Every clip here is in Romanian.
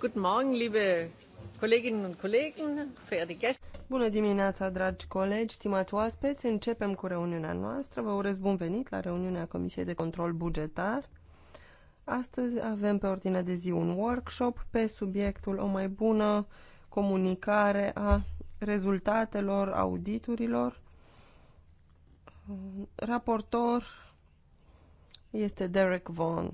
Guten liebe Kolleginnen und Kollegen, verehrte Gäste. Bună dimineața, dragi colegi, stimați oaspeți. Începem cu reuniunea noastră. Vă urez bun venit la reuniunea Comisiei de Control Bugetar. Astăzi avem pe ordinea de zi un workshop pe subiectul o mai bună comunicare a rezultatelor auditurilor. Raportor este Derek Vaughan.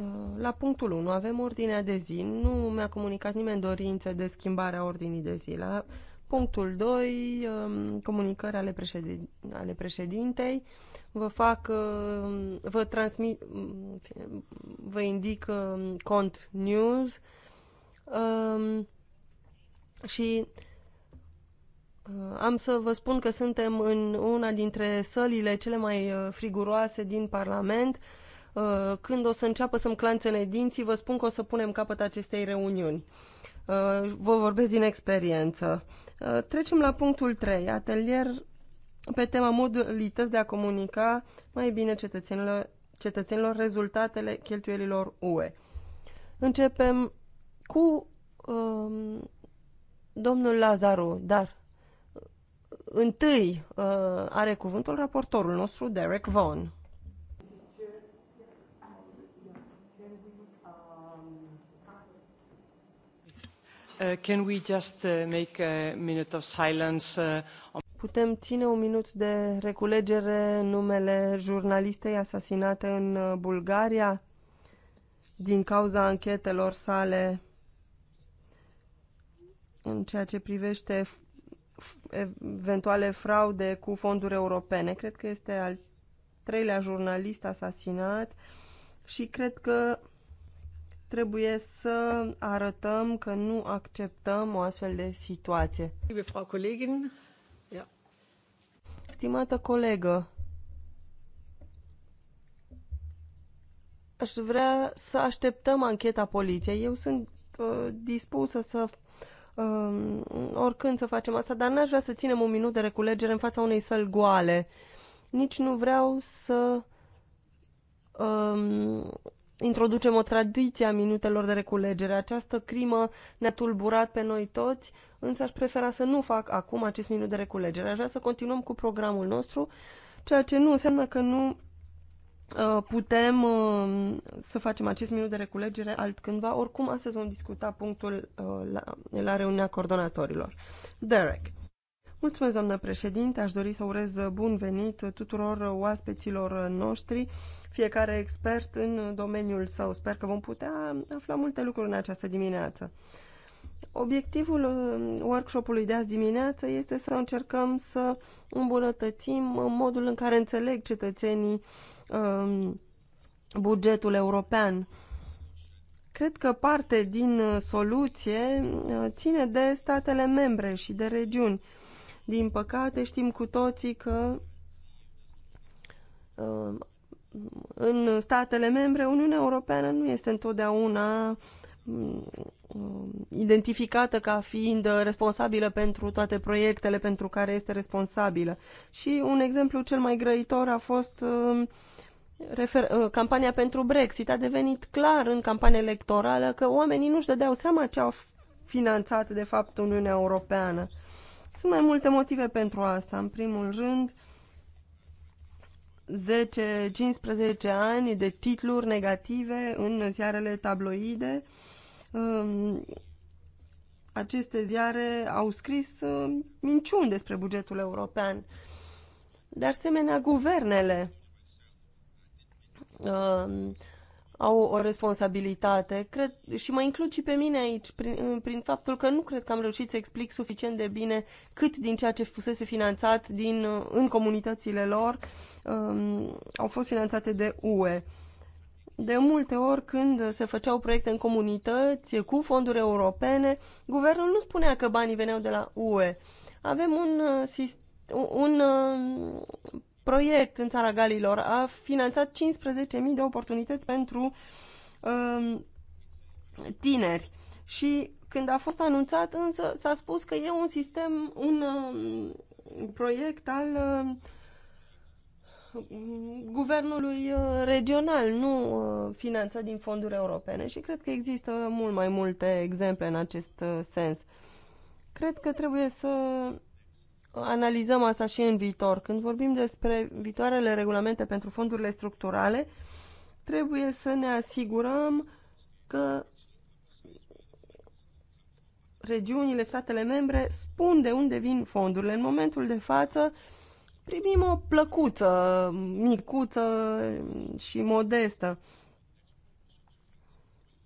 Uh, la punctul 1 avem ordinea de zi. Nu mi-a comunicat nimeni dorință de schimbare a ordinii de zi. La punctul 2, um, comunicări ale, președin ale președintei. Vă fac, um, vă transmit, um, vă indic cont news și uh, am să vă spun că suntem în una dintre sălile cele mai uh, friguroase din Parlament Uh, când o să înceapă să-mi clanțene dinții, vă spun că o să punem capăt acestei reuniuni. Uh, vă vorbesc din experiență. Uh, trecem la punctul 3, atelier pe tema modalități de a comunica mai bine cetățenilor, cetățenilor rezultatele cheltuielilor UE. Începem cu um, domnul Lazaru, dar întâi uh, are cuvântul raportorul nostru, Derek Vaughan. Uh, can we just uh, make a minute of silence uh, Putem ține un minut de reculegere în numele jurnalistei asasinate în Bulgaria din cauza anchetelor sale în ceea ce privește eventuale fraude cu fonduri europene. Cred că este al treilea jurnalist asasinat și cred că trebuie să arătăm că nu acceptăm o astfel de situație. Stimată colegă, aș vrea să așteptăm ancheta poliției. Eu sunt uh, dispusă să uh, oricând să facem asta, dar n-aș vrea să ținem un minut de reculegere în fața unei săl goale. Nici nu vreau să um, introducem o tradiție a minutelor de reculegere. Această crimă ne-a tulburat pe noi toți, însă aș prefera să nu fac acum acest minut de reculegere. Aș vrea să continuăm cu programul nostru, ceea ce nu înseamnă că nu ă, putem ă, să facem acest minut de reculegere altcândva. Oricum, astăzi vom discuta punctul ă, la, la reuniunea coordonatorilor. Derek. Mulțumesc, doamnă președinte. Aș dori să urez bun venit tuturor oaspeților noștri fiecare expert în domeniul său. Sper că vom putea afla multe lucruri în această dimineață. Obiectivul uh, workshopului de azi dimineață este să încercăm să îmbunătățim uh, modul în care înțeleg cetățenii um, bugetul european. Cred că parte din uh, soluție ține de statele membre și de regiuni. Din păcate știm cu toții că um, în statele membre, Uniunea Europeană nu este întotdeauna mm, mm, identificată ca fiind responsabilă pentru toate proiectele pentru care este responsabilă. Și un exemplu cel mai grăitor a fost mm, refer- uh, campania pentru Brexit. A devenit clar în campania electorală că oamenii nu-și dădeau seama ce au finanțat de fapt Uniunea Europeană. Sunt mai multe motive pentru asta. În primul rând, uh, 10-15 ani de titluri negative în ziarele tabloide. Um, aceste ziare au scris um, minciuni despre bugetul european. De asemenea, guvernele um, au o responsabilitate cred, și mă includ și pe mine aici prin, prin faptul că nu cred că am reușit să explic suficient de bine cât din ceea ce fusese finanțat din, uh, în comunitățile lor um, au fost finanțate de UE. De multe ori, când se făceau proiecte în comunități cu fonduri europene, guvernul nu spunea că banii veneau de la UE. Avem un, uh, un uh, proiect în țara Galilor, a finanțat 15.000 de oportunități pentru um, tineri. Și când a fost anunțat, însă s-a spus că e un sistem, un um, proiect al um, guvernului uh, regional, nu uh, finanțat din fonduri europene și cred că există mult mai multe exemple în acest uh, sens. Cred că trebuie să analizăm asta și în viitor. Când vorbim despre viitoarele regulamente pentru fondurile structurale, trebuie să ne asigurăm că regiunile, statele membre spun de unde vin fondurile. În momentul de față, uh, primim o plăcuță micuță și modestă.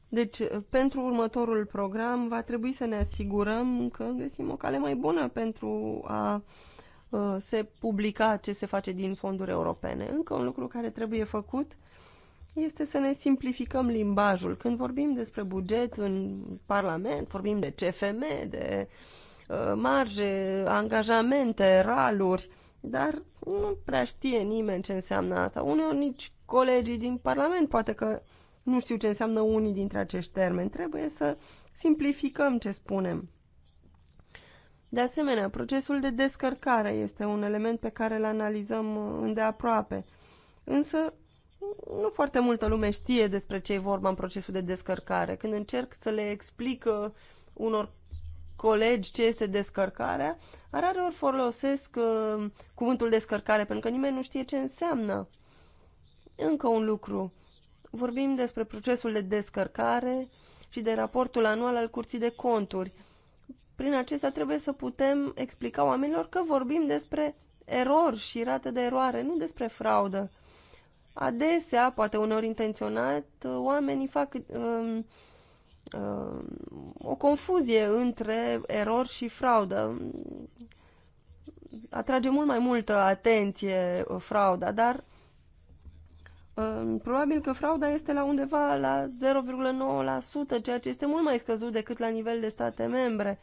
Deci, pentru următorul program va trebui să ne asigurăm că găsim o cale mai bună pentru a uh, se publica ce se face din fonduri europene. Încă un lucru care trebuie făcut este să ne simplificăm limbajul. Când vorbim despre buget în Parlament, vorbim de CFM, de uh, marje, angajamente, raluri, dar nu prea știe nimeni ce înseamnă asta. Uneori nici colegii din Parlament poate că nu știu ce înseamnă unii dintre acești termeni. Trebuie să simplificăm ce spunem. De asemenea, procesul de descărcare este un element pe care îl analizăm îndeaproape. Însă, nu foarte multă lume știe despre ce e vorba în procesul de descărcare. Când încerc să le explic uh, unor colegi ce este descărcarea, rare ori folosesc uh, cuvântul descărcare, pentru că nimeni nu știe ce înseamnă. Încă un lucru. Vorbim despre procesul de descărcare și de raportul anual al curții de conturi. Prin acesta trebuie să putem explica oamenilor că vorbim despre erori și rată de eroare, nu despre fraudă. Adesea, poate uneori intenționat, oamenii fac Uh, Uh, o confuzie între erori și fraudă. Atrage mult mai multă atenție uh, frauda, dar uh, probabil că frauda este la undeva la 0,9%, ceea ce este mult mai scăzut decât la nivel de state membre.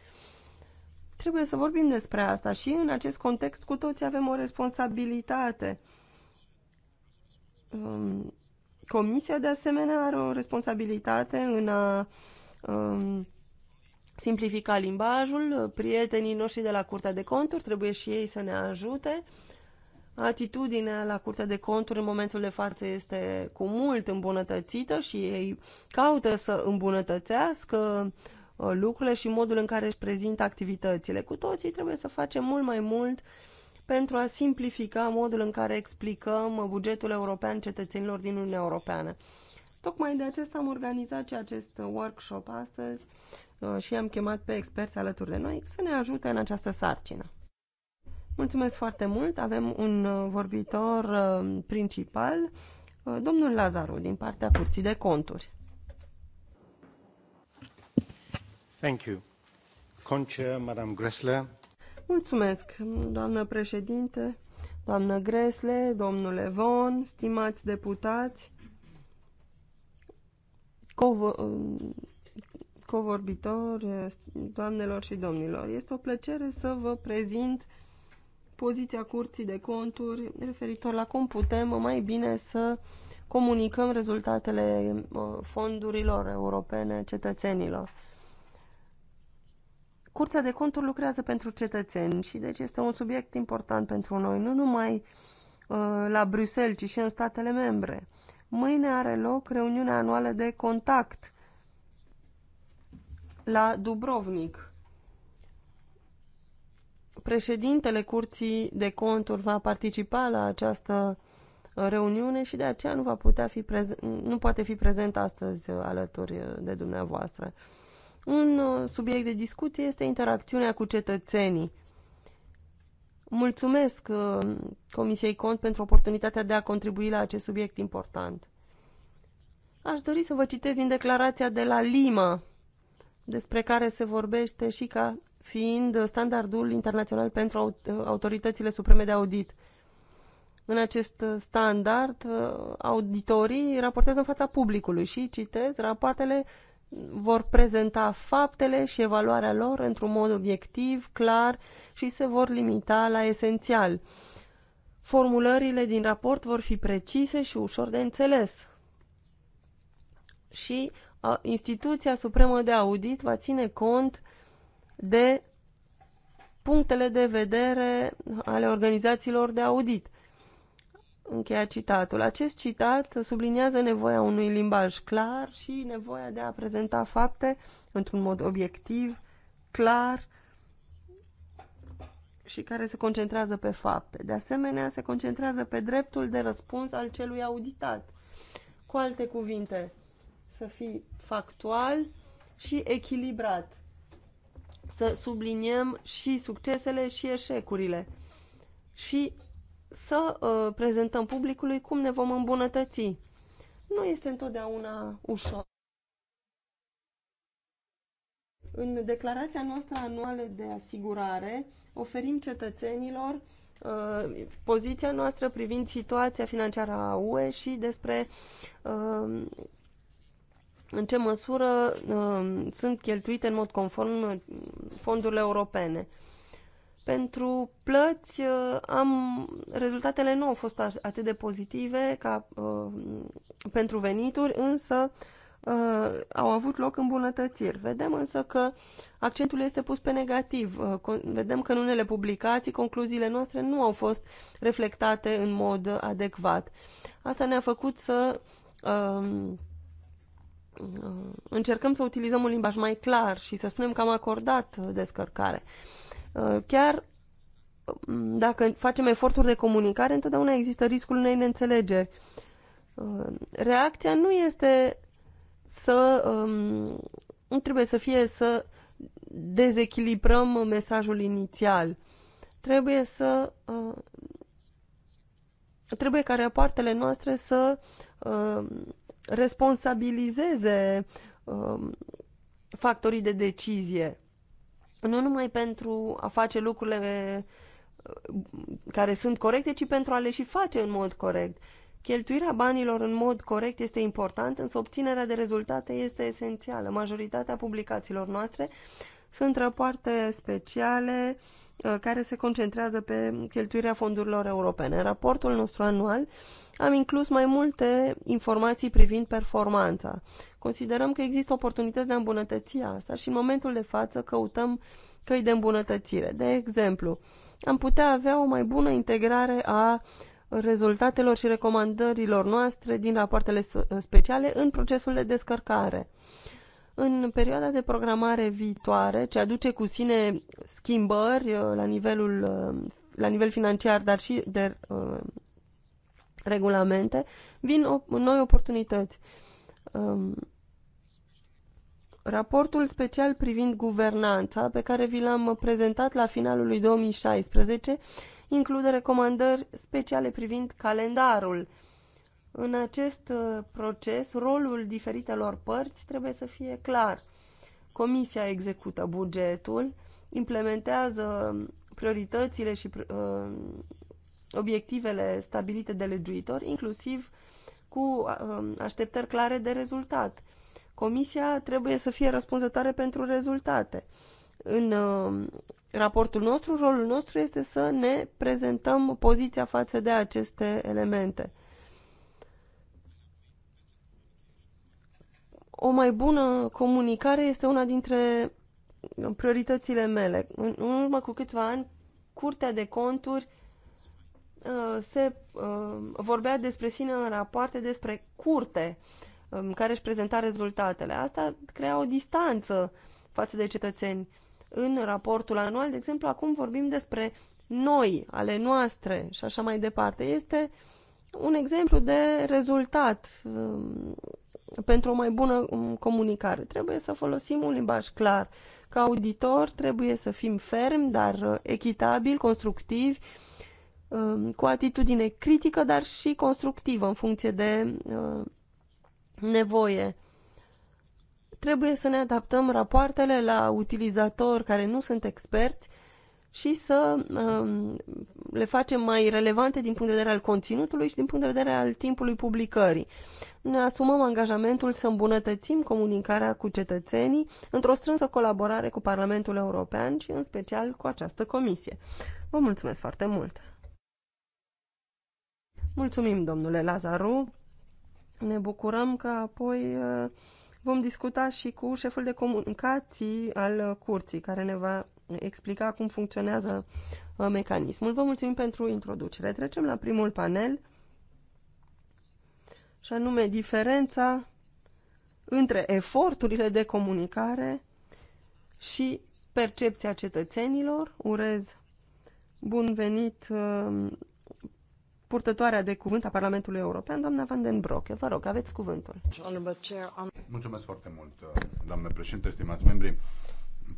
Trebuie să vorbim despre asta și în acest context cu toți avem o responsabilitate um, Comisia, de asemenea, are o responsabilitate în a um, simplifica limbajul. Prietenii noștri de la Curtea de Conturi trebuie și ei să ne ajute. Atitudinea la Curtea de Conturi în momentul de față este cu mult îmbunătățită și ei caută să îmbunătățească uh, lucrurile și modul în care își prezintă activitățile. Cu toții trebuie să facem mult mai mult uh, pentru a simplifica modul în care explicăm bugetul european cetățenilor din Uniunea Europeană. Tocmai de acest am organizat și acest workshop astăzi uh, și am chemat pe experți alături de noi să ne ajute în această sarcină. Mulțumesc foarte mult! Avem un uh, vorbitor uh, principal, domnul Lazaru, din partea Curții de Conturi. Thank you. Concha, Madame Gressler, Mulțumesc, doamnă președinte, doamnă Gresle, domnule Von, stimați deputați, covorbitori, doamnelor și domnilor. Este o plăcere să vă prezint poziția Curții de Conturi referitor la cum putem mai bine să comunicăm rezultatele uh, fondurilor europene cetățenilor. Curtea de conturi lucrează pentru cetățeni și deci este un subiect important pentru noi, nu numai uh, la Bruxelles, ci și în statele membre. Mâine are loc reuniunea anuală de contact la Dubrovnik. Președintele Curții de Conturi va participa la această uh, reuniune și de aceea nu, va putea fi prezent, nu poate fi prezent astăzi uh, alături uh, de dumneavoastră. Un uh, subiect de discuție este interacțiunea cu cetățenii. Mulțumesc uh, Comisiei Cont pentru oportunitatea de a contribui la acest subiect important. Aș dori să vă citesc din declarația de la Lima, despre care se vorbește și ca fiind standardul internațional pentru autoritățile supreme de audit. În acest standard, uh, auditorii raportează în fața publicului și citez rapoartele vor prezenta faptele și evaluarea lor într-un mod obiectiv, clar și se vor limita la esențial. Formulările din raport vor fi precise și ușor de înțeles. Și instituția supremă de audit va ține cont de punctele de vedere ale organizațiilor de audit. Încheia citatul. Acest citat subliniază nevoia unui limbaj clar și nevoia de a prezenta fapte într-un mod obiectiv, clar și care se concentrează pe fapte. De asemenea, se concentrează pe dreptul de răspuns al celui auditat. Cu alte cuvinte, să fii factual și echilibrat. Să subliniem și succesele și eșecurile. Și să uh, prezentăm publicului cum ne vom îmbunătăți. Nu este întotdeauna ușor. În declarația noastră anuală de asigurare oferim cetățenilor uh, poziția noastră privind situația financiară a UE și despre uh, în ce măsură uh, sunt cheltuite în mod conform uh, fondurile europene. Pentru plăți, uh, am, rezultatele nu au fost atât de pozitive ca uh, pentru venituri, însă uh, au avut loc îmbunătățiri. Vedem însă că accentul este pus pe negativ. Uh, vedem că în unele publicații concluziile noastre nu au fost reflectate în mod adecvat. Asta ne-a făcut să um, uh, încercăm să utilizăm un limbaj mai clar și să spunem că am acordat uh, descărcare. Uh, Uh, chiar um, dacă facem eforturi de comunicare, întotdeauna există riscul unei neînțelegeri. Uh, reacția nu este să. Um, nu trebuie să fie să dezechilibrăm mesajul inițial. Trebuie să. Uh, trebuie ca rapoartele noastre să um, responsabilizeze factorii de decizie nu numai pentru a face lucrurile uh, care sunt corecte, ci pentru a le și face în mod corect. Cheltuirea banilor în mod corect este importantă, însă obținerea de rezultate este esențială. Majoritatea publicațiilor noastre sunt rapoarte speciale uh, care se concentrează pe cheltuirea fondurilor europene. În raportul nostru anual am inclus mai multe informații privind performanța. Considerăm că există oportunități de a îmbunătăți asta și în momentul de față căutăm căi de îmbunătățire. De exemplu, am putea avea o mai bună integrare a rezultatelor și recomandărilor noastre din rapoartele speciale în procesul de descărcare. În perioada de programare viitoare, ce aduce cu sine schimbări uh, la, nivelul, uh, la nivel financiar, dar și de uh, regulamente, vin o, noi oportunități. Um, raportul special privind guvernanța, pe care vi l-am prezentat la finalul lui 2016, include recomandări speciale privind calendarul. În acest uh, proces, rolul diferitelor părți trebuie să fie clar. Comisia execută bugetul, implementează prioritățile și uh, obiectivele stabilite de legiuitor, inclusiv uh, cu um, așteptări clare de rezultat. Comisia trebuie să fie răspunzătoare pentru rezultate. În um, raportul nostru, rolul nostru este să ne prezentăm poziția față de aceste elemente. O mai bună comunicare este una dintre prioritățile mele. În urmă cu câțiva ani, Curtea de Conturi Uh, se uh, vorbea despre sine în rapoarte despre curte um, care își prezenta rezultatele. Asta crea o distanță față de cetățeni. În raportul anual, de exemplu, acum vorbim despre noi, ale noastre și așa mai departe. Este un exemplu de rezultat um, pentru o mai bună um, comunicare. Trebuie să folosim un limbaj clar. Ca auditor trebuie să fim fermi, dar uh, echitabili, constructivi Um, cu atitudine critică, dar și constructivă în funcție de uh, nevoie. Trebuie să ne adaptăm rapoartele la utilizatori care nu sunt experți și să um, le facem mai relevante din punct de vedere al conținutului și din punct de vedere al timpului publicării. Ne asumăm angajamentul să îmbunătățim comunicarea cu cetățenii într-o strânsă colaborare cu Parlamentul European și în special cu această comisie. Vă mulțumesc foarte mult! Mulțumim, domnule Lazaru. Ne bucurăm că apoi uh, vom discuta și cu șeful de comunicații al curții, care ne va explica cum funcționează uh, mecanismul. Vă mulțumim pentru introducere. Trecem la primul panel, și anume diferența între eforturile de comunicare și percepția cetățenilor. Urez bun venit uh, purtătoarea de cuvânt a Parlamentului European, doamna Van den Broeke. Vă rog, aveți cuvântul. Mulțumesc foarte mult, doamnă președinte, stimați membri,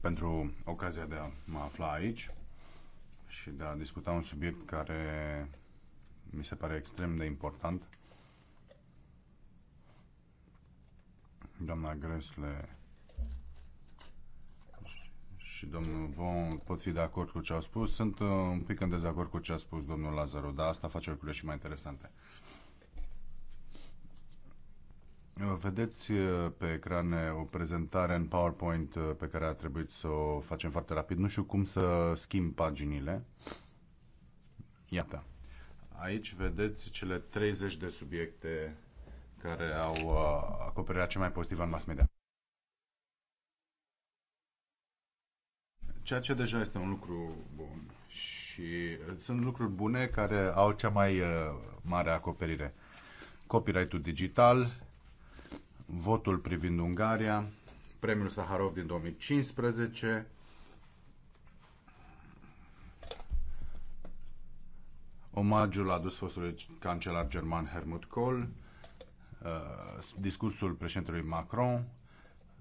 pentru ocazia de a mă afla aici și de a discuta un subiect care mi se pare extrem de important. Doamna Gresle și domnul Von pot fi de acord cu ce au spus. Sunt uh, un pic în dezacord cu ce a spus domnul Lazaru, dar asta face lucrurile și mai interesante. Uh, vedeți uh, pe ecrane o prezentare în PowerPoint pe care a trebuit să o facem foarte rapid. Nu știu cum să schimb paginile. Iată. Aici vedeți cele 30 de subiecte care au acoperirea cea mai pozitivă în mass media. ceea ce deja este un lucru bun și uh, sunt lucruri bune care au cea mai uh, mare acoperire. Copyright-ul digital, votul privind Ungaria, premiul Saharov din 2015, omagiul adus fostului cancelar german Helmut Kohl, uh, discursul președintelui Macron,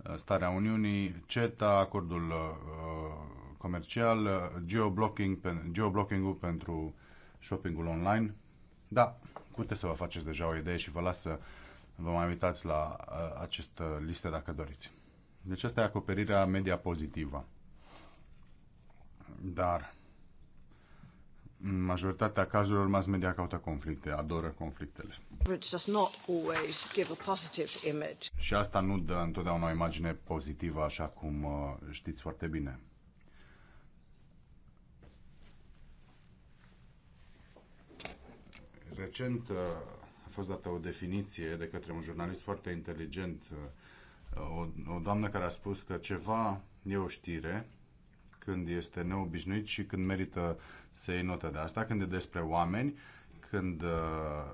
Uh, starea Uniunii, CETA, acordul uh, comercial, uh, geoblocking, geoblocking-ul pentru shoppingul online. Da, puteți să vă faceți deja o idee și vă las să vă mai uitați la această listă dacă doriți. Deci asta e acoperirea media pozitivă. Dar în majoritatea cazurilor, mass media caută conflicte, adoră conflictele. Și asta nu dă întotdeauna o imagine pozitivă, așa cum uh, știți foarte bine. Recent uh, a fost dată o definiție de către un jurnalist foarte inteligent, uh, o, o doamnă care a spus că ceva e o știre, când este neobișnuit și când merită să iei notă de asta, când e despre oameni, când uh,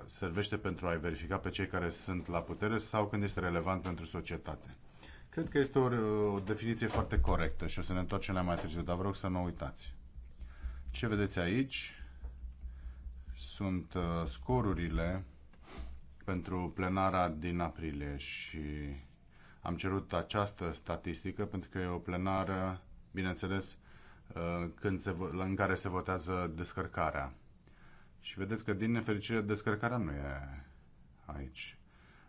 servește pentru a-i verifica pe cei care sunt la putere sau când este relevant pentru societate. Cred că este o, o definiție foarte corectă și o să ne întoarcem la mai târziu, dar vreau să nu uitați. Ce vedeți aici sunt uh, scorurile pentru plenara din aprilie și am cerut această statistică pentru că e o plenară, bineînțeles, Uh, când se, în care se votează descărcarea. Și vedeți că, din nefericire, descărcarea nu e aici.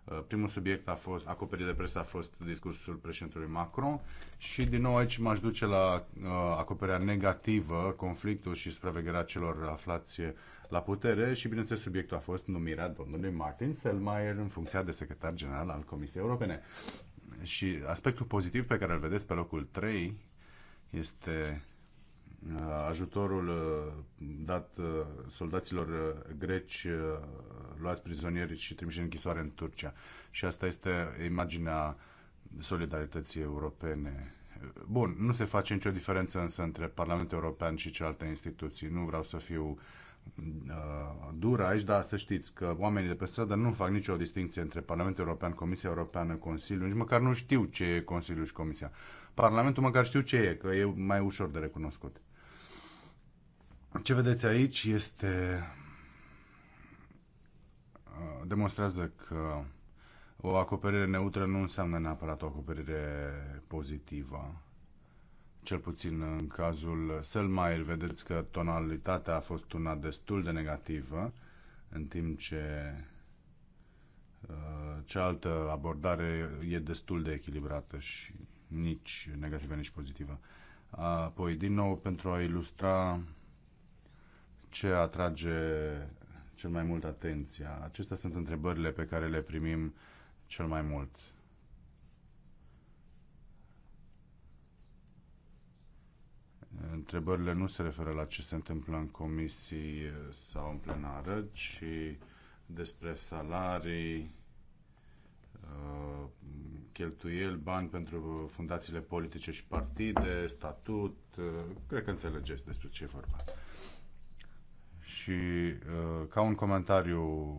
Uh, primul subiect a fost, acoperit de presă a fost discursul președintelui Macron și din nou aici m-aș duce la uh, acoperirea negativă, conflictul și supravegherea celor aflați la putere și bineînțeles subiectul a fost numirea domnului Martin Selmayr în funcția de secretar general al Comisiei Europene. Și aspectul pozitiv pe care îl vedeți pe locul 3 este ajutorul uh, dat uh, soldaților uh, greci luați prizonieri și trimiși în închisoare în Turcia. Și asta este imaginea solidarității europene. Bun, nu se face nicio diferență însă între Parlamentul European și celelalte instituții. Nu vreau să fiu dură. dur aici, dar să știți că oamenii de pe stradă nu fac nicio distinție între Parlamentul European, Comisia Europeană, Consiliu, nici măcar nu știu ce e Consiliul și Comisia. Parlamentul măcar știu ce e, că e mai ușor de recunoscut. Ce vedeți aici este uh, demonstrează că o acoperire neutră nu înseamnă neapărat o acoperire pozitivă. Cel puțin în cazul Selmayr vedeți că tonalitatea a fost una destul de negativă, în timp ce uh, cealaltă abordare e destul de echilibrată și nici negativă, nici pozitivă. Apoi, din nou, pentru a ilustra ce atrage cel mai mult atenția? Acestea sunt întrebările pe care le primim cel mai mult. Întrebările nu se referă la ce se întâmplă în comisii sau în plenară, ci despre salarii, uh, cheltuieli, bani pentru fundațiile politice și partide, statut. Uh, cred că înțelegeți despre ce e vorba. Și uh, ca un comentariu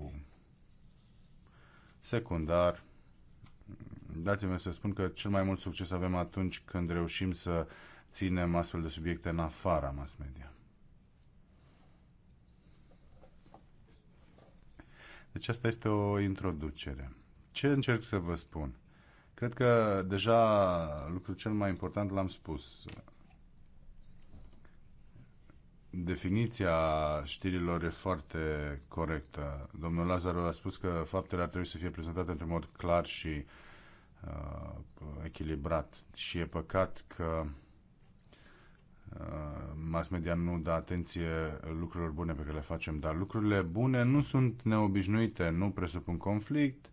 secundar, dați-mi să spun că cel mai mult succes avem atunci când reușim să ținem astfel de subiecte în afara mass media. Deci asta este o introducere. Ce încerc să vă spun? Cred că deja lucrul cel mai important l-am spus definiția știrilor e foarte corectă. Domnul Lazaru a spus că faptele ar trebui să fie prezentate într-un mod clar și uh, echilibrat. Și e păcat că uh, mass media nu dă atenție lucrurilor bune pe care le facem, dar lucrurile bune nu sunt neobișnuite, nu presupun conflict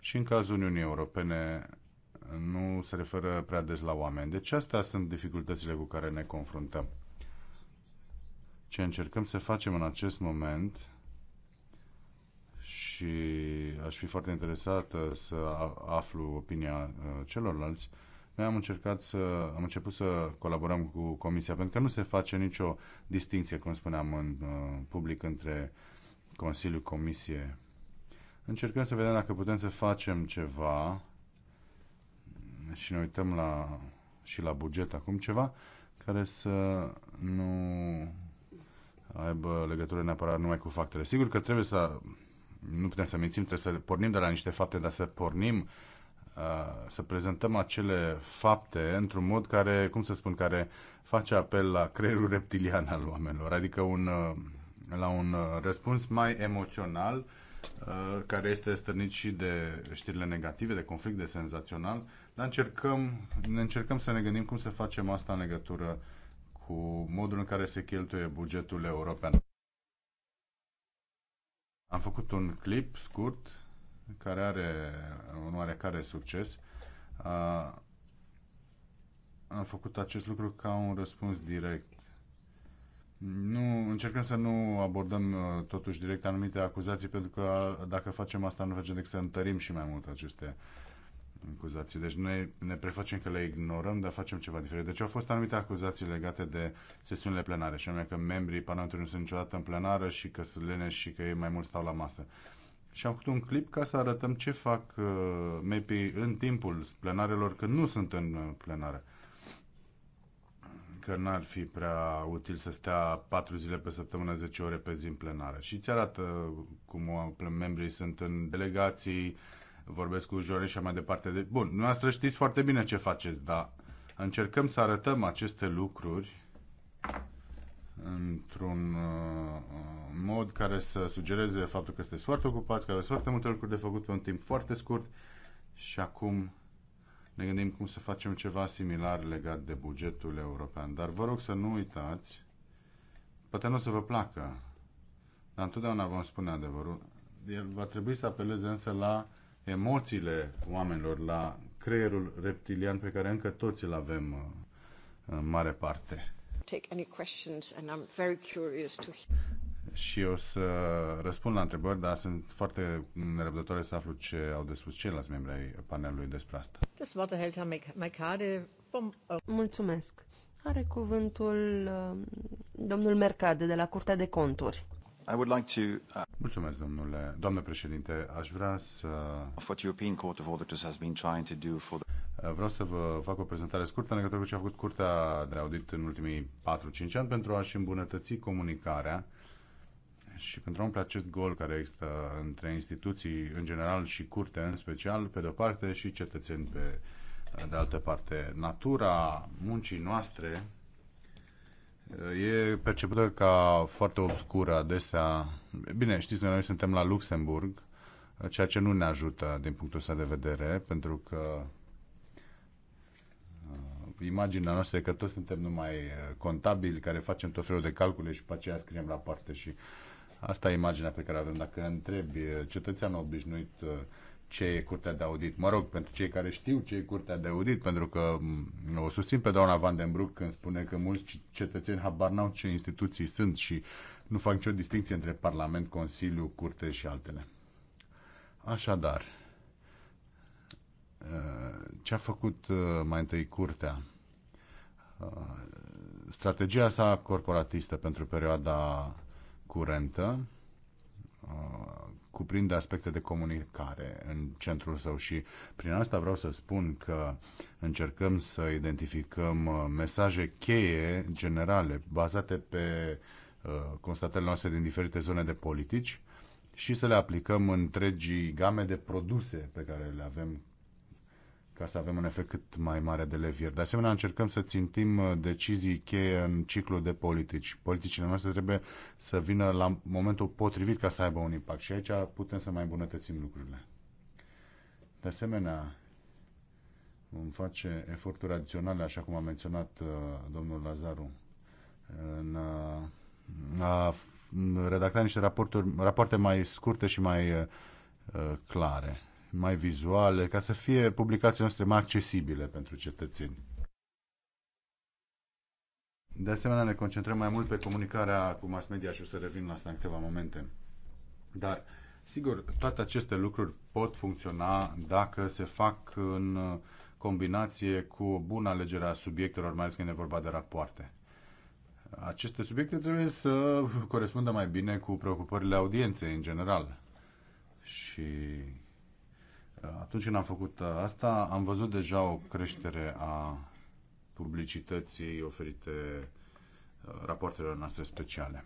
și în cazul Uniunii Europene nu se referă prea des la oameni. Deci astea sunt dificultățile cu care ne confruntăm. Ce încercăm să facem în acest moment și aș fi foarte interesată să aflu opinia uh, celorlalți, noi am încercat să, am început să colaborăm cu Comisia, pentru că nu se face nicio distinție, cum spuneam, în uh, public între Consiliu, Comisie. Încercăm să vedem dacă putem să facem ceva și ne uităm la, și la buget acum ceva care să nu aibă legătură neapărat numai cu faptele. Sigur că trebuie să, nu putem să mințim, trebuie să pornim de la niște fapte, dar să pornim uh, să prezentăm acele fapte într-un mod care, cum să spun, care face apel la creierul reptilian al oamenilor, adică un, uh, la un uh, răspuns mai emoțional care este stârnit și de știrile negative, de conflict, de senzațional, dar încercăm, ne încercăm să ne gândim cum să facem asta în legătură cu modul în care se cheltuie bugetul european. Am făcut un clip scurt care are un oarecare succes. Am făcut acest lucru ca un răspuns direct nu, încercăm să nu abordăm uh, totuși direct anumite acuzații, pentru că uh, dacă facem asta, nu facem decât să întărim și mai mult aceste acuzații. Deci noi ne prefacem că le ignorăm, dar facem ceva diferit. Deci au fost anumite acuzații legate de sesiunile plenare și anume că membrii Parlamentului nu sunt niciodată în plenară și că sunt leneși și că ei mai mult stau la masă. Și am făcut un clip ca să arătăm ce fac uh, MEPI în timpul plenarelor când nu sunt în uh, plenară. Că n-ar fi prea util să stea 4 zile pe săptămână, 10 ore pe zi în plenară. Și ți arată cum membrii sunt în delegații, uh, vorbesc cu Jore și mai departe. De... Bun, noastră știți foarte bine ce faceți, dar încercăm să arătăm aceste lucruri într-un uh, mod care să sugereze faptul că sunteți foarte ocupați, că aveți foarte multe lucruri de făcut pe un timp foarte scurt și acum ne gândim cum să facem ceva similar legat de bugetul european. Dar vă rog să nu uitați, poate nu o să vă placă, dar întotdeauna vom spune adevărul. El va trebui să apeleze însă la emoțiile oamenilor, la creierul reptilian pe care încă toți îl avem uh, în mare parte. Take any questions and I'm very curious to hear. Și o să răspund la întrebări, dar sunt foarte nerăbdătoare să aflu ce au de spus ceilalți membri ai panelului despre asta. Mulțumesc. Are cuvântul uh, domnul Mercade de la Curtea de Conturi. I would like to, uh... Mulțumesc, domnule, doamnă președinte. Aș vrea să... What European Court of Auditors has been trying to do for the... Uh, vreau să vă fac o prezentare scurtă în legătură cu ce a făcut Curtea de Audit în ultimii 4-5 ani pentru a-și îmbunătăți comunicarea și pentru a umple acest gol care există între instituții în general și curte în special, pe de-o parte, și cetățeni pe uh, de altă parte. Natura muncii noastre e percepută ca foarte obscură adesea. Bine, știți că noi suntem la Luxemburg, ceea ce nu ne ajută din punctul ăsta de vedere, pentru că uh, imaginea noastră e că toți suntem numai uh, contabili care facem tot felul de calcule și pe aceea scriem la parte și asta e imaginea pe care o avem. Dacă întrebi uh, cetățeanul obișnuit ce e curtea de audit. Mă rog, pentru cei care știu ce e curtea de audit, pentru că mm, o susțin pe doamna Van den Broek când spune că mulți cetățeni habar n-au ce instituții sunt și nu fac nicio distinție între Parlament, Consiliu, Curte și altele. Așadar, uh, ce a făcut uh, mai întâi curtea? Uh, strategia sa corporatistă pentru perioada curentă cuprinde aspecte de comunicare în centrul său și prin asta vreau să spun că încercăm să identificăm uh, mesaje cheie generale bazate pe uh, constatările noastre din diferite zone de politici și să le aplicăm întregii game de produse pe care le avem ca să avem un efect cât mai mare de levier. De asemenea, încercăm să țintim uh, decizii cheie în ciclu de politici. Politicile noastre trebuie să vină la momentul potrivit ca să aibă un impact și aici putem să mai îmbunătățim lucrurile. De asemenea, vom face eforturi adiționale, așa cum a menționat uh, domnul Lazaru, în a redacta niște raporturi, rapoarte mai scurte și mai uh, clare mai vizuale, ca să fie publicațiile noastre mai accesibile pentru cetățeni. De asemenea, ne concentrăm mai mult pe comunicarea cu mass media și o să revin la asta în câteva momente. Dar, sigur, toate aceste lucruri pot funcționa dacă se fac în combinație cu o bună alegere a subiectelor, mai ales când e vorba de rapoarte. Aceste subiecte trebuie să corespundă mai bine cu preocupările audienței în general. Și atunci când am făcut uh, asta, am văzut deja o creștere a publicității oferite uh, rapoartelor noastre speciale.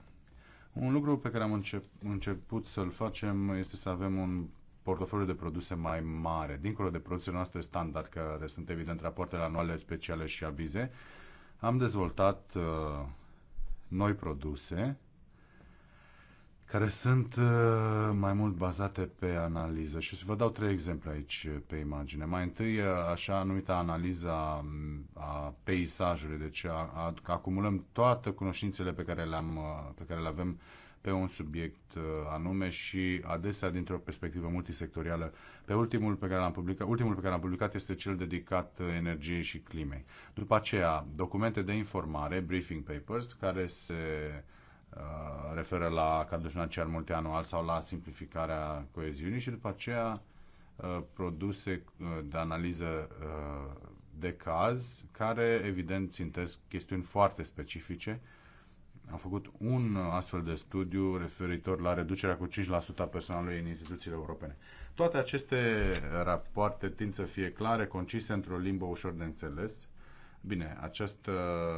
Un lucru pe care am încep, început să-l facem este să avem un portofoliu de produse mai mare, dincolo de produsele noastre standard, care sunt evident rapoartele anuale speciale și avize, am dezvoltat uh, noi produse care sunt uh, mai mult bazate pe analiză. Și o să vă dau trei exemple aici uh, pe imagine. Mai întâi, uh, așa anumită analiza mm, a peisajului, deci a, a, acumulăm toate cunoștințele pe care, le-am, pe care le avem pe un subiect anume și adesea dintr-o perspectivă multisectorială. Pe ultimul pe care l-am publicat, ultimul pe care l-am publicat este cel dedicat energiei și climei. După aceea, documente de informare, briefing papers, care se Uh, referă la cadrul financiar multianual sau la simplificarea coeziunii și după aceea uh, produse uh, de analiză de caz care evident țintesc chestiuni foarte specifice. Am făcut un astfel de studiu referitor la reducerea cu 5% a personalului în instituțiile europene. Toate aceste rapoarte tind să fie clare, concise, într-o limbă ușor de înțeles Bine, această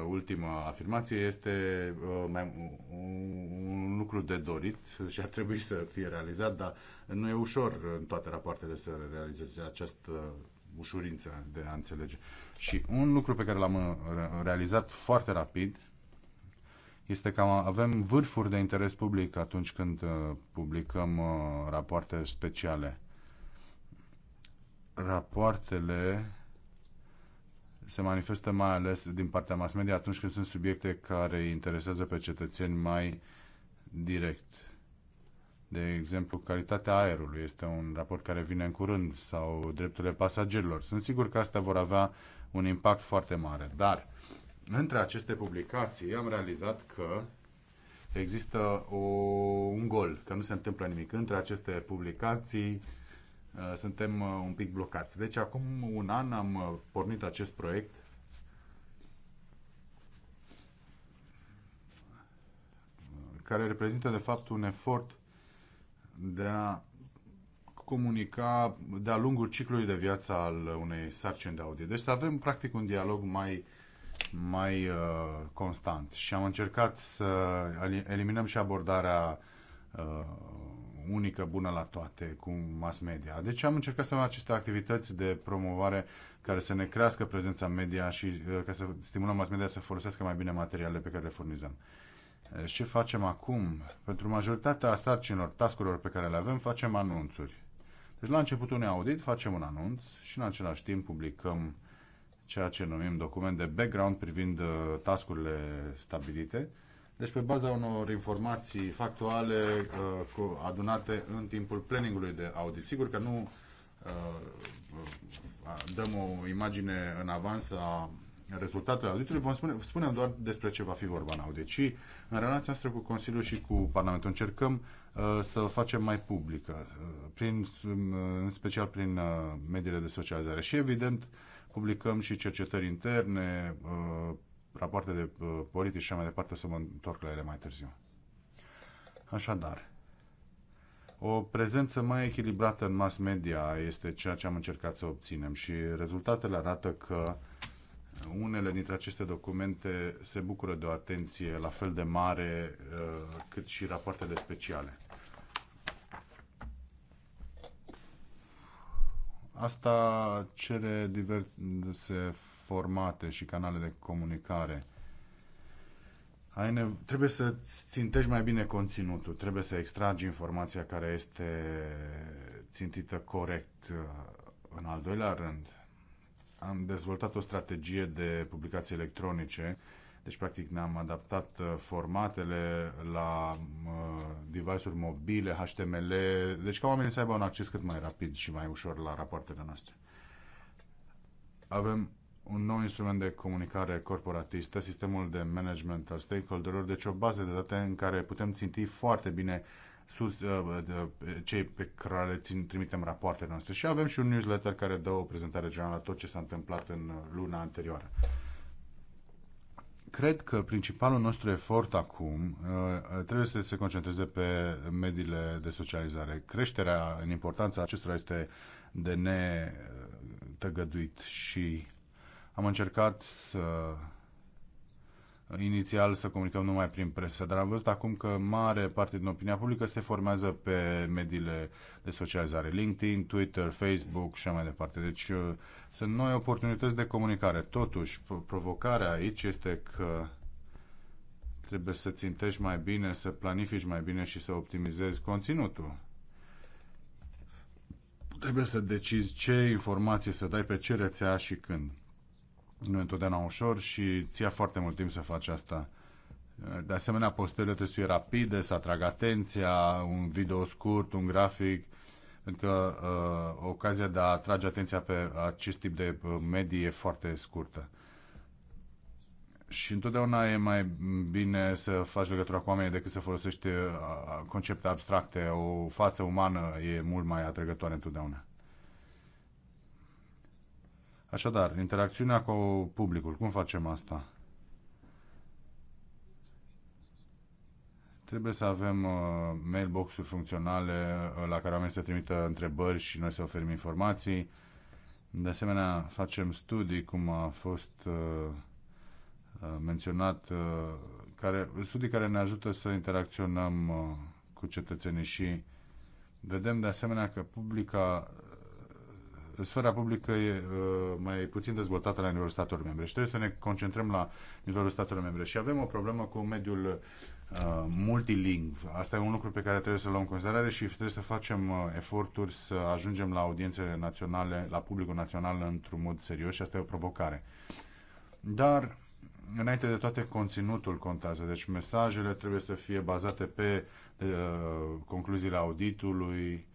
ultimă afirmație este uh, mai, un lucru de dorit și ar trebui să fie realizat, dar nu e ușor în toate rapoartele să realizeze această ușurință de a înțelege. Și un lucru pe care l-am uh, realizat foarte rapid este că avem vârfuri de interes public atunci când uh, publicăm rapoarte speciale. Rapoartele se manifestă mai ales din partea mass media atunci când sunt subiecte care îi interesează pe cetățeni mai direct. De exemplu, calitatea aerului este un raport care vine în curând sau drepturile pasagerilor. Sunt sigur că astea vor avea un impact foarte mare, dar între aceste publicații am realizat că există o, un gol, că nu se întâmplă nimic. Între aceste publicații Uh, suntem uh, un pic blocați. Deci acum un an am uh, pornit acest proiect care reprezintă de fapt un efort de a comunica de-a lungul ciclului de viață al unei sarcini de audio. Deci să avem practic un dialog mai, mai uh, constant și am încercat să eliminăm și abordarea uh, unică bună la toate cu mass media. Deci am încercat să avem aceste activități de promovare care să ne crească prezența media și uh, ca să stimulăm mass media să folosească mai bine materialele pe care le furnizăm. Uh, ce facem acum? Pentru majoritatea sarcinilor, tascurilor pe care le avem, facem anunțuri. Deci la începutul unui audit facem un anunț și în același timp publicăm ceea ce numim document de background privind uh, tascurile stabilite deci pe baza unor informații factuale uh, adunate în timpul planningului de audit. Sigur că nu uh, uh, dăm o imagine în avans a rezultatele auditului, vom spune, spunem doar despre ce va fi vorba în audit. Și în relația noastră cu Consiliul și cu Parlamentul încercăm uh, să o facem mai publică, uh, prin, uh, în special prin uh, mediile de socializare. Și evident publicăm și cercetări interne, uh, rapoarte de uh, politici și mai departe, o să mă întorc la ele mai târziu. Așadar, o prezență mai echilibrată în mass media este ceea ce am încercat să obținem și rezultatele arată că unele dintre aceste documente se bucură de o atenție la fel de mare uh, cât și rapoartele speciale. Asta cere diverse formate și canale de comunicare. Ai nev- trebuie să țintești mai bine conținutul, trebuie să extragi informația care este țintită corect. Uh, în al doilea rând, am dezvoltat o strategie de publicații electronice, deci practic ne-am adaptat uh, formatele la uh, device-uri mobile, HTML, deci ca oamenii să aibă un acces cât mai rapid și mai ușor la rapoartele noastre. Avem un nou instrument de comunicare corporatistă, sistemul de management al stakeholderilor, deci o bază de date în care putem ținti foarte bine sus, uh, de, cei pe care le țin, trimitem rapoartele noastre. Și avem și un newsletter care dă o prezentare generală a tot ce s-a întâmplat în luna anterioară. Cred că principalul nostru efort acum uh, trebuie să se concentreze pe mediile de socializare. Creșterea în importanța acestora este de netăgăduit uh, și am încercat să inițial să comunicăm numai prin presă, dar am văzut acum că mare parte din opinia publică se formează pe mediile de socializare, LinkedIn, Twitter, Facebook și mai departe. Deci uh, sunt noi oportunități de comunicare. Totuși, provocarea aici este că trebuie să țintești mai bine, să planifici mai bine și să optimizezi conținutul. Trebuie să decizi ce informație să dai pe ce rețea și când nu e întotdeauna ușor și ți ia foarte mult timp să faci asta. De asemenea, postările trebuie să fie rapide, să atragă atenția, un video scurt, un grafic, pentru că uh, ocazia de a atrage atenția pe acest tip de uh, medii e foarte scurtă. Și întotdeauna e mai bine să faci legătura cu oamenii decât să folosești uh, concepte abstracte. O față umană e mult mai atrăgătoare întotdeauna. Așadar, interacțiunea cu publicul, cum facem asta? Trebuie să avem uh, mailbox-uri funcționale uh, la care oamenii să trimită întrebări și noi să oferim informații. De asemenea, facem studii, cum a fost uh, uh menționat, uh, care, studii care ne ajută să interacționăm uh, cu cetățenii și vedem de asemenea că publica sfera publică e uh, mai puțin dezvoltată la nivelul statelor membre și trebuie să ne concentrăm la nivelul statelor membre. Și avem o problemă cu mediul uh, multilingv. Asta e un lucru pe care trebuie să-l luăm în considerare și trebuie să facem uh, eforturi să ajungem la audiențe naționale, la publicul național într-un mod serios și asta e o provocare. Dar înainte de toate, conținutul contează. Deci mesajele trebuie să fie bazate pe uh, concluziile auditului,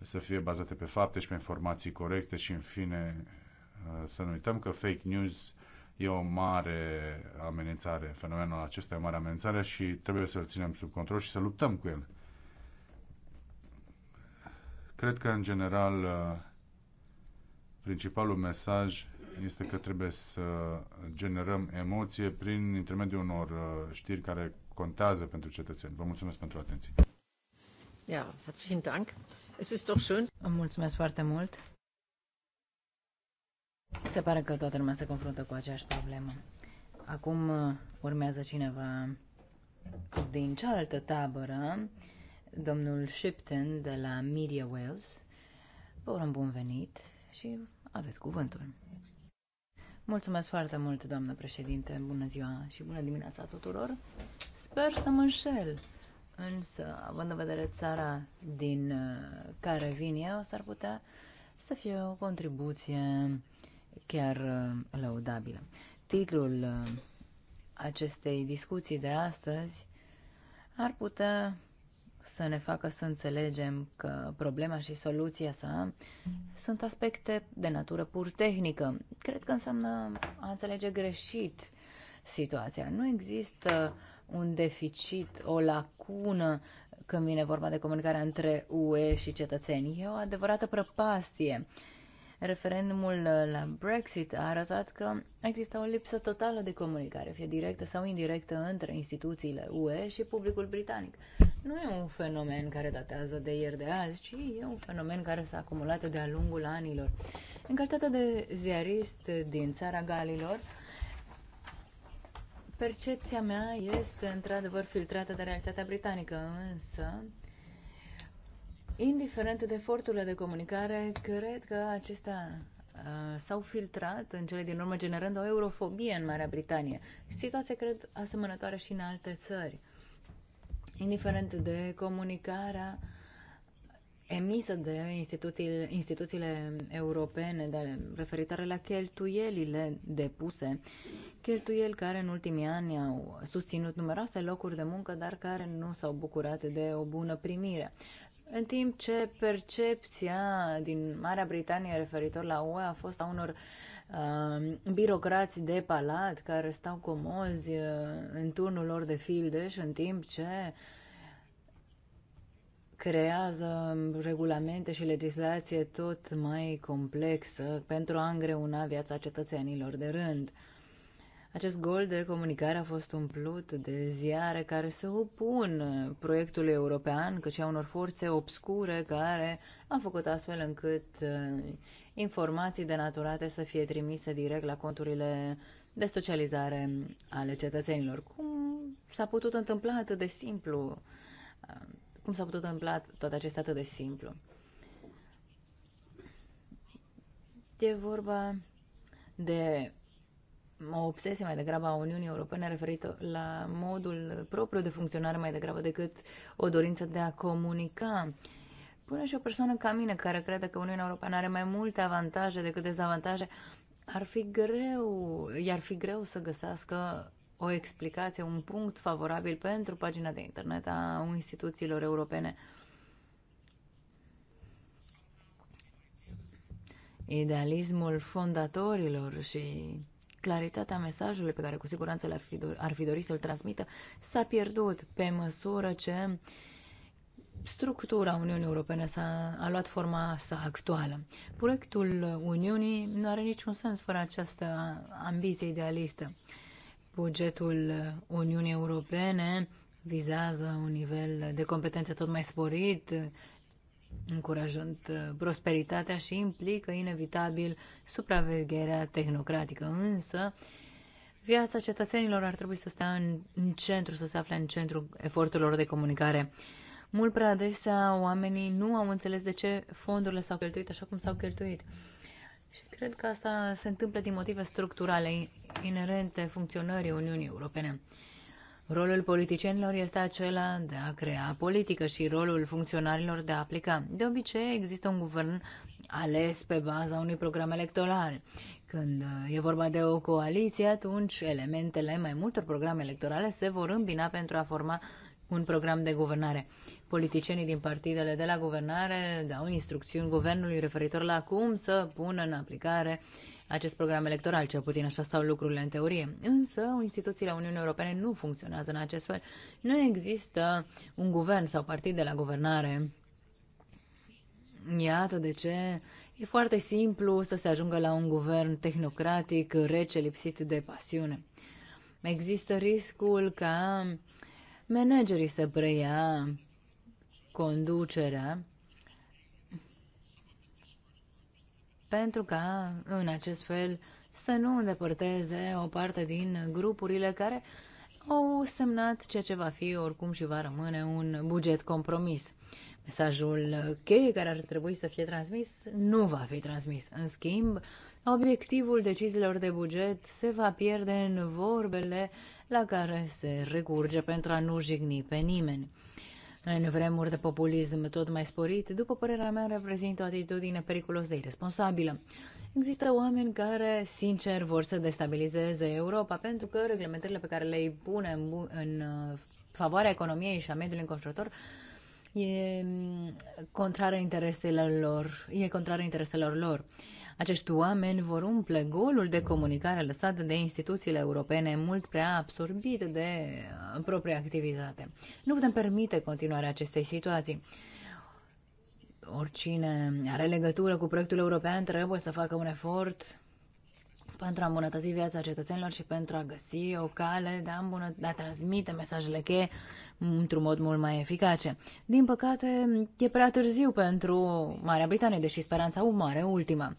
să fie bazate pe fapte și pe informații corecte și, în fine, uh, să nu uităm că fake news e o mare amenințare. Fenomenul acesta e o mare amenințare și trebuie să-l ținem sub control și să luptăm cu el. Cred că, în general, uh, principalul mesaj este că trebuie să generăm emoție prin intermediul unor uh, știri care contează pentru cetățeni. Vă mulțumesc pentru atenție. Ja, herzlichen Dank. Es ist doch schön. Am mulțumesc foarte mult. Se pare că toată lumea se confruntă cu aceeași problemă. Acum uh, urmează cineva din cealaltă tabără, domnul Shipton de la Media Wales. Vă urăm bun venit și aveți cuvântul. Mulțumesc foarte mult, doamnă președinte. Bună ziua și bună dimineața tuturor. Sper să mă înșel. Însă, având în vedere țara din uh, care vin eu, s-ar putea să fie o contribuție chiar uh, lăudabilă. Titlul uh, acestei discuții de astăzi ar putea să ne facă să înțelegem că problema și soluția sa sunt aspecte de natură pur tehnică. Cred că înseamnă a înțelege greșit situația. Nu există uh, un deficit, o lacună când vine vorba de comunicarea între UE și cetățeni. E o adevărată prăpastie. Referendumul la Brexit a arătat că există o lipsă totală de comunicare, fie directă sau indirectă, între instituțiile UE și publicul britanic. Nu e un fenomen care datează de ieri de azi, ci e un fenomen care s-a acumulat de-a lungul anilor. În calitate de ziarist din țara Galilor, Percepția mea este într-adevăr filtrată de realitatea britanică, însă, indiferent de eforturile de comunicare, cred că acestea uh, s-au filtrat în cele din urmă, generând o eurofobie în Marea Britanie. Situația, cred, asemănătoare și în alte țări. Indiferent de comunicarea uh, emisă de instituțiile, instituțiile europene de referitoare la cheltuielile depuse, cheltuieli care în ultimii ani au susținut numeroase locuri de muncă, dar care nu s-au bucurat de o bună primire. În timp ce percepția din Marea Britanie referitor la UE a fost a unor uh, birocrați de palat care stau comozi uh, în turnul lor de fildeș, în timp ce uh, creează regulamente și legislație tot mai complexă pentru a îngreuna viața cetățenilor de rând. Acest gol de comunicare a fost umplut de ziare care se opun proiectului european, cât și a unor forțe obscure care au făcut astfel încât uh, informații denaturate să fie trimise direct la conturile de socializare ale cetățenilor. Cum s-a putut întâmpla atât de simplu? Uh, cum s-a putut întâmpla toate acestea atât de simplu? E vorba de o obsesie mai degrabă a Uniunii Europene referită la modul propriu de funcționare mai degrabă decât o dorință de a comunica. Până și o persoană ca mine care crede că Uniunea Europeană are mai multe avantaje decât dezavantaje, ar fi greu, i-ar fi greu să găsească o explicație, un punct favorabil pentru pagina de internet a instituțiilor europene. Idealismul fondatorilor și claritatea mesajului pe care cu siguranță ar fi, ar fi dorit să-l transmită s-a pierdut pe măsură ce structura Uniunii Europene s-a, a luat forma sa actuală. Proiectul Uniunii nu are niciun sens fără această ambiție idealistă. Bugetul Uniunii Europene vizează un nivel de competențe tot mai sporit, încurajând prosperitatea și implică inevitabil supravegherea tehnocratică. Însă, viața cetățenilor ar trebui să stea în, în centru, să se afle în centrul eforturilor de comunicare. Mult prea adesea oamenii nu au înțeles de ce fondurile s-au cheltuit așa cum s-au cheltuit. Și cred că asta se întâmplă din motive structurale inerente funcționării Uniunii Europene. Rolul politicienilor este acela de a crea politică și rolul funcționarilor de a aplica. De obicei, există un guvern ales pe baza unui program electoral. Când e vorba de o coaliție, atunci elementele mai multor programe electorale se vor îmbina pentru a forma un program de guvernare politicienii din partidele de la guvernare dau instrucțiuni guvernului referitor la cum să pună în aplicare acest program electoral, cel puțin așa stau lucrurile în teorie. Însă, instituțiile Uniunii Europene nu funcționează în acest fel. Nu există un guvern sau partid de la guvernare. Iată de ce e foarte simplu să se ajungă la un guvern tehnocratic, rece, lipsit de pasiune. Există riscul ca managerii să preia conducerea pentru ca, în acest fel, să nu îndepărteze o parte din grupurile care au semnat ceea ce va fi oricum și va rămâne un buget compromis. Mesajul cheie care ar trebui să fie transmis nu va fi transmis. În schimb, obiectivul deciziilor de buget se va pierde în vorbele la care se recurge pentru a nu jigni pe nimeni în vremuri de populism tot mai sporit, după părerea mea, reprezintă o atitudine periculos de irresponsabilă. Există oameni care, sincer, vor să destabilizeze Europa pentru că reglementările pe care le pune în, în uh, favoarea economiei și a mediului înconjurător e mm, contrară intereselor lor. E contrară intereselor lor. Acești oameni vor umple golul de comunicare lăsat de instituțiile europene mult prea absorbit de propria activitate. Nu putem permite continuarea acestei situații. Oricine are legătură cu proiectul european trebuie să facă un efort pentru a îmbunătăți viața cetățenilor și pentru a găsi o cale de a, de a transmite mesajele cheie într-un mod mult mai eficace. Din păcate, e prea târziu pentru Marea Britanie, deși speranța mare ultima.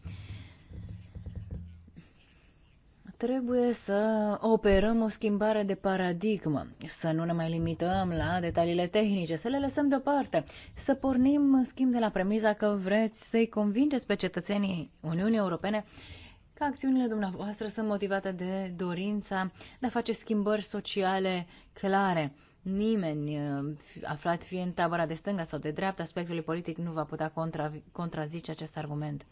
Trebuie să operăm o schimbare de paradigmă, să nu ne mai limităm la detaliile tehnice, să le lăsăm deoparte, să pornim, în schimb, de la premiza că vreți să-i convingeți pe cetățenii Uniunii Europene că acțiunile dumneavoastră sunt motivate de dorința de a face schimbări sociale clare. Nimeni eh, aflat fie în tabăra de stânga sau de dreapta spectrului politic nu va putea contra, contrazice acest argument.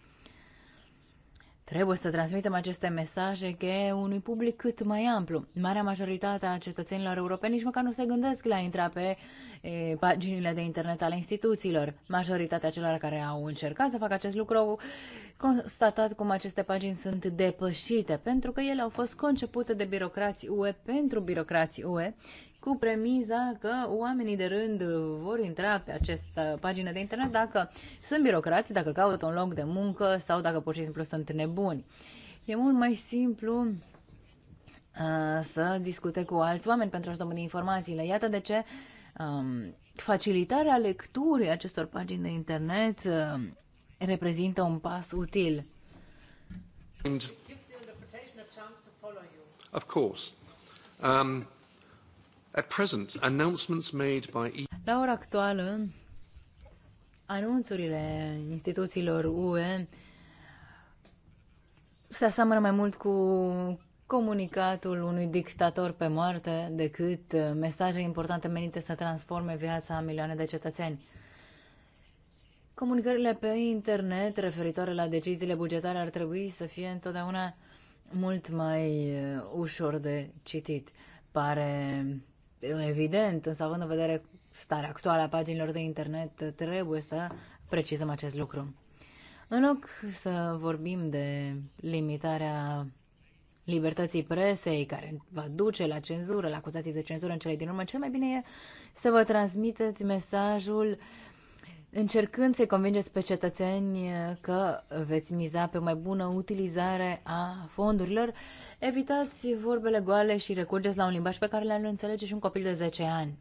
Trebuie să transmitem aceste mesaje că unui public cât mai amplu. Marea majoritate a cetățenilor europeni nici măcar nu se gândesc la intra pe e, paginile de internet ale instituțiilor. Majoritatea celor care au încercat să facă acest lucru au constatat cum aceste pagini sunt depășite, pentru că ele au fost concepute de birocrați UE pentru birocrați UE, cu premiza că oamenii de rând vor intra pe această pagină de internet dacă sunt birocrați, dacă caută un loc de muncă sau dacă pur și simplu sunt nebuni. E mult mai simplu să discute cu alți oameni pentru a-și domni informațiile. Iată de ce um, facilitarea lecturii acestor pagini de internet uh, reprezintă un pas util. And of course. Um, At present, announcements made by La ora actuală, anunțurile instituțiilor UE se asemănă mai mult cu comunicatul unui dictator pe moarte decât mesaje importante menite să transforme viața a milioane de cetățeni. Comunicările pe internet referitoare la deciziile bugetare ar trebui să fie întotdeauna mult mai uh, ușor de citit. Pare Evident, însă având în vedere starea actuală a paginilor de internet, trebuie să precizăm acest lucru. În loc să vorbim de limitarea libertății presei, care va duce la cenzură, la acuzații de cenzură în cele din urmă, cel mai bine e să vă transmiteți mesajul uh, încercând să-i convingeți pe cetățeni uh, că veți miza pe mai bună utilizare a fondurilor, evitați vorbele goale și recurgeți la un limbaj pe care le înțelege și un copil de 10 ani.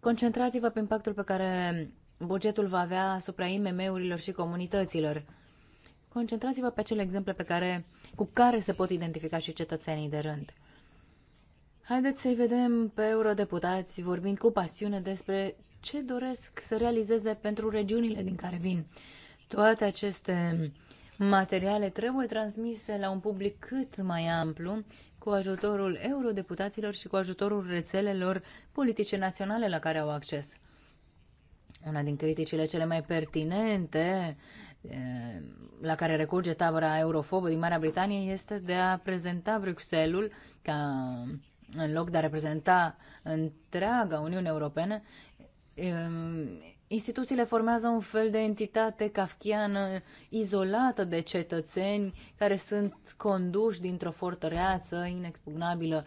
Concentrați-vă pe impactul pe care bugetul va avea asupra IMM-urilor și comunităților. Concentrați-vă pe acele exemple pe care, cu care se pot identifica și cetățenii de rând. Haideți să-i vedem pe eurodeputați vorbind cu pasiune despre ce doresc să realizeze pentru regiunile din care vin. Toate aceste materiale trebuie transmise la un public cât mai amplu, cu ajutorul eurodeputaților și cu ajutorul rețelelor politice naționale la care au acces. Una din criticile cele mai pertinente eh, la care recurge tabăra eurofobă din Marea Britanie este de a prezenta Bruxelles-ul ca în loc de a reprezenta întreaga Uniune Europeană, instituțiile formează un fel de entitate kafkiană izolată de cetățeni care sunt conduși dintr-o fortăreață inexpugnabilă,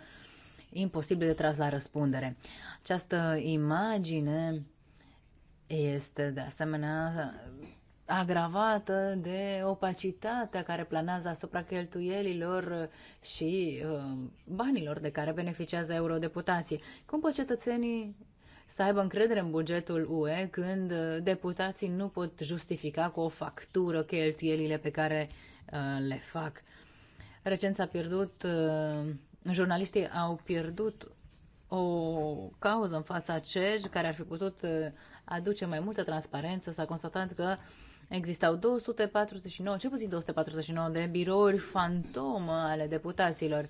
imposibil de tras la răspundere. Această imagine este de asemenea agravată de opacitatea care planează asupra cheltuielilor și uh, banilor de care beneficiază eurodeputații. Cum pot cetățenii să aibă încredere în bugetul UE când uh, deputații nu pot justifica cu o factură cheltuielile pe care uh, le fac. Recent s-a pierdut, uh, jurnaliștii au pierdut o cauză în fața CEJ care ar fi putut aduce mai multă transparență. S-a constatat că existau 249, cel puțin 249 de birouri fantomă ale deputaților.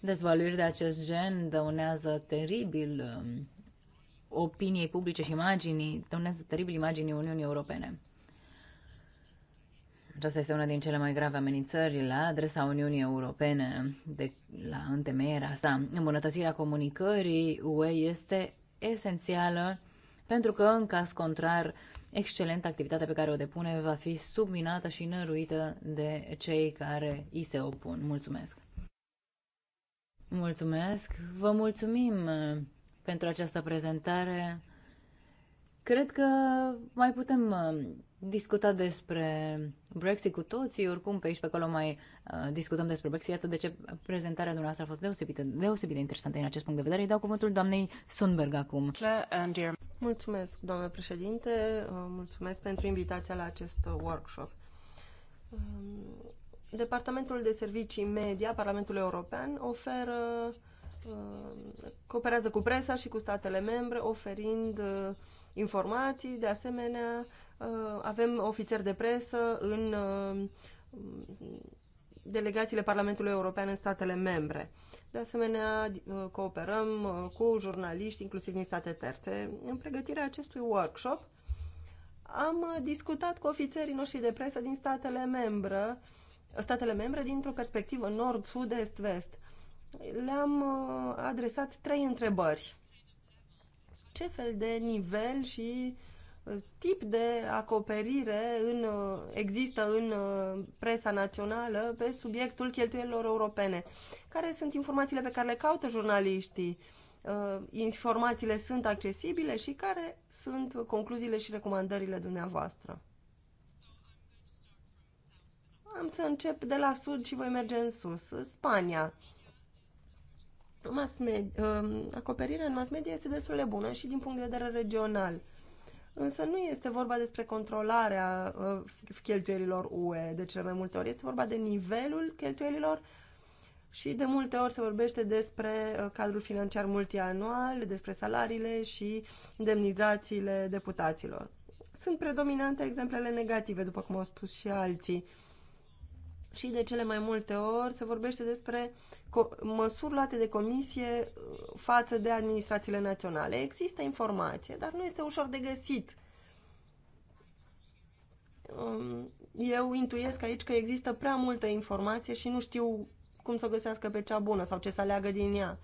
Dezvăluiri de acest gen dăunează teribil um, opiniei publice și imaginii, dăunează teribil imaginii Uniunii Europene. Aceasta este una din cele mai grave amenințări la adresa Uniunii Europene de la întemeierea sa. Îmbunătățirea comunicării UE este esențială pentru că, în caz contrar, excelentă activitatea pe care o depune va fi subminată și năruită de cei care îi se opun. Mulțumesc! Mulțumesc! Vă mulțumim pentru această prezentare. Cred că mai putem uh, discuta despre Brexit cu toții, oricum pe aici pe acolo mai uh, discutăm despre Brexit, iată de ce prezentarea dumneavoastră a fost deosebită, deosebit de interesantă în acest punct de vedere. Îi dau cuvântul doamnei Sundberg acum. Mulțumesc, doamnă președinte, uh, mulțumesc pentru invitația la acest uh, workshop. Um, Departamentul de Servicii Media, Parlamentul European, oferă Uh, cooperează cu presa și cu statele membre, oferind uh, informații. De asemenea, uh, avem ofițeri de presă în delegațiile Parlamentului European în statele membre. De asemenea, cooperăm cu jurnaliști, inclusiv din state terțe. În pregătirea acestui workshop am discutat cu ofițerii noștri de presă din statele membre, statele membre dintr-o perspectivă nord, sud, est, vest le-am uh, adresat trei întrebări. Ce fel de nivel și uh, tip de acoperire în, uh, există în presa națională pe subiectul cheltuielilor europene? Care sunt informațiile pe care le caută jurnaliștii? Informațiile sunt accesibile și care sunt concluziile și recomandările dumneavoastră? Am să încep de la sud și voi merge în sus. Spania mass media, um, acoperirea în mass media este destul de bună și din punct de vedere regional. Însă nu este vorba despre controlarea uh, cheltuielilor UE de cele mai multe ori, este vorba de nivelul cheltuielilor și de multe ori se vorbește despre uh, cadrul financiar multianual, despre salariile și indemnizațiile deputaților. Sunt predominante exemplele negative, după cum au spus și alții și de cele mai multe ori se vorbește despre măsuri luate de comisie uh, față de administrațiile naționale. Există informație, dar nu este ușor de găsit. Um, eu intuiesc aici că există prea multă informație și nu știu cum să o găsească pe cea bună sau ce să aleagă din ea.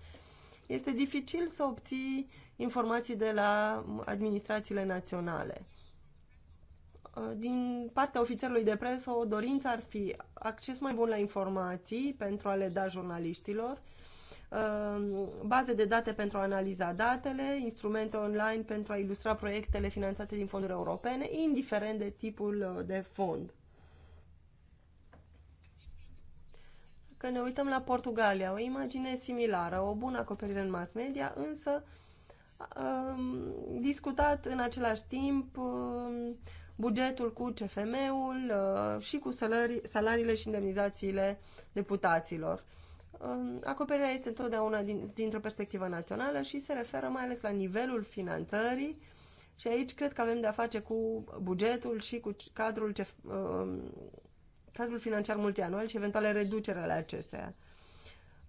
Este dificil să obții informații de la administrațiile naționale. Uh, din partea ofițerului de presă o dorință ar fi acces mai bun la informații pentru a le da jurnaliștilor, uh, baze de date pentru a analiza datele, instrumente online pentru a ilustra proiectele finanțate din fonduri europene, indiferent de tipul uh, de fond. Că ne uităm la Portugalia, o imagine similară, o bună acoperire în mass media, însă discutat în același timp bugetul, cu CFM-ul uh, și cu salarii, salariile și indemnizațiile deputaților. Um, acoperirea este întotdeauna din, dintr-o perspectivă națională și se referă mai ales la nivelul finanțării și aici cred că avem de-a face cu bugetul și cu cadrul, um, cadrul financiar multianual și eventuale reducere ale acesteia.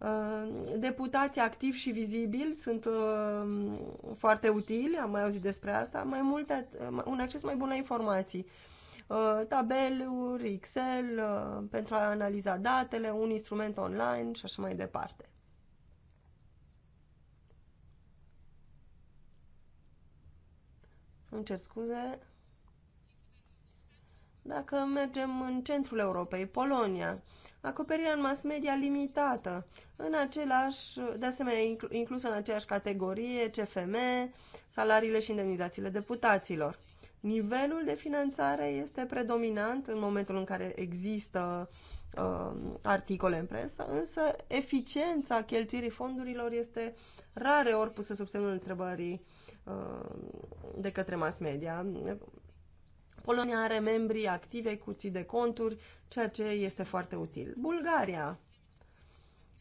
Uh, deputații activi și vizibili sunt uh, foarte utili, am mai auzit despre asta, mai multe, uh, un acces mai bun la informații. Tabeluri, Excel, pentru a analiza datele, un instrument online și așa mai departe. Îmi cer scuze. Dacă mergem în centrul Europei, Polonia, acoperirea în mass media limitată, în același, de asemenea inclusă în aceeași categorie CFM, salariile și indemnizațiile deputaților. Nivelul de finanțare este predominant în momentul în care există uh, articole în presă, însă eficiența cheltuirii fondurilor este rare ori pusă sub semnul întrebării uh, de către mass media. Polonia are membri active, curții de conturi, ceea ce este foarte util. Bulgaria.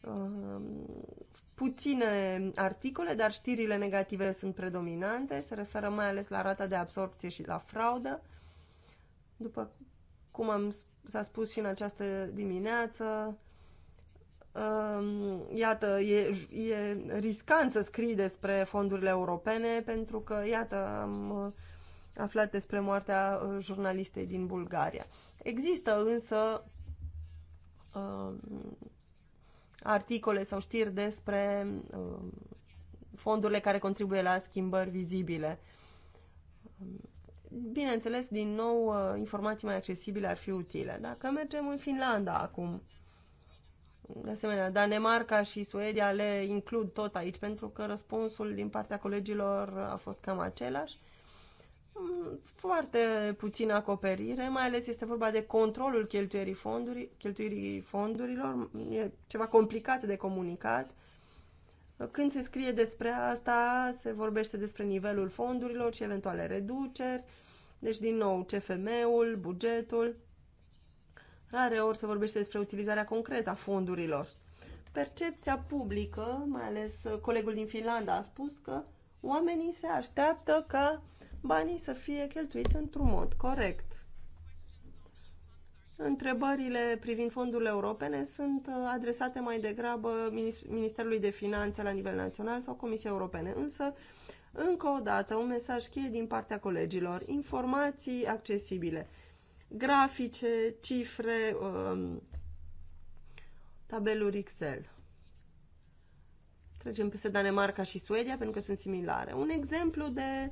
Um, puține articole, dar știrile negative sunt predominante, se referă mai ales la rata de absorpție și la fraudă. După cum am, s-a spus și în această dimineață, um, iată, e, e riscant să scrii despre fondurile europene pentru că, iată, am aflat despre moartea uh, jurnalistei din Bulgaria. Există însă uh, articole sau știri despre uh, fondurile care contribuie la schimbări vizibile. Bineînțeles, din nou, uh, informații mai accesibile ar fi utile. Dacă mergem în Finlanda acum, de asemenea, Danemarca și Suedia le includ tot aici, pentru că răspunsul din partea colegilor a fost cam același foarte puțină acoperire, mai ales este vorba de controlul cheltuierii, fonduri, cheltuierii fondurilor, e ceva complicat de comunicat. Când se scrie despre asta, se vorbește despre nivelul fondurilor și eventuale reduceri, deci din nou CFM-ul, bugetul. Rare ori se vorbește despre utilizarea concretă a fondurilor. Percepția publică, mai ales colegul din Finlanda a spus că oamenii se așteaptă ca banii să fie cheltuiți într-un mod corect. Întrebările privind fondurile europene sunt uh, adresate mai degrabă Ministerului de Finanțe la nivel național sau Comisiei Europene, însă, încă o dată, un mesaj cheie din partea colegilor, informații accesibile, grafice, cifre, um, tabeluri Excel. Trecem peste Danemarca și Suedia pentru că sunt similare. Un exemplu de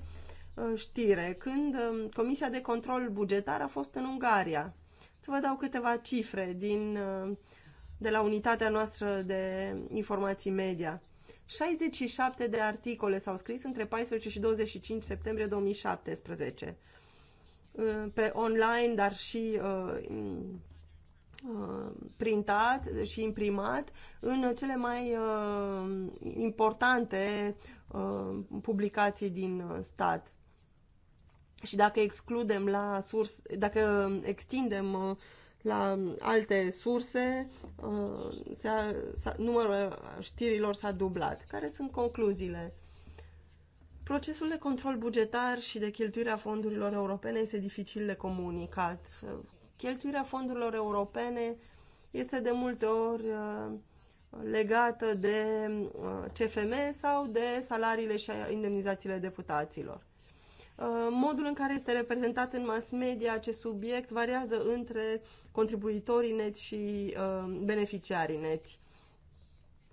Uh, știre, când um, Comisia de Control Bugetar a fost în Ungaria. Să vă dau câteva cifre din, uh, de la unitatea noastră de informații media. 67 de articole s-au scris între 14 și 25 septembrie 2017 uh, pe online, dar și printat și imprimat în cele mai importante publicații din stat și dacă excludem la surs, dacă extindem uh, la alte surse, uh, se a, a, numărul știrilor s-a dublat. Care sunt concluziile? Procesul de control bugetar și de cheltuirea fondurilor europene este dificil de comunicat. Cheltuirea fondurilor europene este de multe ori uh, legată de CFM sau de salariile și indemnizațiile deputaților. Modul în care este reprezentat în mass media acest subiect variază între contribuitorii neți și uh, beneficiarii neți.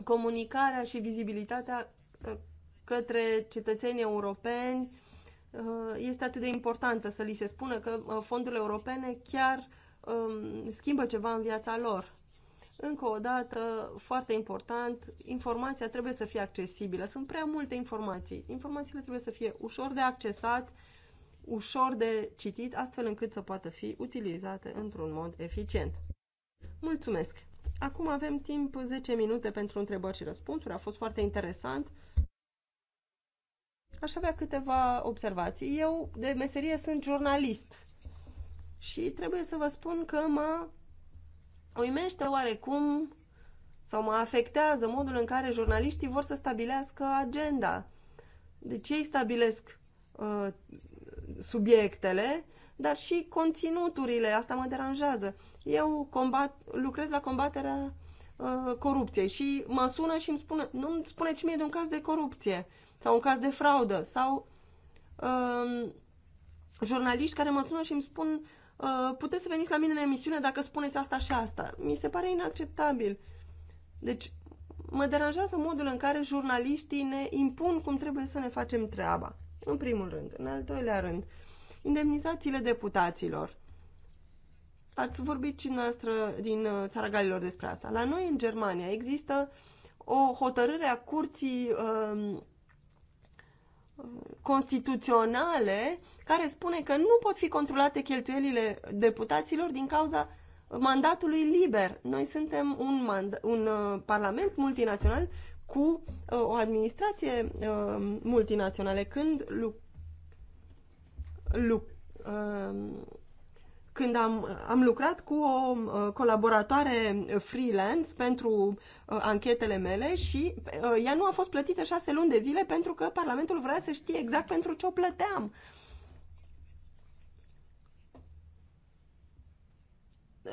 Comunicarea și vizibilitatea uh, către cetățenii europeni uh, este atât de importantă să li se spună că fondurile europene chiar um, schimbă ceva în viața lor. Încă o dată, foarte important, informația trebuie să fie accesibilă. Sunt prea multe informații. Informațiile trebuie să fie ușor de accesat, ușor de citit, astfel încât să poată fi utilizate într-un mod eficient. Mulțumesc! Acum avem timp 10 minute pentru întrebări și răspunsuri. A fost foarte interesant. Aș avea câteva observații. Eu, de meserie, sunt jurnalist și trebuie să vă spun că m-a uimește oarecum sau mă afectează modul în care jurnaliștii vor să stabilească agenda. Deci ei stabilesc uh, subiectele, dar și conținuturile, asta mă deranjează. Eu combat, lucrez la combaterea uh, corupției și mă sună și îmi spune, nu îmi spuneți mie de un caz de corupție sau un caz de fraudă sau uh, jurnaliști care mă sună și îmi spun Uh, puteți să veniți la mine în emisiune dacă spuneți asta și asta. Mi se pare inacceptabil. Deci, mă deranjează modul în care jurnaliștii ne impun cum trebuie să ne facem treaba. În primul rând. În al doilea rând, indemnizațiile deputaților. Ați vorbit și noastră din uh, Țara Galilor despre asta. La noi, în Germania, există o hotărâre a curții um, constituționale care spune că nu pot fi controlate cheltuielile deputaților din cauza mandatului liber. Noi suntem un, mand- un uh, parlament multinațional cu uh, o administrație uh, multinațională. Când lu- lu- uh, când am, am lucrat cu o uh, colaboratoare freelance pentru uh, anchetele mele și uh, ea nu a fost plătită șase luni de zile pentru că Parlamentul vrea să știe exact pentru ce o plăteam.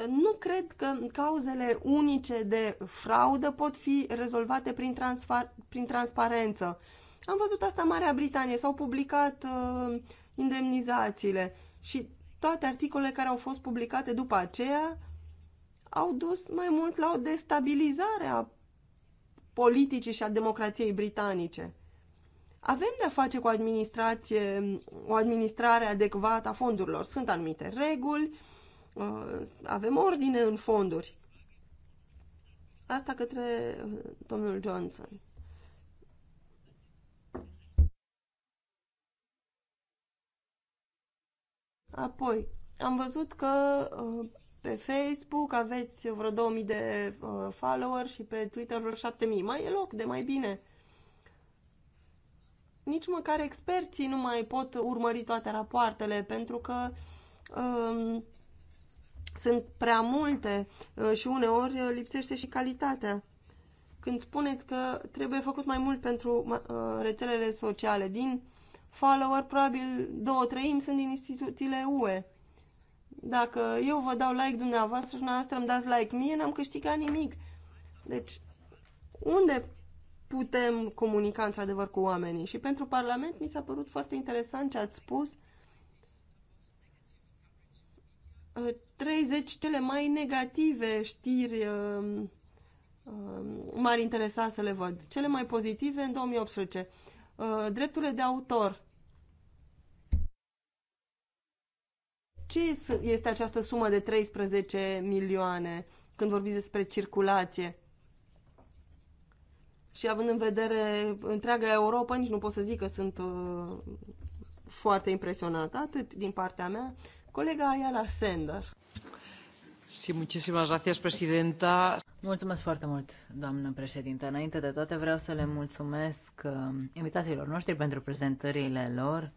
nu cred că cauzele unice de fraudă pot fi rezolvate prin, prin transparență. Am văzut asta în Marea Britanie, s-au publicat uh, indemnizațiile și toate articolele care au fost publicate după aceea au dus mai mult la o destabilizare a politicii și a democrației britanice. Avem de-a face cu administrație, o administrare adecvată a fondurilor. Sunt anumite reguli, uh, avem ordine în fonduri. Asta către uh, domnul Johnson. Apoi, am văzut că uh, pe Facebook aveți vreo 2000 de uh, follower și pe Twitter vreo 7000. Mai e loc de mai bine. Nici măcar experții nu mai pot urmări toate rapoartele pentru că um, sunt prea multe uh, și uneori lipsește și calitatea. Când spuneți că trebuie făcut mai mult pentru rețelele sociale, din follower, probabil două treimi sunt din instituțiile UE. Dacă eu vă dau like dumneavoastră și dumneavoastră îmi dați like mie, n-am câștigat nimic. Deci, unde putem comunica într-adevăr cu oamenii? Și pentru Parlament mi s-a părut foarte interesant ce ați spus. 30 uh, cele mai negative știri uh, uh, m-ar interesa să le văd. Cele mai pozitive în 2018. Drepturile de autor. ce este această sumă de 13 milioane când vorbiți despre circulație? Și având în vedere întreaga Europa, nici nu pot să zic că sunt uh, foarte impresionată. Atât din partea mea. Colega Ayala Sender. Sí, muchísimas gracias, presidenta. Mulțumesc foarte mult, doamnă președinte. Înainte de toate vreau să le mulțumesc uh, invitațiilor noștri pentru prezentările lor.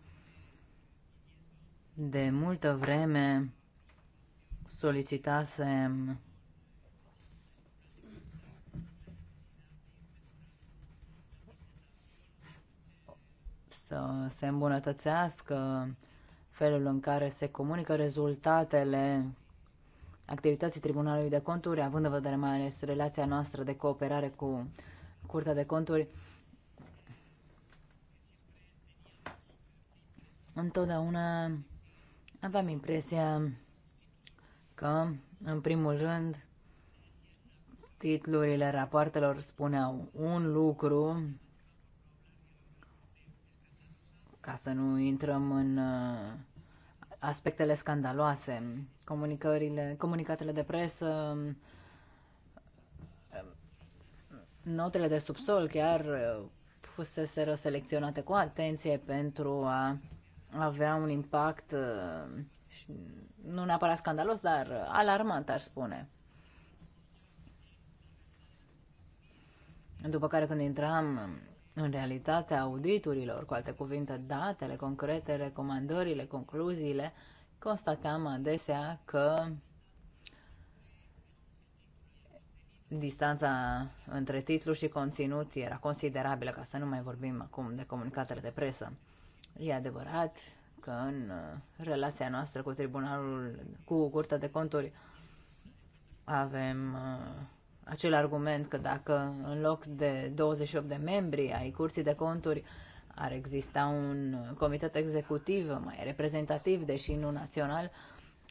De multă vreme solicitasem să se îmbunătățească felul în care se comunică rezultatele activității Tribunalului de Conturi, având în vedere mai ales relația noastră de cooperare cu Curtea de Conturi. Întotdeauna aveam impresia că, în primul rând, titlurile rapoartelor spuneau un lucru ca să nu intrăm în uh, aspectele scandaloase, comunicările, comunicatele de presă, um, notele de subsol chiar uh, fusese selecționate cu atenție pentru a avea un impact uh, nu neapărat scandalos, dar alarmant, aș spune. După care când intram în realitatea auditurilor, cu alte cuvinte, datele concrete, recomandările, concluziile, constatam adesea că distanța între titlu și conținut era considerabilă, ca să nu mai vorbim acum de comunicatele de presă. E adevărat că în uh, relația noastră cu tribunalul, cu Curtea de Conturi, avem uh, acel argument că dacă în loc de 28 de membri ai Curții de Conturi ar exista un comitet executiv mai reprezentativ, deși nu național,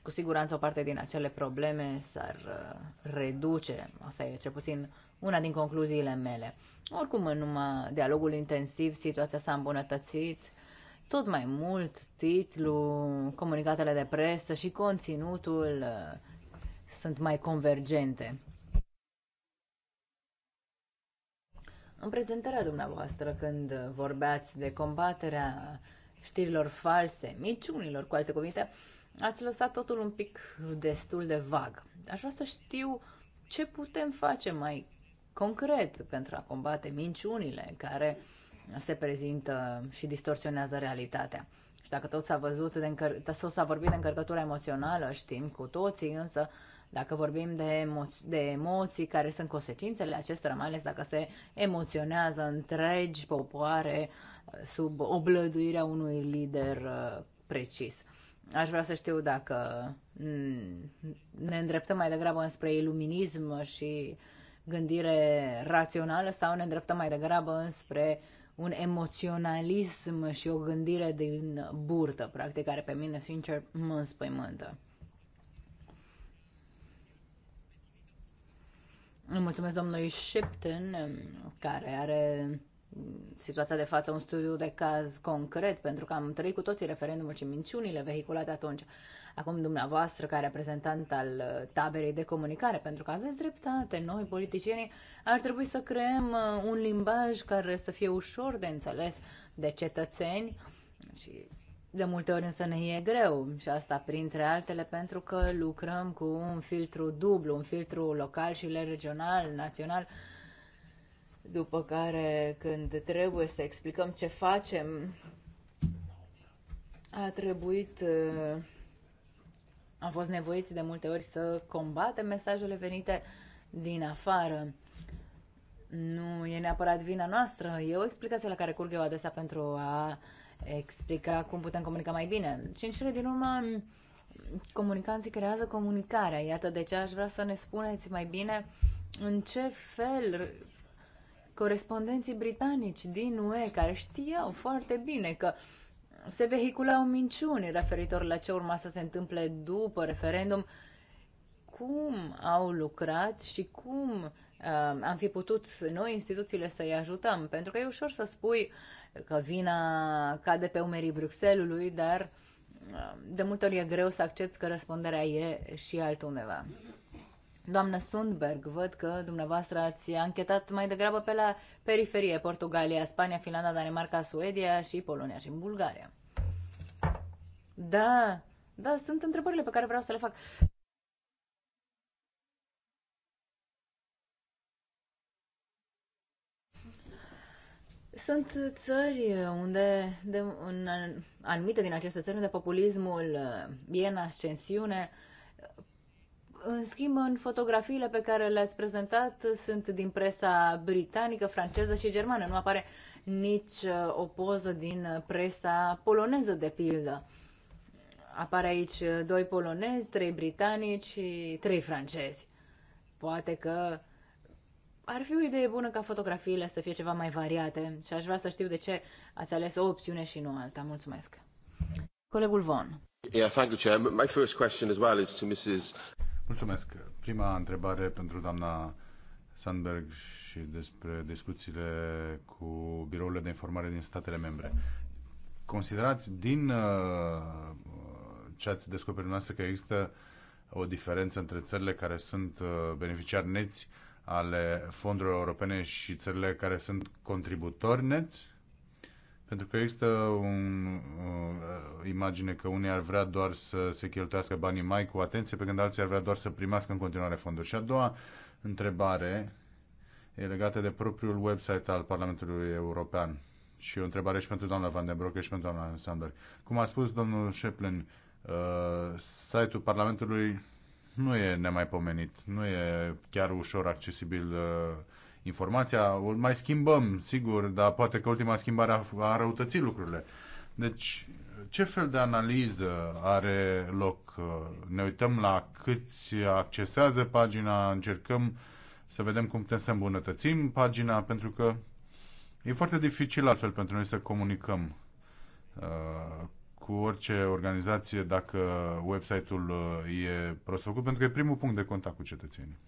cu siguranță o parte din acele probleme s-ar uh, reduce. Asta e cel puțin una din concluziile mele. Oricum, în numai dialogul intensiv, situația s-a îmbunătățit tot mai mult titlu, comunicatele de presă și conținutul uh, sunt mai convergente. În prezentarea dumneavoastră, când vorbeați de combaterea știrilor false, minciunilor, cu alte cuvinte, ați lăsat totul un pic destul de vag. Aș vrea să știu ce putem face mai concret pentru a combate minciunile care uh, se prezintă și distorsionează realitatea. Și dacă tot s-a văzut de încăr- da, s-a vorbit de încărcătura emoțională, știm cu toții, însă dacă vorbim de, emo- de emoții care sunt consecințele acestora, mai ales dacă se emoționează întregi popoare uh, sub oblăduirea unui lider uh, precis. Aș vrea să știu dacă mm, ne îndreptăm mai degrabă înspre iluminism și gândire rațională sau ne îndreptăm mai degrabă înspre uh, un emoționalism și o gândire din burtă, practic, care pe mine, sincer, mă înspăimântă. Îi mulțumesc domnului Shipton, care are situația de față un studiu de caz concret, pentru că am trăit cu toții referendumul și minciunile vehiculate atunci acum dumneavoastră ca reprezentant al uh, taberei de comunicare, pentru că aveți dreptate, noi politicienii ar trebui să creăm uh, un limbaj care să fie ușor de înțeles de cetățeni și de multe ori însă ne e greu și asta printre altele pentru că lucrăm cu un filtru dublu, un filtru local și regional, național, după care când trebuie să explicăm ce facem, a trebuit uh, am fost nevoiți de multe ori să combatem mesajele venite din afară. Nu e neapărat vina noastră, e o explicație la care curg eu adesea pentru a explica cum putem comunica mai bine. Și în cele din urmă, comunicanții creează comunicarea. Iată de ce aș vrea să ne spuneți mai bine în ce fel corespondenții britanici din UE, care știau foarte bine că se vehicula o minciune referitor la ce urma să se întâmple după referendum, cum au lucrat și cum uh, am fi putut noi, instituțiile, să-i ajutăm. Pentru că e ușor să spui că vina cade pe umerii Bruxelului, dar uh, de multe ori e greu să accepti că răspunderea e și altundeva. Doamnă Sundberg, văd că dumneavoastră ați anchetat mai degrabă pe la periferie Portugalia, Spania, Finlanda, Danemarca, Suedia și Polonia și Bulgaria. Da, da, sunt întrebările pe care vreau să le fac. Sunt țări unde, de, în anumite din aceste țări, unde populismul uh, e în ascensiune. În schimb, în fotografiile pe care le-ați prezentat sunt din presa britanică, franceză și germană. Nu apare nici uh, o poză din presa poloneză, de pildă. Apare aici uh, doi polonezi, trei britanici și trei francezi. Poate că ar fi o idee bună ca fotografiile să fie ceva mai variate și aș vrea să știu de ce ați ales o opțiune și nu alta. Mulțumesc. Colegul Von. Yeah, thank you, Chair. My first question as well is to Mrs. Mulțumesc. Prima întrebare pentru doamna Sandberg și despre discuțiile cu birourile de informare din statele membre. Considerați din uh, ce ați descoperit noastră că există o diferență între țările care sunt uh, beneficiari neți ale fondurilor europene și țările care sunt contributori neți? Pentru că există o uh, imagine că unii ar vrea doar să se cheltuiască banii mai cu atenție, pe când alții ar vrea doar să primească în continuare fonduri. Și a doua întrebare e legată de propriul website al Parlamentului European. Și o întrebare și pentru doamna Van den Broek și pentru doamna Sander. Cum a spus domnul Sheplin uh, uh, site-ul Parlamentului nu e nemaipomenit, nu e chiar ușor accesibil uh, informația. O mai schimbăm, sigur, dar poate că ultima schimbare a, a răutățit lucrurile. Deci, ce fel de analiză are loc? Uh, ne uităm la câți accesează pagina, încercăm să vedem cum putem să îmbunătățim pagina, pentru că e foarte dificil altfel pentru noi să comunicăm uh, cu orice organizație dacă website-ul uh, e prost făcut, pentru că e primul punct de contact cu cetățenii.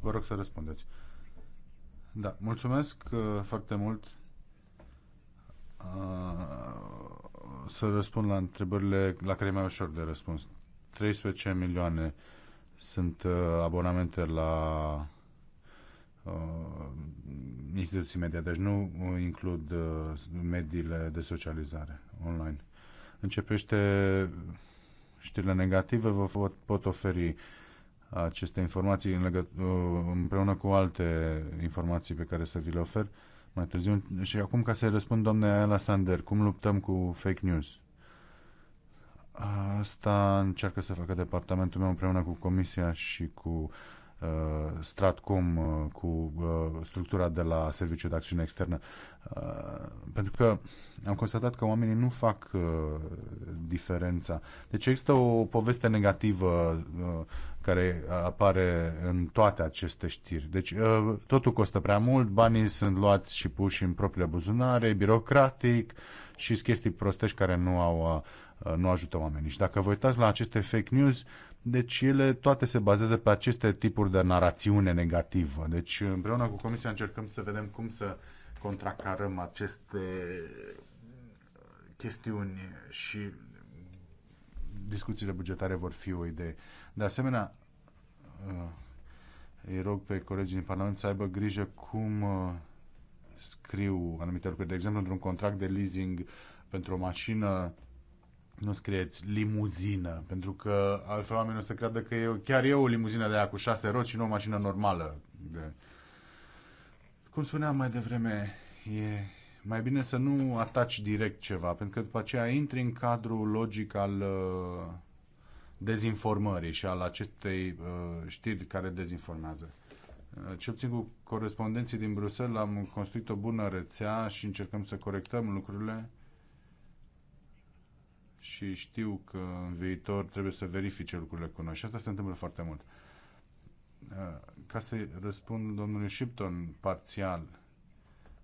Vă rog să răspundeți. Da, mulțumesc uh, foarte mult uh, să răspund la întrebările la care e mai ușor de răspuns. 13 milioane sunt abonamente la Uh, instituții media, deci nu includ uh, mediile de socializare online. Începește știrile negative, vă pot, pot oferi aceste informații în uh, împreună cu alte informații pe care să vi le ofer mai târziu. Și acum ca să-i răspund doamne Ayala Sander, cum luptăm cu fake news? Asta încearcă să facă departamentul meu împreună cu Comisia și cu Uh, Stratcom uh, cu uh, structura de la Serviciul de Acțiune Externă. Pentru că am constatat că oamenii nu fac diferența. Deci există o poveste negativă care apare în toate aceste știri. Deci totul costă prea mult, banii sunt luați și puși în propriile buzunare, birocratic și chestii prostești care nu au nu ajută oamenii. Și dacă vă uitați la aceste fake news, uh, deci ele toate se bazează pe aceste tipuri de narațiune negativă. Deci împreună cu Comisia încercăm să vedem cum să contracarăm aceste chestiuni și discuțiile bugetare vor fi o idee. De asemenea, uh, îi rog pe colegii din Parlament să aibă grijă cum uh, scriu anumite lucruri. De exemplu, într-un contract de leasing pentru o mașină nu scrieți limuzină, pentru că altfel oamenii o să creadă că e, chiar e o limuzină de aia cu șase roți și nu o mașină normală. De... Cum spuneam mai devreme, e mai bine să nu ataci direct ceva, pentru că după aceea intri în cadrul logic al uh, dezinformării și al acestei uh, știri care dezinformează. Uh, cel puțin cu corespondenții din Bruxelles am construit o bună rețea și încercăm să corectăm lucrurile și știu că în viitor trebuie să verifice lucrurile cu noi și asta se întâmplă foarte mult. Uh, ca să răspund domnului Shipton parțial,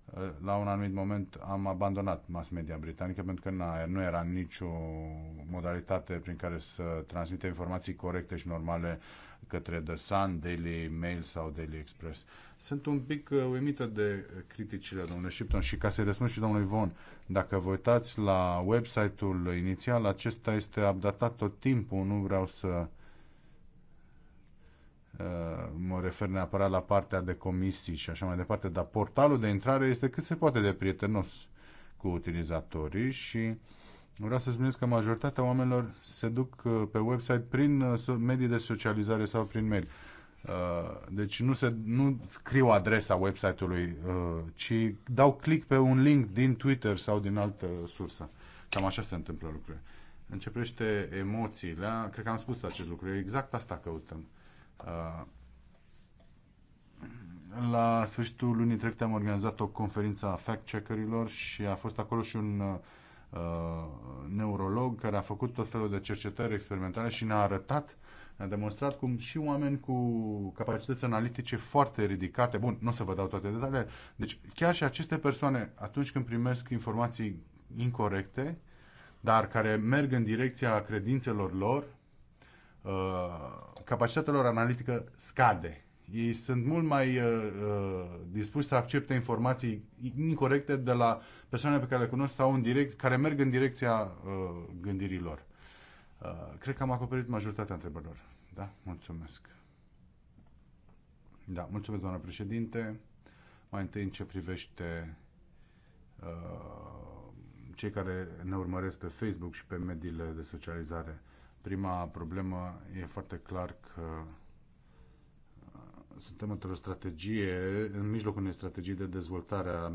uh, la un anumit moment am abandonat mass media britanică pentru că nu era nicio modalitate prin care să transmită informații corecte și normale către The Sun, Daily Mail sau Daily Express. Sunt un pic uh, uimită de criticile domnului Shipton și ca să-i răspund și domnului Von, dacă vă uitați la website-ul inițial, acesta este updatat tot timpul, nu vreau să uh, mă refer neapărat la partea de comisii și așa mai departe, dar portalul de intrare este cât se poate de prietenos cu utilizatorii și uh, Vreau să spuneți că majoritatea oamenilor se duc uh, pe website prin uh, medii de socializare sau prin mail. Uh, deci nu, se, nu scriu adresa website-ului, ci dau click pe un link din Twitter sau din altă sursă. Cam așa se întâmplă lucrurile. Începește emoțiile. Cred că am spus acest lucru. Exact asta căutăm. La sfârșitul lunii trecute am organizat o conferință a fact-checkerilor și a fost acolo și un uh, Uh, neurolog care a făcut tot felul de cercetări experimentale și ne-a arătat, ne-a demonstrat cum și oameni cu capacități analitice foarte ridicate, bun, nu o să vă dau toate detaliile, deci chiar și aceste persoane, atunci când primesc informații incorrecte, dar care merg în direcția credințelor lor, uh, capacitatea lor analitică scade. Ei sunt mult mai uh, uh, dispuși să accepte informații incorrecte de la persoane pe care le cunosc sau în direct, care merg în direcția uh, gândirilor. Uh, cred că am acoperit majoritatea întrebărilor. Da? Mulțumesc. Da, mulțumesc, doamna președinte. Mai întâi în ce privește uh, cei care ne urmăresc pe Facebook și pe mediile de socializare. Prima problemă e foarte clar că suntem într-o strategie, în mijlocul unei strategii de dezvoltare a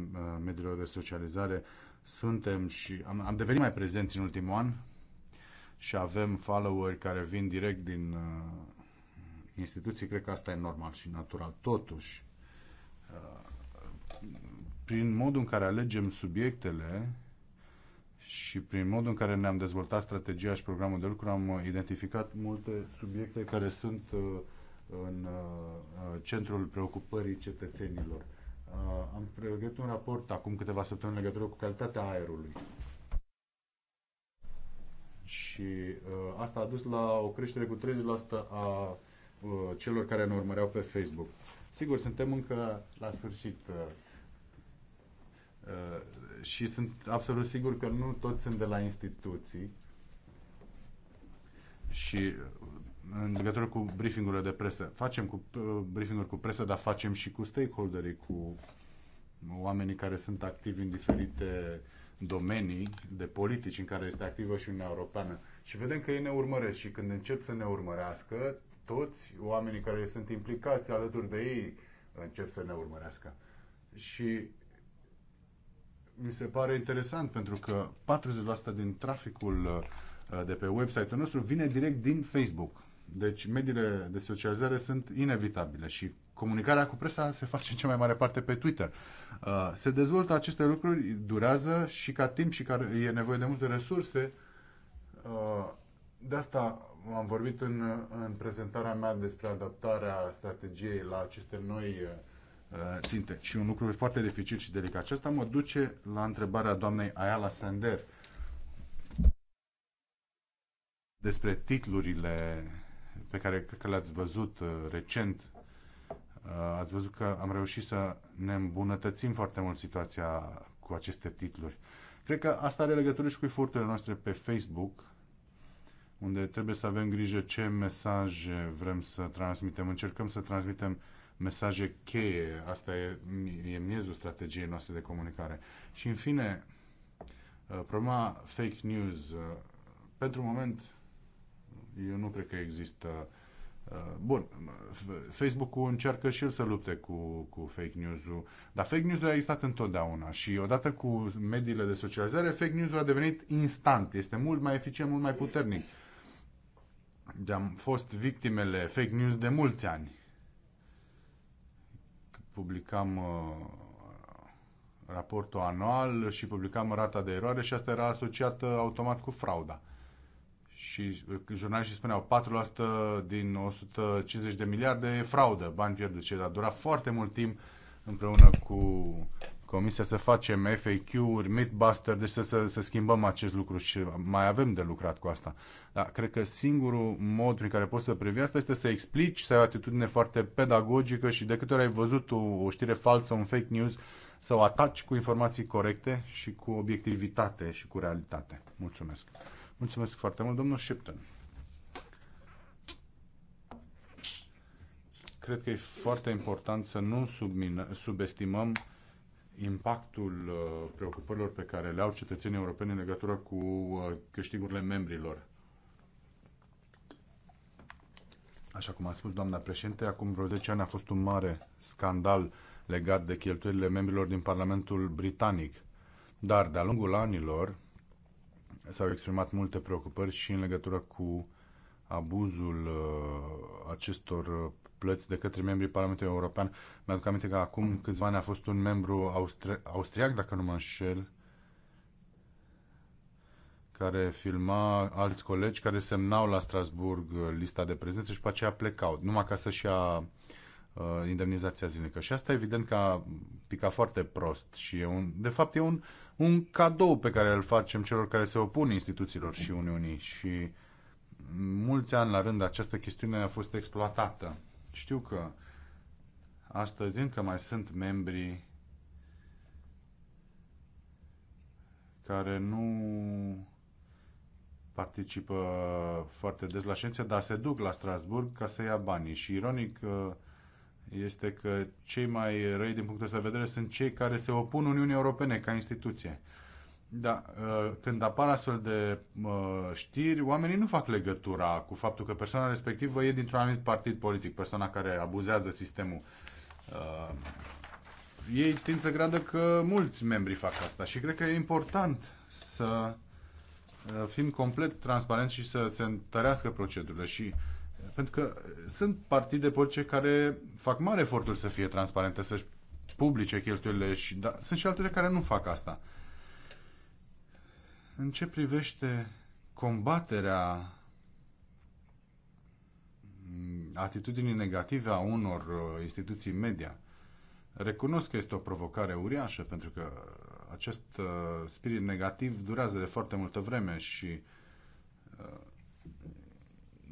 mediilor de socializare. Suntem și am, am devenit mai prezenți în ultimul an și avem followeri care vin direct din uh, instituții. Cred că asta e normal și natural. Totuși, uh, prin modul în care alegem subiectele și prin modul în care ne-am dezvoltat strategia și programul de lucru, am identificat multe subiecte care sunt uh, în uh, uh, centrul preocupării cetățenilor. Uh, am pregătit un raport acum câteva săptămâni în legătură cu calitatea aerului. Și asta a dus la o creștere cu 30% a celor care ne urmăreau pe Facebook. Sigur, suntem încă la sfârșit și sunt absolut sigur că nu toți sunt de la instituții și în legătură cu briefingurile de presă. Facem cu uh, briefinguri cu presă, dar facem și cu stakeholderii, cu oamenii care sunt activi în diferite domenii de politici în care este activă și Uniunea Europeană. Și vedem că ei ne urmăresc și când încep să ne urmărească, toți oamenii care sunt implicați alături de ei încep să ne urmărească. Și mi se pare interesant pentru că 40% din traficul uh, de pe website-ul nostru vine direct din Facebook. Deci mediile de socializare sunt inevitabile și comunicarea cu presa se face în cea mai mare parte pe Twitter. Uh, se dezvoltă aceste lucruri, durează și ca timp și care e nevoie de multe resurse. Uh, de asta am vorbit în, în prezentarea mea despre adaptarea strategiei la aceste noi uh, ținte. Și un lucru foarte dificil și delicat. Acesta mă duce la întrebarea doamnei Ayala Sender despre titlurile pe care cred că le-ați văzut uh, recent. Uh, ați văzut că am reușit să ne îmbunătățim foarte mult situația cu aceste titluri. Cred că asta are legătură și cu eforturile noastre pe Facebook, unde trebuie să avem grijă ce mesaje vrem să transmitem. Încercăm să transmitem mesaje cheie. Asta e, e miezul strategiei noastre de comunicare. Și, în fine, uh, problema fake news. Pentru moment, eu nu cred că există... Uh, bun, Facebook-ul încearcă și el să lupte cu, cu fake news-ul, dar fake news-ul a existat întotdeauna și odată cu mediile de socializare, fake news-ul a devenit instant, este mult mai eficient, mult mai puternic. De-am fost victimele fake news de mulți ani. Publicam uh, raportul anual și publicam rata de eroare și asta era asociată automat cu frauda și uh, jurnaliștii spuneau 4% din 150 de miliarde e fraudă, bani pierduți. a dura foarte mult timp împreună cu Comisia să facem FAQ-uri, Mythbuster, deci să, să, să schimbăm acest lucru și mai avem de lucrat cu asta. Dar cred că singurul mod prin care poți să previi asta este să explici, să ai o atitudine foarte pedagogică și de câte ori ai văzut o, o știre falsă, un fake news, să o ataci cu informații corecte și cu obiectivitate și cu realitate. Mulțumesc! Mulțumesc foarte mult, domnul Shipton. Cred că e foarte important să nu submină, subestimăm impactul uh, preocupărilor pe care le au cetățenii europeni în legătură cu uh, câștigurile membrilor. Așa cum a spus doamna președinte, acum vreo 10 ani a fost un mare scandal legat de cheltuielile membrilor din Parlamentul Britanic. Dar de-a lungul anilor, s-au exprimat multe preocupări și în legătură cu abuzul uh, acestor uh, plăți de către membrii Parlamentului European. Mi-aduc aminte că acum câțiva ani a fost un membru austri- austriac, dacă nu mă înșel, care filma alți colegi care semnau la Strasburg uh, lista de prezență și pe aceea plecau, numai ca să-și ia indemnizația zilnică. Și asta evident că a picat foarte prost și e un, de fapt e un un cadou pe care îl facem celor care se opun instituțiilor și Uniunii și mulți ani la rând această chestiune a fost exploatată. Știu că astăzi încă mai sunt membri care nu participă foarte des la ședințe, dar se duc la Strasburg ca să ia banii. Și ironic, uh, este că cei mai răi din punctul ăsta de vedere sunt cei care se opun Uniunii Europene ca instituție. Da, uh, când apar astfel de uh, știri, oamenii nu fac legătura cu faptul că persoana respectivă e dintr-un anumit partid politic, persoana care abuzează sistemul. Uh, ei tind să creadă că mulți membri fac asta și cred că e important să fim complet transparenți și să se întărească procedurile și uh, pentru că sunt partide politice care fac mare efortul să fie transparente, să-și publice cheltuielile și dar sunt și altele care nu fac asta. În ce privește combaterea atitudinii negative a unor uh, instituții media, recunosc că este o provocare uriașă pentru că acest uh, spirit negativ durează de foarte multă vreme și uh,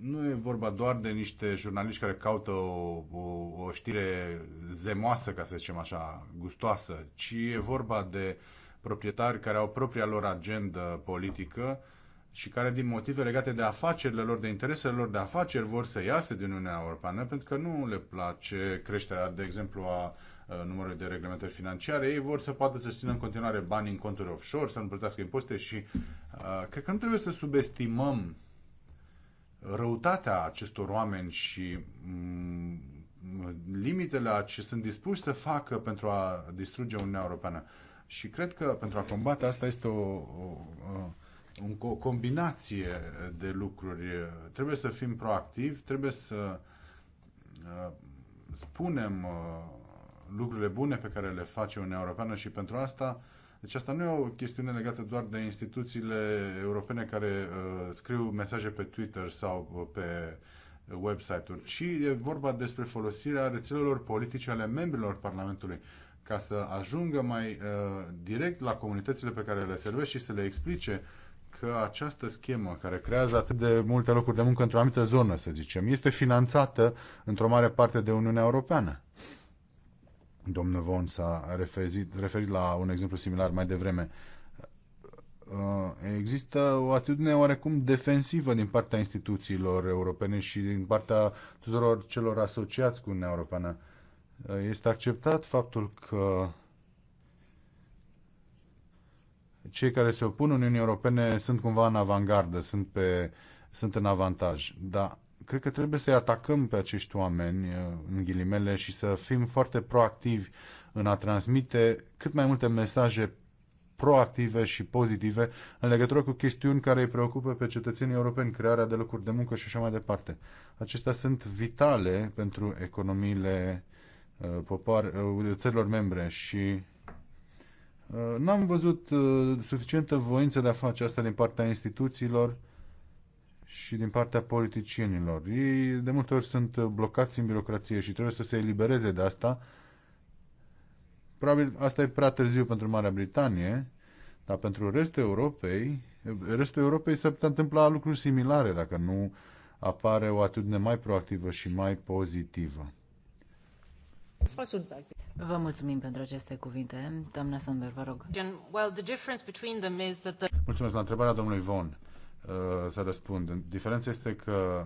nu e vorba doar de niște jurnaliști care caută o, o, o știre zemoasă, ca să zicem așa, gustoasă, ci e vorba de proprietari care au propria lor agendă politică și care din motive legate de afacerile lor, de interesele lor de afaceri vor să iasă din Uniunea Europeană pentru că nu le place creșterea, de exemplu, a numărului de reglementări financiare. Ei vor să poată să țină în continuare bani în conturi offshore, să nu plătească impozite și uh, cred că nu trebuie să subestimăm răutatea acestor oameni și mm, limitele a ce sunt dispuși să facă pentru a distruge Uniunea Europeană. Și cred că pentru a combate asta este o, o, o, o combinație de lucruri. Trebuie să fim proactivi, trebuie să uh, spunem uh, lucrurile bune pe care le face Uniunea Europeană și pentru asta uh, deci asta nu e o chestiune legată doar de instituțiile europene care uh, scriu mesaje pe Twitter sau uh, pe website-uri, ci e vorba despre folosirea rețelelor politice ale membrilor Parlamentului ca să ajungă mai uh, direct la comunitățile pe care le servește și să le explice că această schemă care creează atât de multe locuri de muncă într-o anumită zonă, să zicem, este finanțată într-o mare parte de Uniunea Europeană. Domnul Von s-a referit, referit la un exemplu similar mai devreme. Uh, există o atitudine oarecum defensivă din partea instituțiilor europene și din partea tuturor celor asociați cu Uniunea Europeană. Uh, este acceptat faptul că cei care se opun Uniunii Europene sunt cumva în avangardă, sunt, pe, sunt în avantaj. Dar cred că trebuie să-i atacăm pe acești oameni, uh, în ghilimele, și să fim foarte proactivi în a transmite cât mai multe mesaje proactive și pozitive în legătură cu chestiuni care îi preocupă pe cetățenii europeni, crearea de locuri de muncă și așa mai departe. Acestea sunt vitale pentru economiile uh, popor, uh, țărilor membre și n-am văzut suficientă voință de a face asta din partea instituțiilor și din partea politicienilor. Ei de multe ori sunt blocați în birocrație și trebuie să se elibereze de asta. Probabil asta e prea târziu pentru Marea Britanie, dar pentru restul Europei, restul Europei se putea întâmpla lucruri similare dacă nu apare o atitudine mai proactivă și mai pozitivă. Vă mulțumim pentru aceste cuvinte. Doamna Sandberg, vă rog. Mulțumesc la întrebarea domnului Von Uh, să răspund. Diferența este că,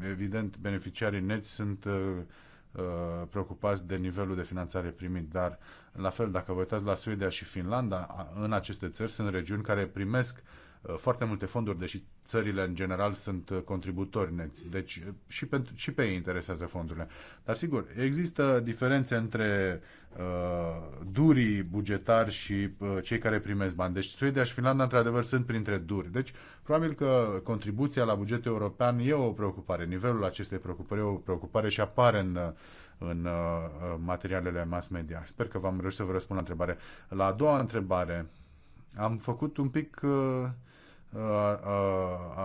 uh, evident, beneficiarii neti sunt uh, preocupați de nivelul de finanțare primit, dar la fel, dacă vă uitați la Suedia și Finlanda, în aceste țări sunt regiuni care primesc uh, Uh, foarte multe fonduri, deși țările în general sunt uh, contributori neți. Deci uh, și, pentru, și pe ei interesează fondurile. Dar sigur, există diferențe între uh, durii bugetari și uh, cei care primesc bani. Deci Suedia și Finlanda, într-adevăr, sunt printre duri. Deci, probabil că contribuția la bugetul european e o preocupare. Nivelul acestei preocupări e o preocupare și apare în în uh, materialele mass media. Sper că v-am reușit să vă răspund la întrebare. La a doua întrebare, am făcut un pic uh,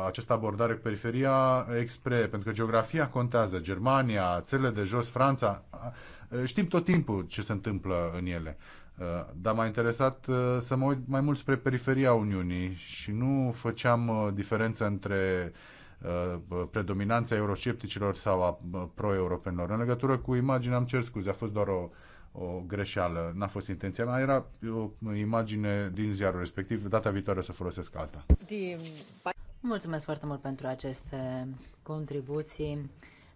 această abordare cu periferia expre, pentru că geografia contează, Germania, țările de jos, Franța, știm tot timpul ce se întâmplă în ele. Dar m-a interesat să mă uit mai mult spre periferia Uniunii și nu făceam diferență între predominanța euroscepticilor sau a pro-europenilor. În legătură cu imaginea, am cer scuze, a fost doar o o greșeală, n-a fost intenția mea, era o imagine din ziarul respectiv, data viitoare o să folosesc alta. Mulțumesc foarte mult pentru aceste contribuții.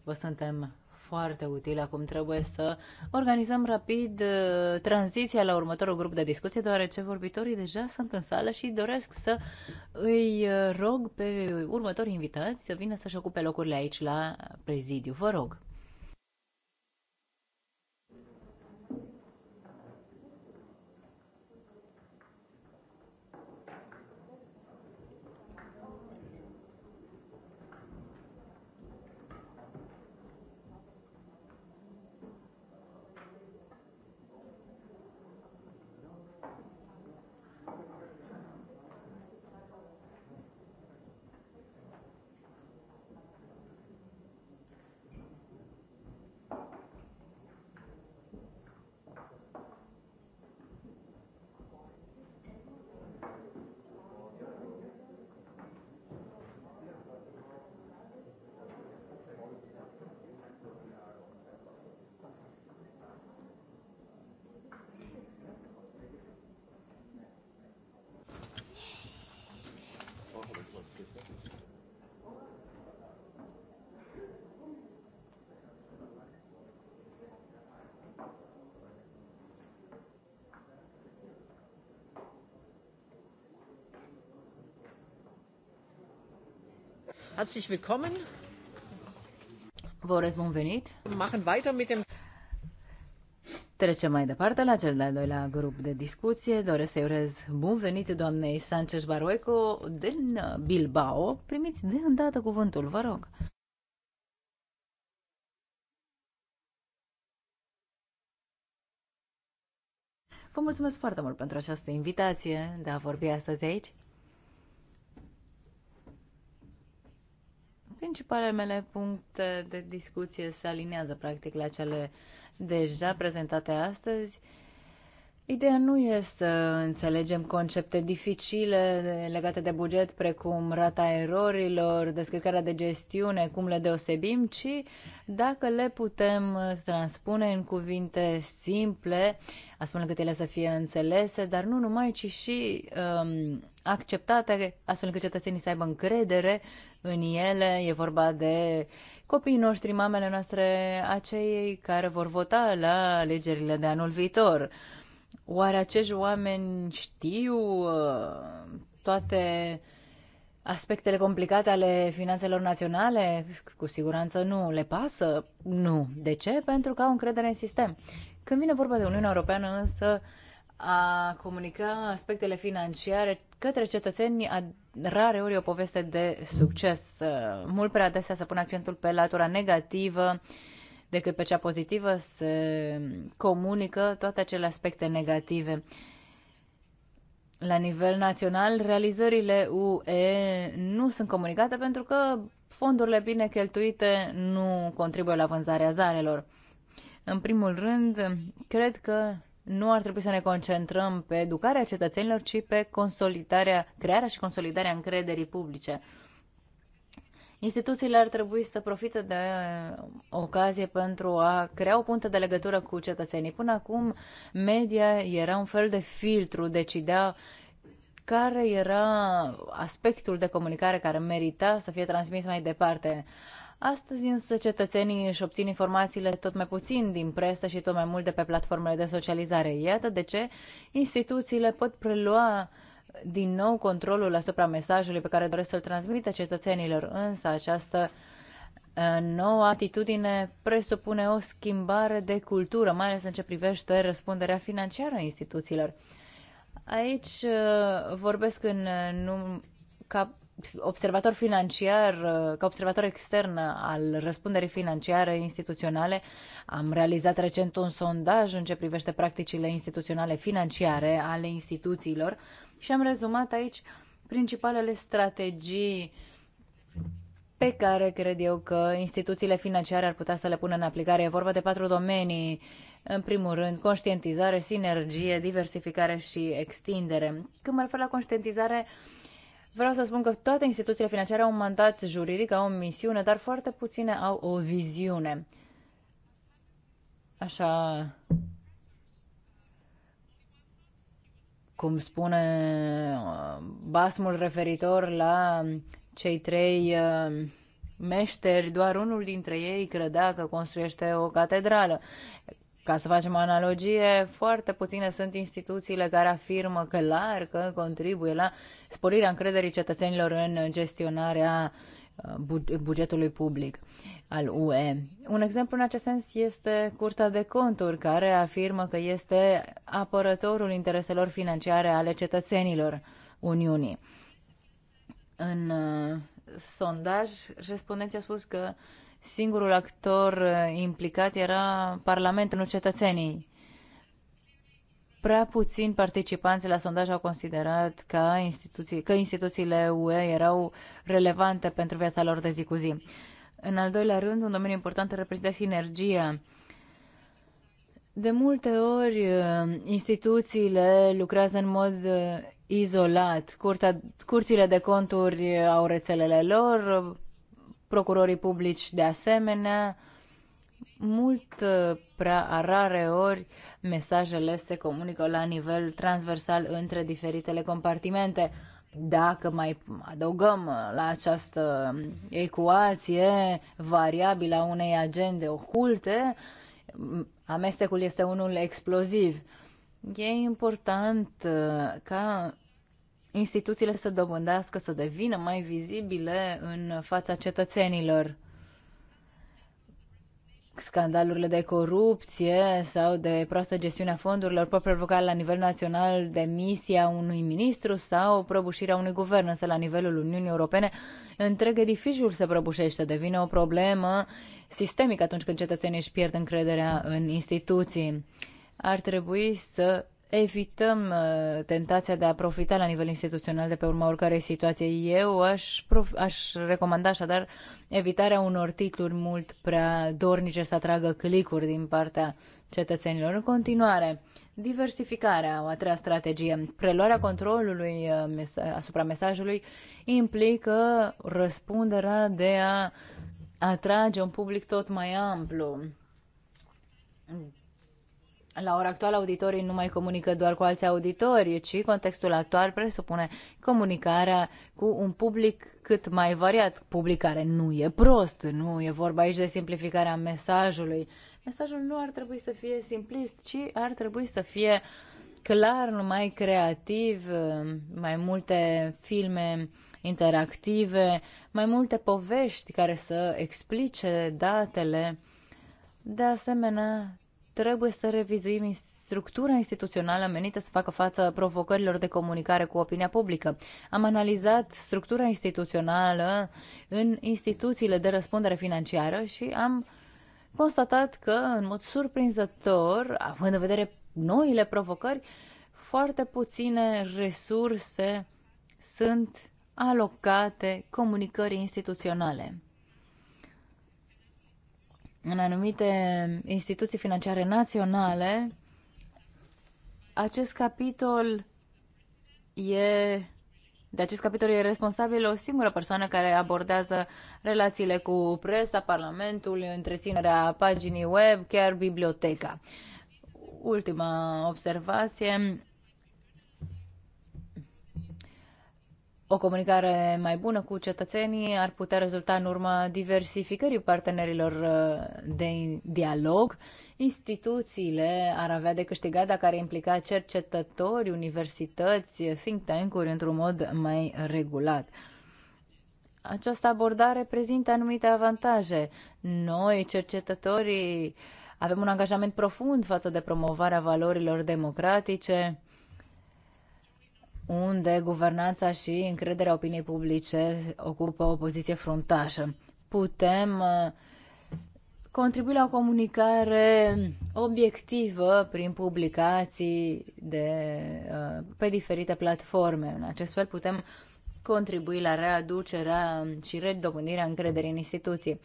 Vă suntem foarte util. Acum trebuie să organizăm rapid uh, tranziția la următorul grup de discuție, deoarece vorbitorii deja sunt în sală și doresc să îi uh, rog pe următorii invitați să vină să-și ocupe locurile aici la prezidiu. Vă rog. herzlich willkommen. Vă bun venit. Machen weiter mit dem Trecem mai departe la cel de-al doilea grup de discuție. Doresc să-i urez bun venit doamnei Sanchez Barueco din uh, Bilbao. Primiți de îndată cuvântul, vă rog. Vă mulțumesc foarte mult pentru această invitație de a vorbi astăzi aici. Principalele mele puncte de discuție se aliniază practic la cele deja prezentate astăzi. Ideea nu e să înțelegem concepte dificile legate de buget, precum rata erorilor, descărcarea de gestiune, cum le deosebim, ci dacă le putem transpune în cuvinte simple, astfel încât ele să fie înțelese, dar nu numai, ci și um, acceptate, astfel încât cetățenii să aibă încredere în ele. E vorba de copiii noștri, mamele noastre, acei care vor vota la alegerile de anul viitor Oare acești oameni știu uh, toate aspectele complicate ale finanțelor naționale? Cu siguranță nu. Le pasă? Nu. De ce? Pentru că au încredere în sistem. Când vine vorba de Uniunea Europeană, însă, a comunica aspectele financiare către a rare ori o poveste de succes. Uh, mult prea adesea să pun accentul pe latura negativă, decât pe cea pozitivă, se comunică toate acele aspecte negative. La nivel național, realizările UE nu sunt comunicate pentru că fondurile bine cheltuite nu contribuie la vânzarea zarelor. În primul rând, cred că nu ar trebui să ne concentrăm pe educarea cetățenilor, ci pe consolidarea, crearea și consolidarea încrederii publice. Instituțiile ar trebui să profite de ocazie pentru a crea o punte de legătură cu cetățenii. Până acum, media era un fel de filtru, decidea care era aspectul de comunicare care merita să fie transmis mai departe. Astăzi însă cetățenii își obțin informațiile tot mai puțin din presă și tot mai mult de pe platformele de socializare. Iată de ce instituțiile pot prelua din nou controlul asupra mesajului pe care doresc să-l transmită cetățenilor, însă această nouă atitudine presupune o schimbare de cultură, mai ales în ce privește răspunderea financiară a instituțiilor. Aici vorbesc în num- ca observator financiar, uh, ca observator extern al răspunderii financiare instituționale, am realizat recent un sondaj în ce privește practicile instituționale financiare ale instituțiilor și am rezumat aici principalele strategii pe care cred eu că instituțiile financiare ar putea să le pună în aplicare. E vorba de patru domenii. În primul rând, conștientizare, sinergie, diversificare și extindere. Când mă refer la conștientizare, Vreau să spun că toate instituțiile financiare au un mandat juridic, au o misiune, dar foarte puține au o viziune. Așa cum spune uh, basmul referitor la cei trei uh, meșteri, doar unul dintre ei credea că construiește o catedrală. Ca să facem o analogie, foarte puține sunt instituțiile care afirmă că clar că contribuie la sporirea încrederii cetățenilor în gestionarea uh, bugetului public al UE. Un exemplu în acest sens este Curtea de Conturi, care afirmă că este apărătorul intereselor financiare ale cetățenilor Uniunii. În uh, sondaj, respondenții au spus că singurul actor uh, implicat era Parlamentul, nu cetățenii. Prea puțin participanți la sondaj au considerat că, instituții, că instituțiile UE erau relevante pentru viața lor de zi cu zi. În al doilea rând, un domeniu important reprezintă sinergia. De multe ori, uh, instituțiile lucrează în mod uh, izolat. Curtea, curțile de conturi au rețelele lor, procurorii publici de asemenea. Mult uh, prea rare ori mesajele se comunică la nivel transversal între diferitele compartimente. Dacă mai adăugăm uh, la această um, ecuație variabila unei agende oculte, um, amestecul este unul exploziv. E important uh, ca instituțiile să dobândească, să devină mai vizibile în fața cetățenilor. Scandalurile de corupție sau de proastă gestiune a fondurilor pot provoca la nivel național demisia unui ministru sau prăbușirea unui guvern, însă la nivelul Uniunii Europene întreg edificiul se prăbușește, devine o problemă sistemică atunci când cetățenii își pierd încrederea în instituții. Ar trebui să evităm uh, tentația de a profita la nivel instituțional de pe urma oricărei situații. Eu aș, aș recomanda așadar evitarea unor titluri mult prea dornice să atragă clicuri din partea cetățenilor. În continuare, diversificarea, o a treia strategie, preluarea controlului uh, asupra mesajului implică răspunderea de a atrage un public tot mai amplu la ora actuală, auditorii nu mai comunică doar cu alți auditori, ci contextul actual presupune comunicarea cu un public cât mai variat. Public care nu e prost, nu e vorba aici de simplificarea mesajului. Mesajul nu ar trebui să fie simplist, ci ar trebui să fie clar, mai creativ, mai multe filme interactive, mai multe povești care să explice datele. De asemenea, trebuie să revizuim structura instituțională menită să facă față provocărilor de comunicare cu opinia publică. Am analizat structura instituțională în instituțiile de răspundere financiară și am constatat că, în mod surprinzător, având în vedere noile provocări, foarte puține resurse sunt alocate comunicării instituționale în anumite instituții financiare naționale, acest capitol e de acest capitol e responsabilă o singură persoană care abordează relațiile cu presa, parlamentul, întreținerea paginii web, chiar biblioteca. Ultima observație, O comunicare mai bună cu cetățenii ar putea rezulta în urma diversificării partenerilor uh, de dialog. Instituțiile ar avea de câștigat dacă ar implica cercetători, universități, think tank-uri într-un mod mai regulat. Această abordare prezintă anumite avantaje. Noi, cercetătorii, avem un angajament profund față de promovarea valorilor democratice unde guvernanța și încrederea opiniei publice ocupă o poziție fruntașă. Putem uh, contribui la o comunicare obiectivă prin publicații de, uh, pe diferite platforme. În acest fel putem contribui la readucerea și redobândirea încrederii în instituții.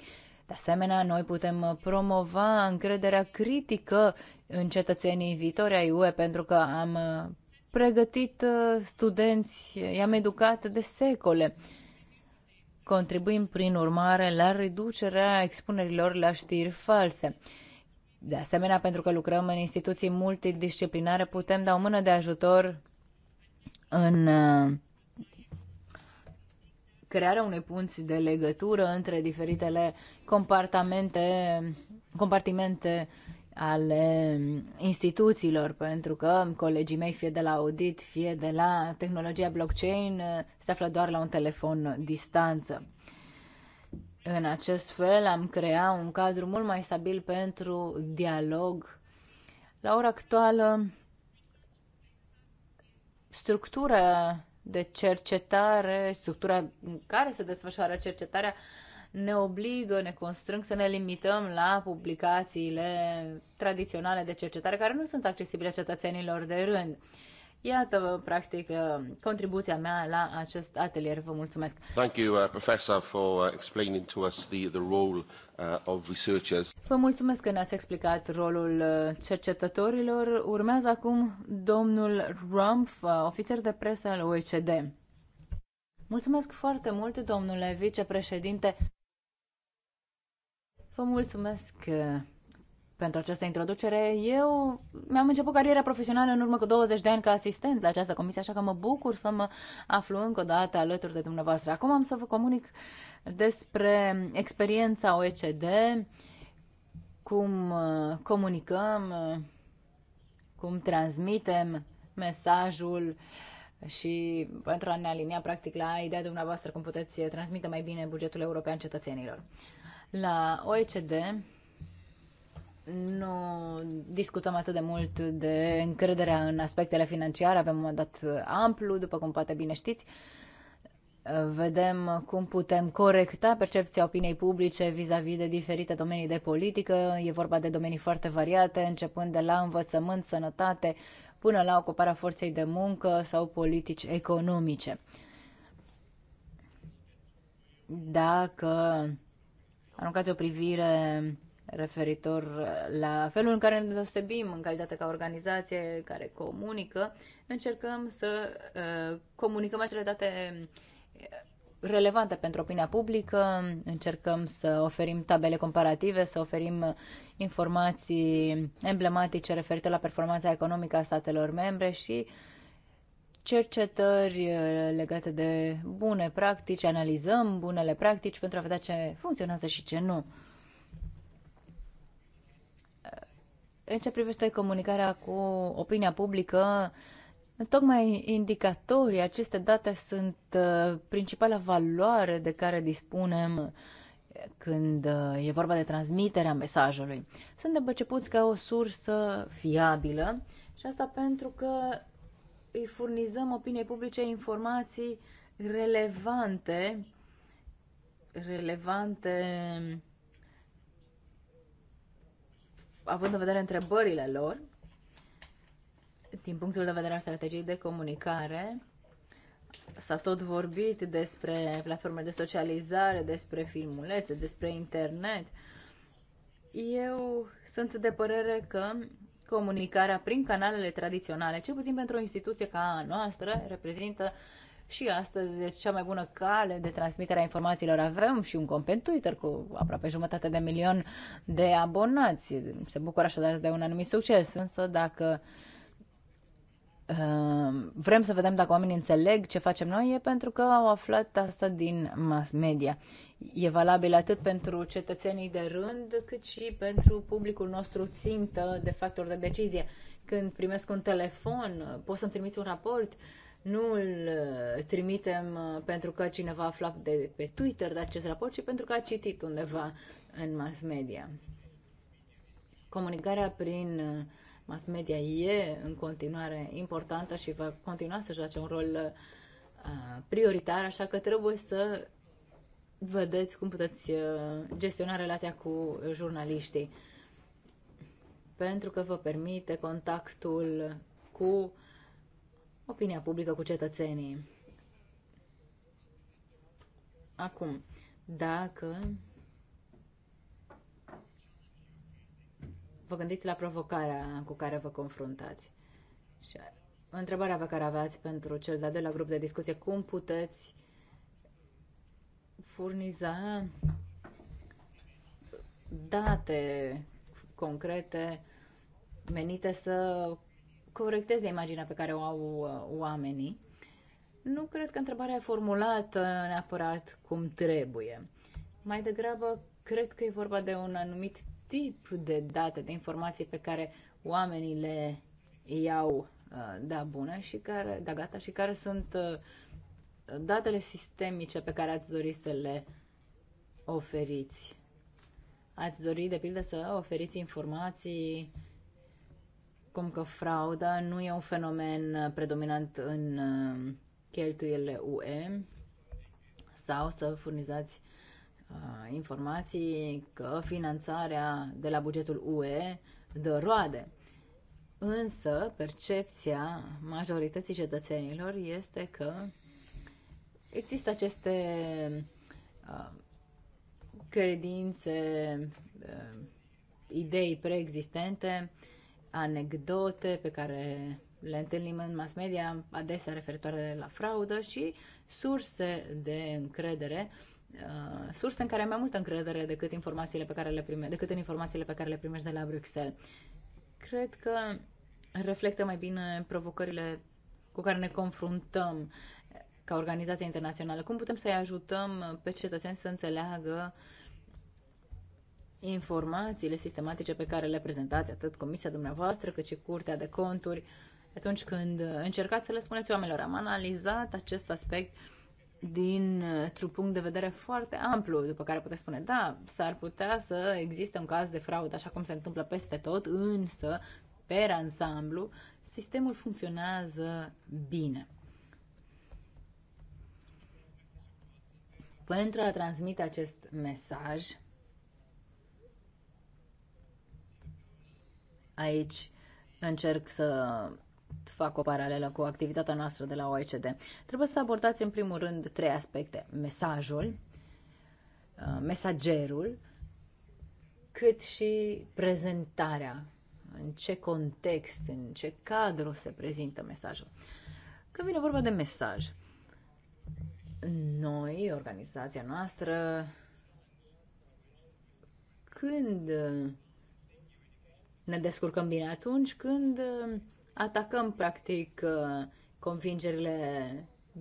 De asemenea, noi putem promova încrederea critică în cetățenii viitori ai UE pentru că am uh, pregătit uh, studenți, i-am educat de secole. Contribuim, prin urmare, la reducerea expunerilor la știri false. De asemenea, pentru că lucrăm în instituții multidisciplinare, putem da o mână de ajutor în uh, crearea unei punți de legătură între diferitele compartamente, compartimente ale mm, instituțiilor, pentru că colegii mei, fie de la audit, fie de la tehnologia blockchain, eh, se află doar la un telefon distanță. În acest fel am creat un cadru mult mai stabil pentru dialog. La ora actuală, structura de cercetare, structura în care se desfășoară cercetarea, uh, ne obligă, ne constrâng să ne limităm la publicațiile tradiționale de cercetare care nu sunt accesibile cetățenilor de rând. Iată, practic, contribuția mea la acest atelier. Vă mulțumesc. Thank you, uh, Professor, for uh, explaining to us the, the role uh, of researchers. Vă mulțumesc că ne-ați explicat rolul uh, cercetătorilor. Urmează acum domnul Rumpf, uh, ofițer de presă al OECD. Mulțumesc foarte mult, domnule vicepreședinte. Vă mulțumesc uh, pentru această introducere. Eu mi-am început cariera profesională în urmă cu 20 de ani ca asistent la această comisie, așa că mă bucur să mă aflu încă o dată alături de dumneavoastră. Acum am să vă comunic despre experiența OECD, cum uh, comunicăm, uh, cum transmitem mesajul și pentru a ne alinia practic la ideea dumneavoastră cum puteți transmite mai bine bugetul european cetățenilor. La OECD nu discutăm atât de mult de încrederea în aspectele financiare, avem un mandat amplu, după cum poate bine știți. Vedem cum putem corecta percepția opiniei publice vis-a-vis -vis de diferite domenii de politică. E vorba de domenii foarte variate, începând de la învățământ, sănătate, până la ocuparea forței de muncă sau politici economice. Dacă aruncați o privire referitor la felul în care ne deosebim în calitate ca organizație care comunică, încercăm să uh, comunicăm acele date uh, relevante pentru opinia publică, încercăm să oferim tabele comparative, să oferim informații emblematice referitor la performanța economică a statelor membre și uh, cercetări uh, legate de bune practici, analizăm bunele practici pentru a vedea ce funcționează și ce nu. Uh, în ce privește comunicarea cu opinia publică, tocmai indicatorii, aceste date sunt uh, principala valoare de care dispunem când e vorba de transmiterea mesajului. Suntem percepuți ca o sursă fiabilă și asta pentru că îi furnizăm opiniei publice informații relevante, relevante având în vedere întrebările lor, din punctul de vedere al strategiei de comunicare, s-a tot vorbit despre platforme de socializare, despre filmulețe, despre internet. Eu sunt de părere că comunicarea prin canalele tradiționale, cel puțin pentru o instituție ca a noastră, reprezintă și astăzi cea mai bună cale de transmitere a informațiilor. Avem și un cont pe Twitter cu aproape jumătate de milion de abonați. Se bucură așadar de un anumit succes, însă dacă uh, vrem să vedem dacă oamenii înțeleg ce facem noi, e pentru că au aflat asta din mass media e valabil atât pentru cetățenii de rând, cât și pentru publicul nostru țintă de factor de decizie. Când primesc un telefon, poți să-mi trimiți un raport, nu îl uh, trimitem uh, pentru că cineva a aflat de pe Twitter de acest raport, ci pentru că a citit undeva în mass media. Comunicarea prin uh, mass media e în continuare importantă și va continua să joace un rol prioritar, așa că trebuie să vedeți cum puteți uh, gestiona relația cu jurnaliștii. Pentru că vă permite contactul cu opinia publică, cu cetățenii. Acum, dacă vă gândiți la provocarea cu care vă confruntați și întrebarea pe care aveați pentru cel de-al doilea grup de discuție, cum puteți furniza date concrete menite să corecteze imaginea pe care o au uh, oamenii. Nu cred că întrebarea e formulată neapărat cum trebuie. Mai degrabă, cred că e vorba de un anumit tip de date, de informații pe care oamenii le iau da bună și care, da gata și care sunt uh, datele sistemice pe care ați dori să le oferiți? Ați dori, de pildă, să oferiți informații cum că frauda nu e un fenomen predominant în uh, cheltuielile UE sau să furnizați uh, informații că finanțarea de la bugetul UE dă roade. Însă, percepția majorității cetățenilor este că Există aceste uh, credințe, uh, idei preexistente, anecdote pe care le întâlnim în mass media, adesea referitoare la fraudă și surse de încredere, uh, surse în care am mai multă încredere decât, informațiile pe care le prime, decât în informațiile pe care le primești de la Bruxelles. Cred că reflectă mai bine provocările cu care ne confruntăm ca organizație internațională? Cum putem să-i ajutăm pe cetățeni să înțeleagă informațiile sistematice pe care le prezentați atât comisia dumneavoastră cât și curtea de conturi atunci când încercați să le spuneți oamenilor. Am analizat acest aspect dintr-un punct de vedere foarte amplu, după care puteți spune, da, s-ar putea să existe un caz de fraudă, așa cum se întâmplă peste tot, însă, pe ansamblu, sistemul funcționează bine. Pentru a transmite acest mesaj, aici încerc să fac o paralelă cu activitatea noastră de la OECD. Trebuie să abordați în primul rând trei aspecte. Mesajul, uh, mesagerul, cât și prezentarea. În ce context, în ce cadru se prezintă mesajul. Când vine vorba de mesaj, noi, organizația noastră, când ne descurcăm bine atunci când atacăm practic convingerile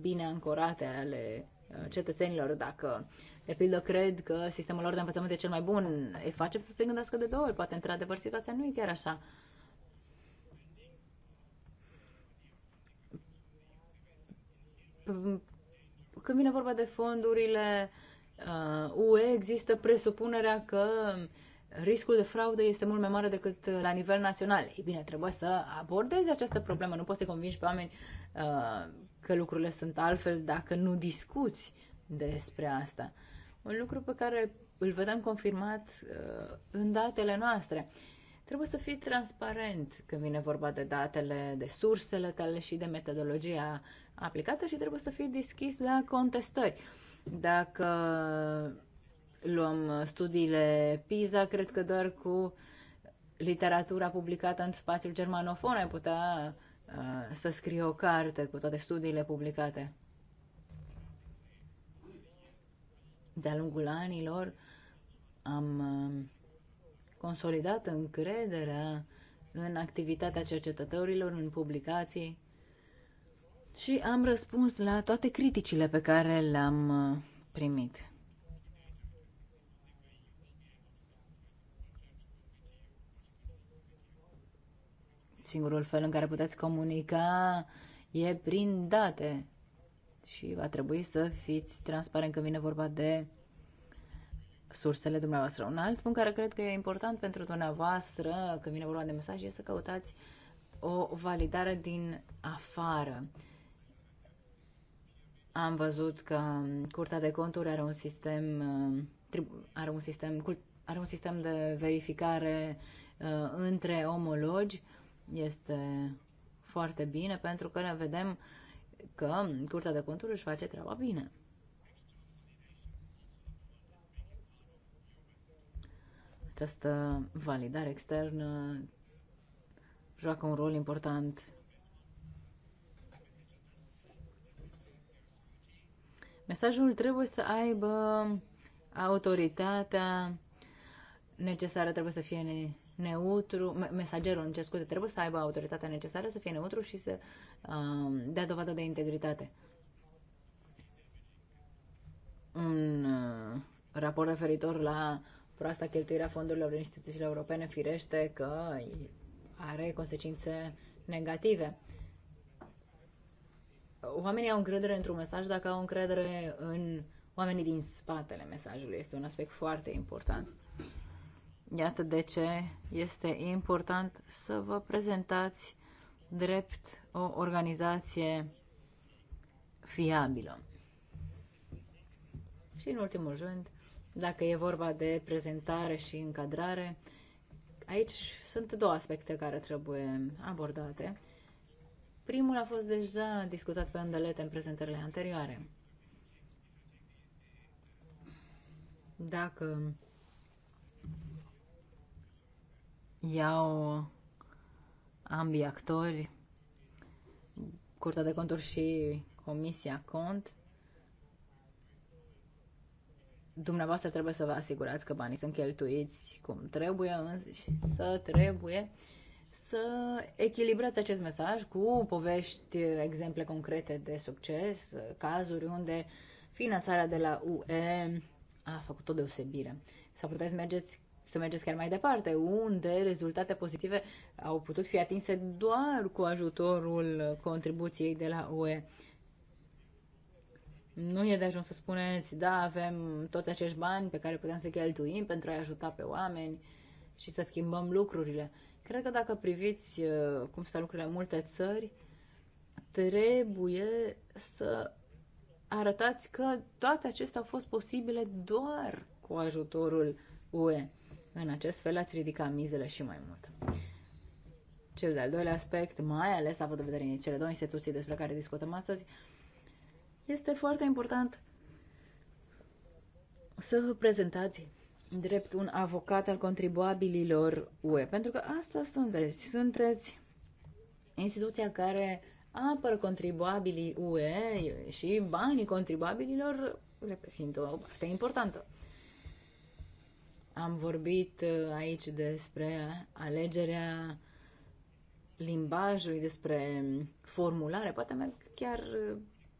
bine ancorate ale uh, cetățenilor. Dacă, de pildă, cred că sistemul lor de învățământ e cel mai bun, îi facem să se gândească de două ori. Poate, într-adevăr, situația nu e chiar așa. Când vine vorba de fondurile UE, uh, există presupunerea că riscul de fraudă este mult mai mare decât la nivel național. Ei bine, trebuie să abordezi această problemă. Nu poți să convingi pe oameni uh, că lucrurile sunt altfel dacă nu discuți despre asta. Un lucru pe care îl vedem confirmat uh, în datele noastre. Trebuie să fii transparent când vine vorba de datele, de sursele tale și de metodologia aplicată și trebuie să fii deschis la contestări. Dacă luăm studiile PISA, cred că doar cu literatura publicată în spațiul germanofon ai putea uh, să scrii o carte cu toate studiile publicate. De-a lungul anilor am uh, consolidat încrederea în activitatea cercetătorilor, în publicații, și am răspuns la toate criticile pe care le-am uh, primit. Singurul fel în care puteți comunica e prin date și va trebui să fiți transparent când vine vorba de sursele dumneavoastră. Un alt punct care cred că e important pentru dumneavoastră când vine vorba de mesaje e să căutați o validare din afară. Am văzut că Curtea de Conturi are un sistem, uh, are un sistem, are un sistem de verificare uh, între omologi. Este foarte bine pentru că ne vedem că Curtea de Conturi își face treaba bine. Această validare externă joacă un rol important Mesajul trebuie să aibă autoritatea necesară, trebuie să fie neutru, mesagerul, ce scuze, trebuie să aibă autoritatea necesară, să fie neutru și să uh, dea dovadă de integritate. Un uh, raport referitor la proasta a fondurilor instituțiilor europene, firește că are consecințe negative oamenii au încredere într-un mesaj dacă au încredere în oamenii din spatele mesajului. Este un aspect foarte important. Iată de ce este important să vă prezentați drept o organizație fiabilă. Și în ultimul rând, dacă e vorba de prezentare și încadrare, aici sunt două aspecte care trebuie abordate. Primul a fost deja discutat pe îndelete în prezentările anterioare. Dacă iau ambii actori, Curtea de Conturi și Comisia Cont, dumneavoastră trebuie să vă asigurați că banii sunt cheltuiți cum trebuie, însă trebuie să echilibrați acest mesaj cu povești, exemple concrete de succes, cazuri unde finanțarea de la UE a făcut o deosebire. Să puteți mergeți, să mergeți chiar mai departe, unde rezultate pozitive au putut fi atinse doar cu ajutorul contribuției de la UE. Nu e de ajuns să spuneți, da, avem toți acești bani pe care putem să cheltuim pentru a ajuta pe oameni și să schimbăm lucrurile. Cred că dacă priviți uh, cum stau lucrurile în multe țări, trebuie să arătați că toate acestea au fost posibile doar cu ajutorul UE. În acest fel ați ridica mizele și mai mult. Cel de-al doilea aspect, mai ales având în vedere cele două instituții despre care discutăm astăzi, este foarte important să prezentați drept un avocat al contribuabililor UE. Pentru că asta sunteți. Sunteți instituția care apără contribuabilii UE și banii contribuabililor reprezintă o parte importantă. Am vorbit uh, aici despre alegerea limbajului, despre formulare. Poate merg chiar uh,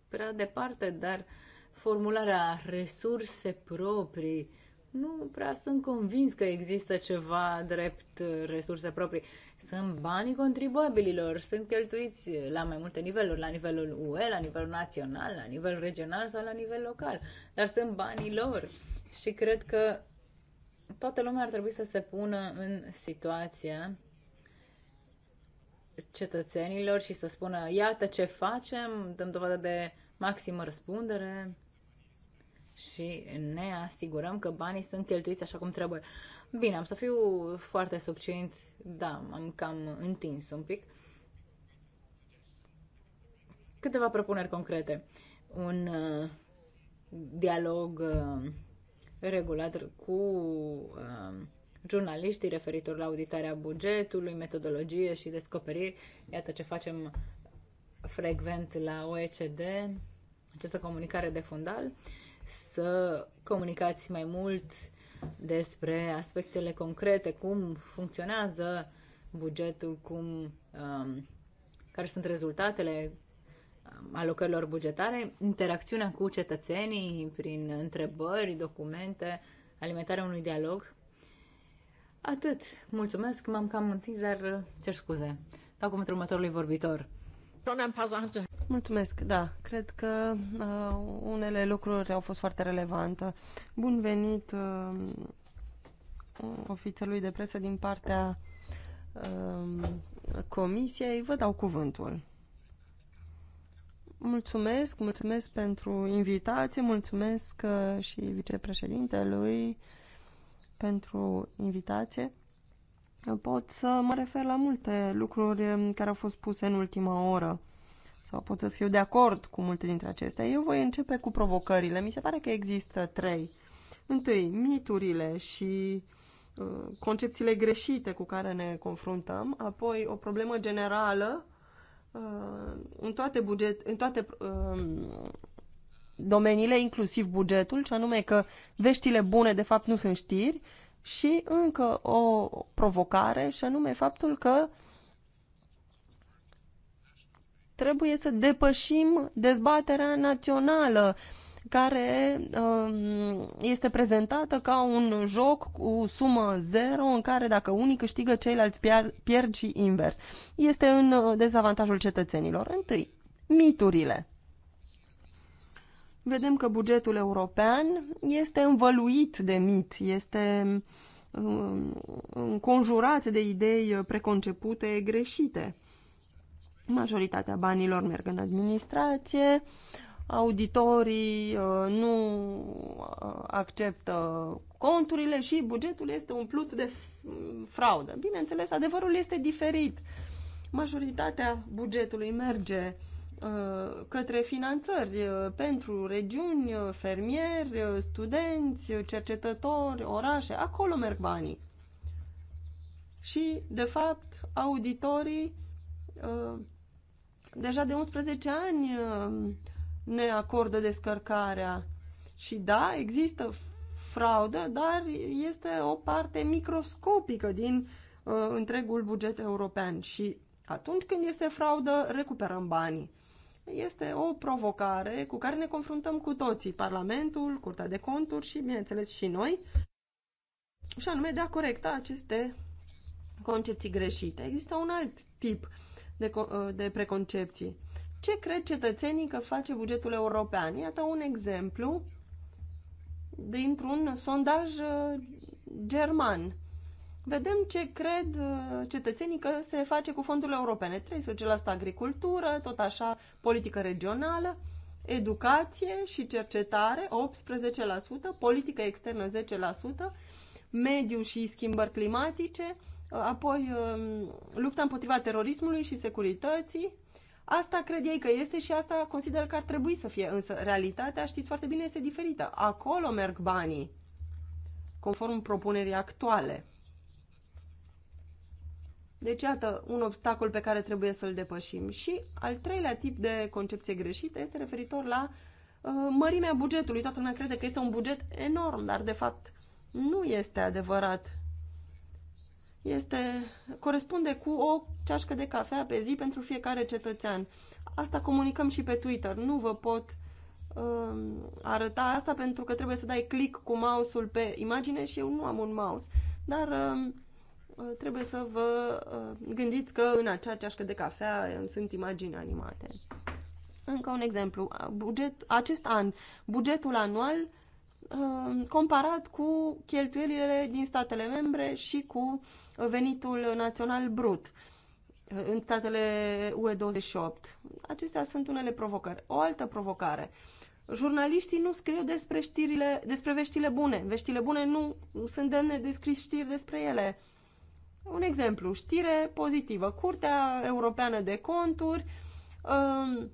prea departe, dar formularea resurse proprii nu prea sunt convins că există ceva drept uh, resurse proprii. Sunt banii contribuabililor, sunt cheltuiți la mai multe niveluri, la nivelul UE, la nivelul național, la nivel regional sau la nivel local, dar sunt banii lor. Și cred că toată lumea ar trebui să se pună în situația cetățenilor și să spună, iată ce facem, dăm dovadă de maximă răspundere, și ne asigurăm că banii sunt cheltuiți așa cum trebuie. Bine, am să fiu foarte succint, da, am cam întins un pic. Câteva propuneri concrete. Un uh, dialog uh, regulat cu uh, jurnaliștii referitor la auditarea bugetului, metodologie și descoperiri. Iată ce facem frecvent la OECD, această comunicare de fundal. Uh, să comunicați mai mult despre aspectele concrete, cum funcționează bugetul, cum, um, care sunt rezultatele um, alocărilor bugetare, interacțiunea cu cetățenii prin întrebări, documente, alimentarea unui dialog. Atât. Mulțumesc, m-am cam întins, dar cer scuze. Dau cuvântul următorului vorbitor. Mulțumesc, da. Cred că uh, unele lucruri au fost foarte relevante. Bun venit uh, ofițerului de presă din partea uh, comisiei. Vă dau cuvântul. Mulțumesc, mulțumesc pentru invitație, mulțumesc uh, și vicepreședintelui pentru invitație. Pot să mă refer la multe lucruri um, care au fost puse în ultima oră sau pot să fiu de acord cu multe dintre acestea. Eu voi începe cu provocările. Mi se pare că există trei. Întâi, miturile și uh, concepțiile greșite cu care ne confruntăm, apoi o problemă generală uh, în toate, buget, în toate um, domeniile, inclusiv bugetul, și anume că veștile bune de fapt nu sunt știri și încă o provocare și anume faptul că uh, Trebuie să depășim dezbaterea națională care um, este prezentată ca un joc cu sumă zero în care dacă unii câștigă, ceilalți pierd și invers. Este în uh, dezavantajul cetățenilor. Întâi, miturile. Vedem că bugetul european este învăluit de mit, este um, înconjurat de idei preconcepute greșite Majoritatea banilor merg în administrație, auditorii uh, nu uh, acceptă conturile și bugetul este umplut de fraudă. Bineînțeles, adevărul este diferit. Majoritatea bugetului merge uh, către finanțări pentru regiuni, fermieri, studenți, cercetători, orașe, acolo merg banii. Și, de fapt, auditorii deja de 11 ani uh, ne acordă descărcarea. Și da, există fraudă, dar este o parte microscopică din uh, întregul buget european și atunci când este fraudă, recuperăm banii. Este o provocare cu care ne confruntăm cu toții, Parlamentul, Curtea de Conturi și, bineînțeles, și noi, și anume de a corecta aceste concepții greșite. Există un alt tip uh, de, uh, de preconcepții. Ce cred cetățenii că face bugetul european? Iată un exemplu dintr-un sondaj uh, german. Vedem ce cred uh, cetățenii că se face cu fondurile europene. 13% agricultură, tot așa politică regională, educație și cercetare 18%, politică externă 10%, mediu și schimbări climatice apoi um, lupta împotriva terorismului și securității. Asta cred ei că este și asta consider că ar trebui să fie, însă realitatea, știți foarte bine, este diferită. Acolo merg banii, conform propunerii actuale. Deci, iată, un obstacol pe care trebuie să-l depășim. Și al treilea tip de concepție greșită este referitor la uh, mărimea bugetului. Toată lumea crede că este un buget enorm, dar de fapt nu este adevărat este, corespunde cu o ceașcă de cafea pe zi pentru fiecare cetățean. Asta comunicăm și pe Twitter. Nu vă pot uh, arăta asta pentru că trebuie să dai click cu mouse-ul pe imagine și eu nu am un mouse. Dar uh, trebuie să vă uh, gândiți că în acea ceașcă de cafea um, sunt imagini animate. Încă un exemplu. Buget, acest an, bugetul anual comparat cu cheltuielile din statele membre și cu venitul național brut uh, în statele UE28. Acestea sunt unele provocări. O altă provocare. Jurnaliștii nu scriu despre știrile, despre veștile bune. Veștile bune nu sunt demne de scris știri despre ele. Un exemplu, știre pozitivă. Curtea Europeană de Conturi um,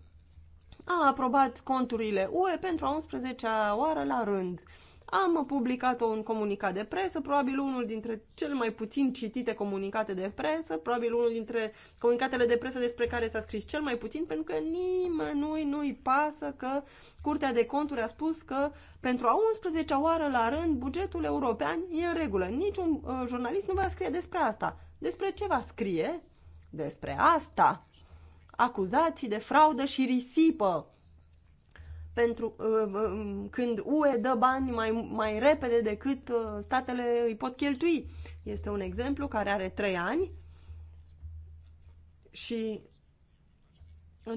a aprobat conturile UE pentru a 11-a oară la rând. Am publicat un comunicat de presă, probabil unul dintre cel mai puțin citite comunicate de presă, probabil unul dintre comunicatele de presă despre care s-a scris cel mai puțin, pentru că nimănui nu-i pasă că Curtea de Conturi a spus că pentru a 11-a oară la rând bugetul european e în regulă. Niciun uh, jurnalist nu va scrie despre asta. Despre ce va scrie? Despre asta. Acuzații de fraudă și risipă pentru uh, um, când UE dă bani mai, mai repede decât uh, statele îi pot cheltui. Este un exemplu care are trei ani și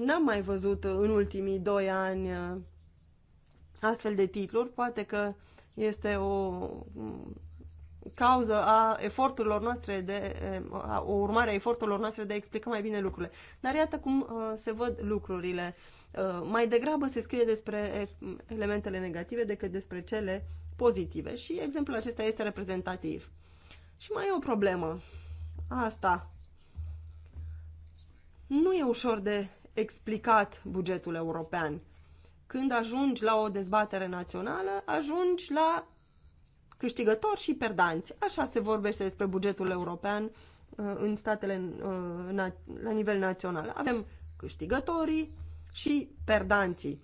n-am mai văzut în ultimii doi ani uh, astfel de titluri. Poate că este o um, cauză a eforturilor noastre de, um, o urmare a eforturilor noastre de a explica mai bine lucrurile. Dar iată cum uh, se văd lucrurile. Uh, Uh, mai degrabă se scrie despre elementele negative decât despre cele pozitive și exemplul acesta este reprezentativ. Și mai e o problemă. Asta. Nu e ușor de explicat bugetul european. Când ajungi la o dezbatere națională, ajungi la câștigători și perdanți. Așa se vorbește despre bugetul european uh, în statele uh, la nivel național. Avem câștigătorii, și perdanții,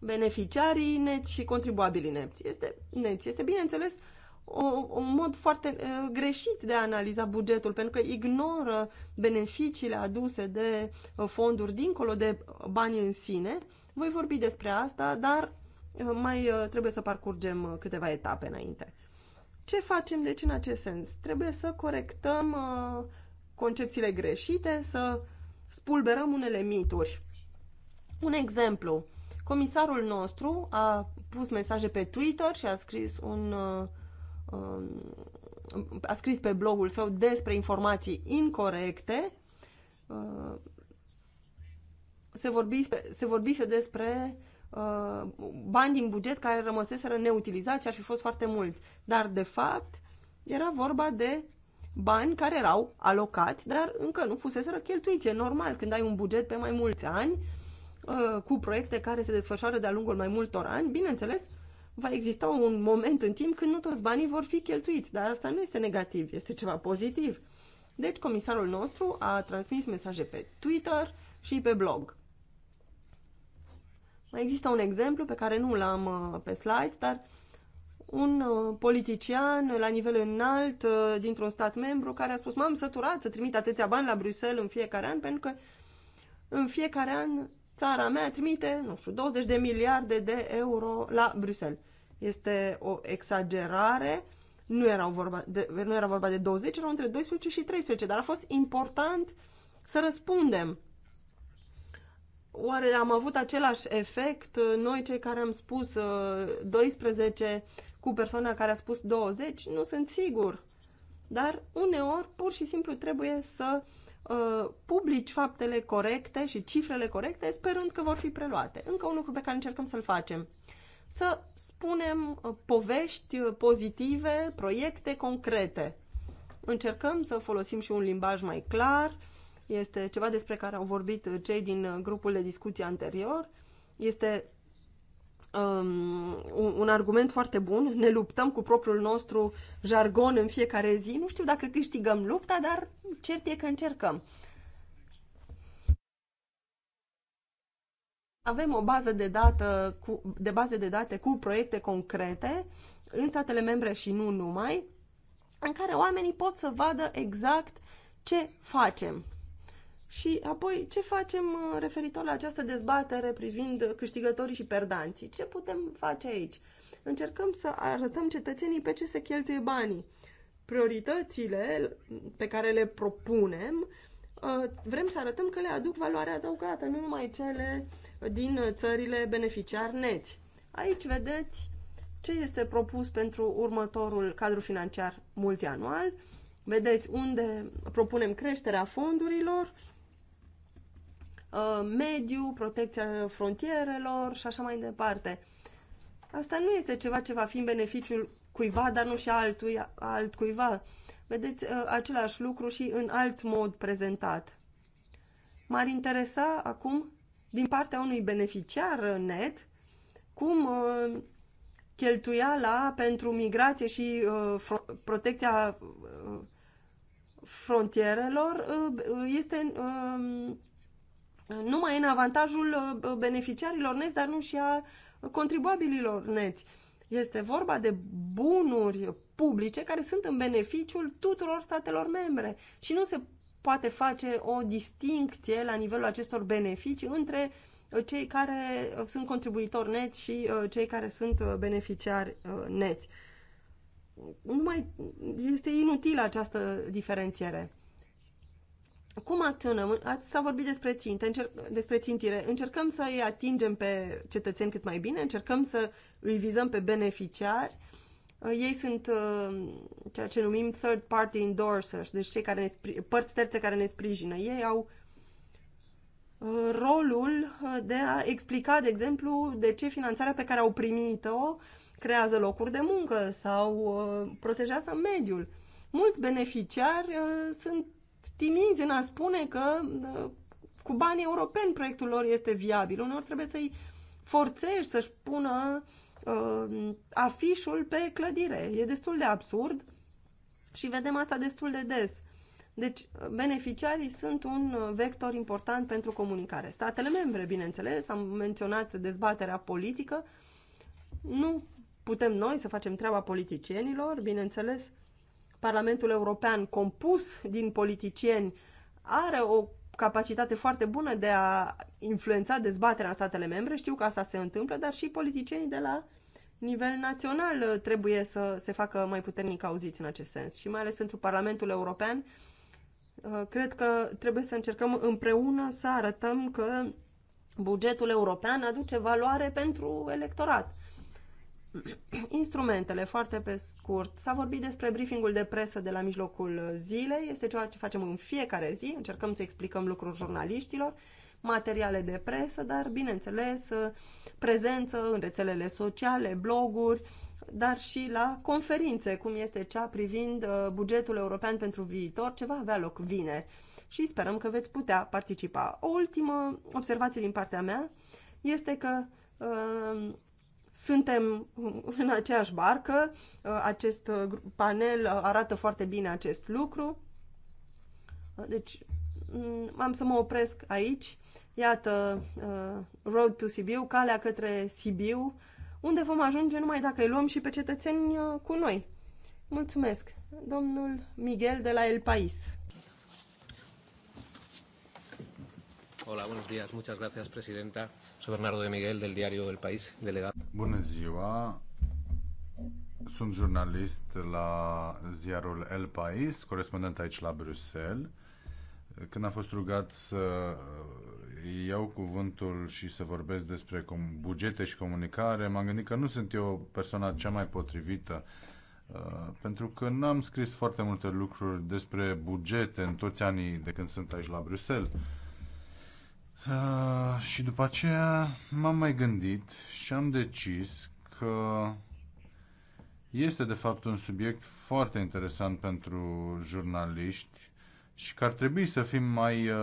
beneficiarii neți și contribuabilii neți. Este, neți. este bineînțeles, o, un mod foarte uh, greșit de a analiza bugetul, pentru că ignoră beneficiile aduse de uh, fonduri dincolo de bani în sine. Voi vorbi despre asta, dar uh, mai uh, trebuie să parcurgem uh, câteva etape înainte. Ce facem deci în acest sens? Trebuie să corectăm uh, concepțiile greșite, să spulberăm unele mituri. Un exemplu, comisarul nostru a pus mesaje pe Twitter și a scris un uh, um, a scris pe blogul său despre informații incorrecte. Uh, se vorbise, se vorbise despre uh, bani din buget care rămăseseră neutilizați, ar fi fost foarte mult. Dar, de fapt, era vorba de bani care erau alocați, dar încă nu fuseseră cheltuiți. E normal, când ai un buget pe mai mulți ani, Uh, cu proiecte care se desfășoară de-a lungul mai multor ani, bineînțeles, va exista un moment în timp când nu toți banii vor fi cheltuiți, dar asta nu este negativ, este ceva pozitiv. Deci comisarul nostru a transmis mesaje pe Twitter și pe blog. Mai există un exemplu pe care nu l-am uh, pe slide, dar un uh, politician la nivel înalt dintr-un stat membru care a spus m-am săturat să trimit atâția bani la Bruxelles în fiecare an pentru că în fiecare an țara mea trimite, nu știu, 20 de miliarde de euro la Bruxelles. Este o exagerare, nu, erau vorba de, nu era vorba de 20, erau între 12 și 13, dar a fost important să răspundem. Oare am avut același efect noi cei care am spus 12 uh, cu persoana care a spus 20? Nu sunt sigur. Dar uneori pur și simplu trebuie să uh, Uh, publici faptele corecte și cifrele corecte, sperând că vor fi preluate. Încă un lucru pe care încercăm să-l facem. Să spunem uh, povești uh, pozitive, proiecte concrete. Încercăm să folosim și un limbaj mai clar. Este ceva despre care au vorbit cei din grupul de discuții anterior. Este um, un argument foarte bun, ne luptăm cu propriul nostru jargon în fiecare zi. Nu știu dacă câștigăm lupta, dar cert e că încercăm. Avem o bază de, dată cu, de baze de date cu proiecte concrete în statele membre și nu numai, în care oamenii pot să vadă exact ce facem și apoi, ce facem uh, referitor la această dezbatere privind câștigătorii și perdanții? Ce putem face aici? Încercăm să arătăm cetățenii pe ce se cheltuie banii. Prioritățile pe care le propunem, uh, vrem să arătăm că le aduc valoare adăugată, nu numai cele din uh, țările beneficiari neți. Aici vedeți ce este propus pentru următorul cadru financiar multianual, vedeți unde propunem creșterea fondurilor, Uh, mediu, protecția frontierelor și așa mai departe. Asta nu este ceva ce va fi în beneficiul cuiva, dar nu și altui, altcuiva. Vedeți uh, același lucru și în alt mod prezentat. M-ar interesa acum, din partea unui beneficiar net, cum uh, cheltuiala pentru migrație și protecția frontierelor este nu mai în avantajul uh, beneficiarilor neți, dar nu și a contribuabililor neți. Este vorba de bunuri publice care sunt în beneficiul tuturor statelor membre și nu se poate face o distincție la nivelul acestor beneficii între uh, cei care uh, sunt contribuitori neți și cei care sunt beneficiari neți. Nu mai este inutilă această diferențiere. Cum acționăm? Ați, s-a vorbit despre, țintă, încerc, despre țintire. Încercăm să îi atingem pe cetățeni cât mai bine, încercăm să îi vizăm pe beneficiari. Uh, ei sunt uh, ceea ce numim third party endorsers, deci cei care ne, părți terțe care ne sprijină. Ei au uh, rolul de a explica, de exemplu, de ce finanțarea pe care au primit-o creează locuri de muncă sau protejează mediul. Mulți beneficiari sunt timizi în a spune că uh, cu bani europeni proiectul lor este viabil. Unor trebuie să-i forțești să-și pună uh, afișul pe clădire. E destul de absurd și vedem asta destul de des. Deci, beneficiarii sunt un vector important pentru comunicare. Statele membre, bineînțeles, am menționat dezbaterea politică. Nu putem noi să facem treaba politicienilor, bineînțeles, Parlamentul European compus din politicieni are o capacitate foarte bună de a influența dezbaterea în statele membre. Știu că asta se întâmplă, dar și politicienii de la nivel național trebuie să se facă mai puternic auziți în acest sens. Și mai ales pentru Parlamentul European, uh, cred că trebuie să încercăm împreună să arătăm că bugetul european aduce valoare pentru electorat. Instrumentele, foarte pe scurt. S-a vorbit despre briefingul de presă de la mijlocul zilei. Este ceea ce facem în fiecare zi. Încercăm să explicăm lucruri jurnaliștilor, materiale de presă, dar, bineînțeles, prezență în rețelele sociale, bloguri, dar și la conferințe, cum este cea privind uh, bugetul european pentru viitor, ce va avea loc vineri. Și sperăm că veți putea participa. O ultimă observație din partea mea este că uh, suntem în aceeași barcă, uh, acest uh, panel uh, arată foarte bine acest lucru. Deci, mm, am să mă opresc aici. Iată, Road to Sibiu, calea către Sibiu, unde vom ajunge numai dacă îi luăm și pe cetățeni cu noi. Mulțumesc, domnul Miguel de la El Pais. Hola, buenos días. Muchas gracias, presidenta. Soy Bernardo de Miguel, del diario El País, delegat. Bună ziua! Sunt jurnalist la ziarul El País, correspondiente aici la Bruxelles. Când a fost rugat să iau cuvântul și să vorbesc despre bugete și comunicare, m-am gândit că nu sunt eu persoana cea mai potrivită uh, pentru că n-am scris foarte multe lucruri despre bugete în toți anii de când sunt aici la Bruxelles Uh, și după aceea m-am mai gândit și am decis că este de fapt un subiect foarte interesant pentru jurnaliști și că ar trebui să fim mai uh,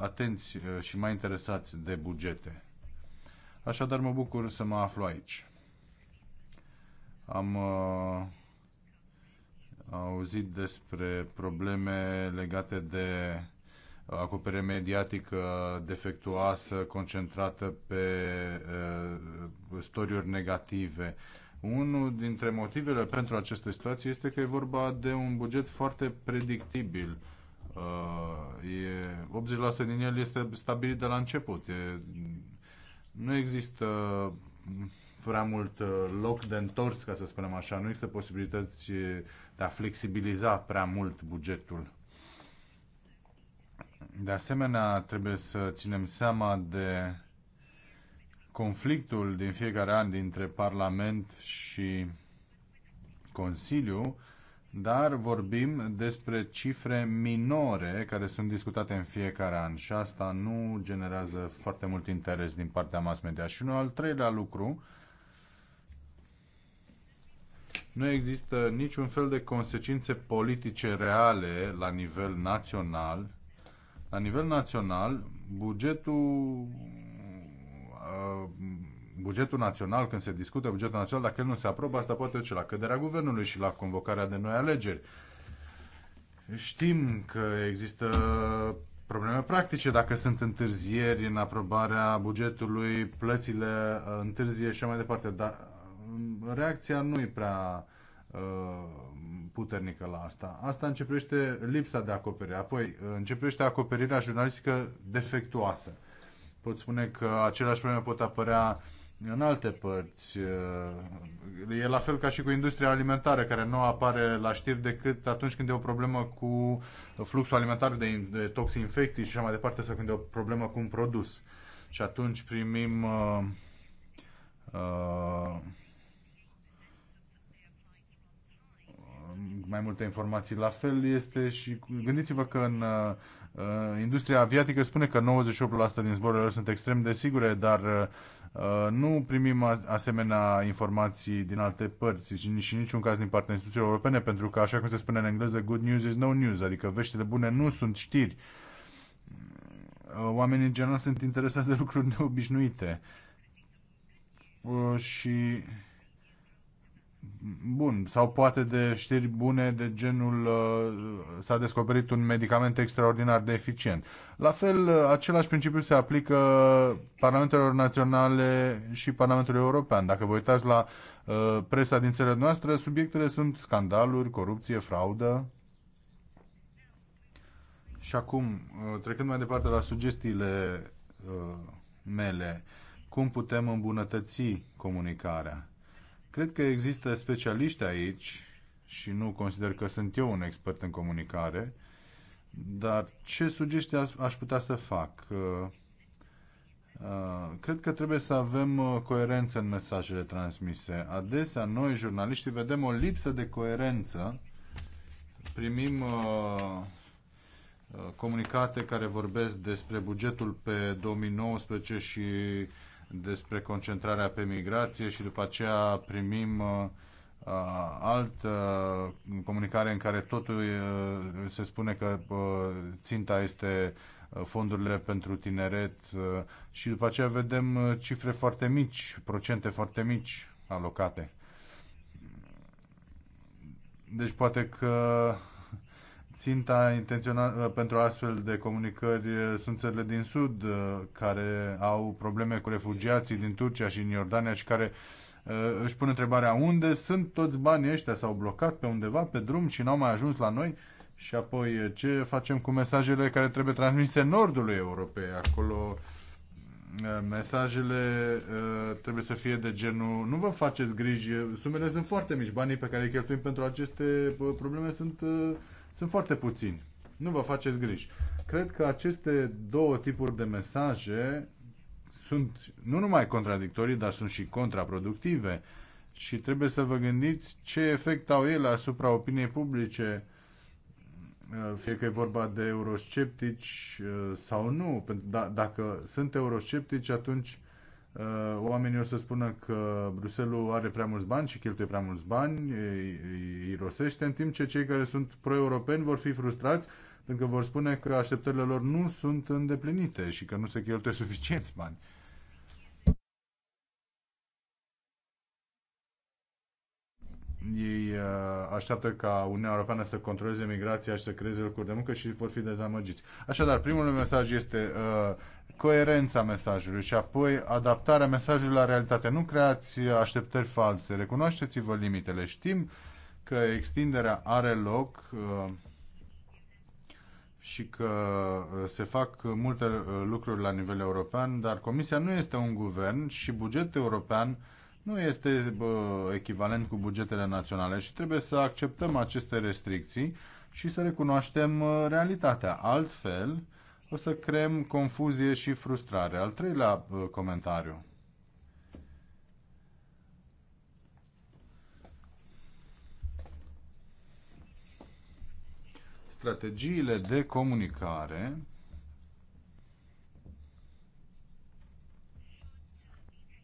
atenți ah, și mai interesați de bugete. Așadar mă bucur să mă aflu aici. Am uh, auzit despre probleme legate de acoperire mediatică defectuoasă, concentrată pe eh, storiuri negative. Unul dintre motivele pentru această situație este că e vorba de un buget foarte predictibil. Uh, e, 80% din el este stabilit de la început. E, nu există prea mult eh, loc de întors, ca să spunem așa. Nu există posibilități de a flexibiliza prea mult bugetul. De asemenea, trebuie să ținem seama de conflictul din fiecare an dintre Parlament și Consiliu, dar vorbim despre cifre minore care sunt discutate în fiecare an și asta nu generează foarte mult interes din partea mass media. Și un al treilea lucru, nu există niciun fel de consecințe politice reale la nivel național la nivel național, bugetul uh, bugetul național, când se discută bugetul național, dacă el nu se aprobă, asta poate duce la căderea guvernului și la convocarea de noi alegeri. Știm că există probleme practice dacă sunt întârzieri în aprobarea bugetului, plățile uh, întârzie și mai departe, dar uh, reacția nu e prea Uh, puternică la asta. Asta începește lipsa de acoperire. Apoi uh, începește acoperirea jurnalistică defectuoasă. Pot spune că aceleași probleme pot apărea în alte părți. Uh, e la fel ca și cu industria alimentară, care nu apare la știri decât atunci când e o problemă cu fluxul alimentar de, toxinfecții și așa mai departe, sau când e o problemă cu un produs. Și atunci primim uh, uh, mai multe informații. La fel este și gândiți-vă că în uh, uh, industria aviatică spune că 98% din zborurile sunt extrem de sigure, dar uh, uh nu primim asemenea informații din alte părți și, și în niciun caz din partea instituțiilor europene, pentru că, așa cum se spune în engleză, good news is no news, adică veștile bune nu sunt știri. Uh, oamenii în general sunt interesați de lucruri neobișnuite. Uh, și bun sau poate de știri bune de genul uh, s-a descoperit un medicament extraordinar de eficient. La fel, uh, același principiu se aplică parlamentelor naționale și Parlamentului European. Dacă vă uitați la uh, presa din țările noastre, subiectele sunt scandaluri, corupție, fraudă. Și acum, trecând mai departe la sugestiile mele, cum putem îmbunătăți comunicarea? Cred că există specialiști aici și nu consider că sunt eu un expert în comunicare, dar ce sugestii aș putea să fac? Uh, uh, cred că trebuie să avem uh, coerență în mesajele transmise. Adesea noi, jurnaliștii, vedem o lipsă de coerență. Primim comunicate care vorbesc despre bugetul pe 2019 și despre concentrarea pe migrație și după aceea primim uh, uh, altă comunicare în care totul uh, se spune că ținta este fondurile pentru tineret și după aceea vedem cifre foarte mici, procente foarte mici alocate. Deci poate că Ținta intenționată pentru astfel de comunicări ă, sunt țările din Sud ă, care au probleme cu refugiații din Turcia și din Iordania și care ă, își pun întrebarea unde sunt toți banii ăștia, s-au blocat pe undeva pe drum și n-au mai ajuns la noi și apoi ce facem cu mesajele care trebuie transmise Nordului Europei acolo mesajele trebuie să fie de genul nu vă faceți griji, sumele sunt foarte mici, banii pe care îi cheltuim pentru aceste probleme sunt sunt foarte puțini. Nu vă faceți griji. Cred că aceste două tipuri de mesaje sunt nu numai contradictorii, dar sunt și contraproductive și trebuie să vă gândiți ce efect au ele asupra opiniei publice, fie că e vorba de eurosceptici uh, sau nu. D- da, dacă sunt eurosceptici, atunci Uh, oamenii o să spună că Bruselul are prea mulți bani și cheltuie prea mulți bani, îi rosește, în timp ce cei care sunt pro-europeni vor fi frustrați pentru că vor spune că așteptările lor nu sunt îndeplinite și că nu se cheltuie suficienți bani. Ei uh, așteaptă ca Uniunea Europeană să controleze migrația și să creeze locuri de muncă și vor fi dezamăgiți. Așadar, primul mesaj este uh, coerența mesajului și apoi adaptarea mesajului la realitate. Nu creați așteptări false, recunoașteți-vă limitele. Știm că extinderea are loc uh, și că uh, se fac multe uh, lucruri la nivel european, dar Comisia nu este un guvern și bugetul european nu este bă, echivalent cu bugetele naționale și trebuie să acceptăm aceste restricții și să recunoaștem realitatea. Altfel, o să creăm confuzie și frustrare. Al treilea uh, comentariu. Strategiile de comunicare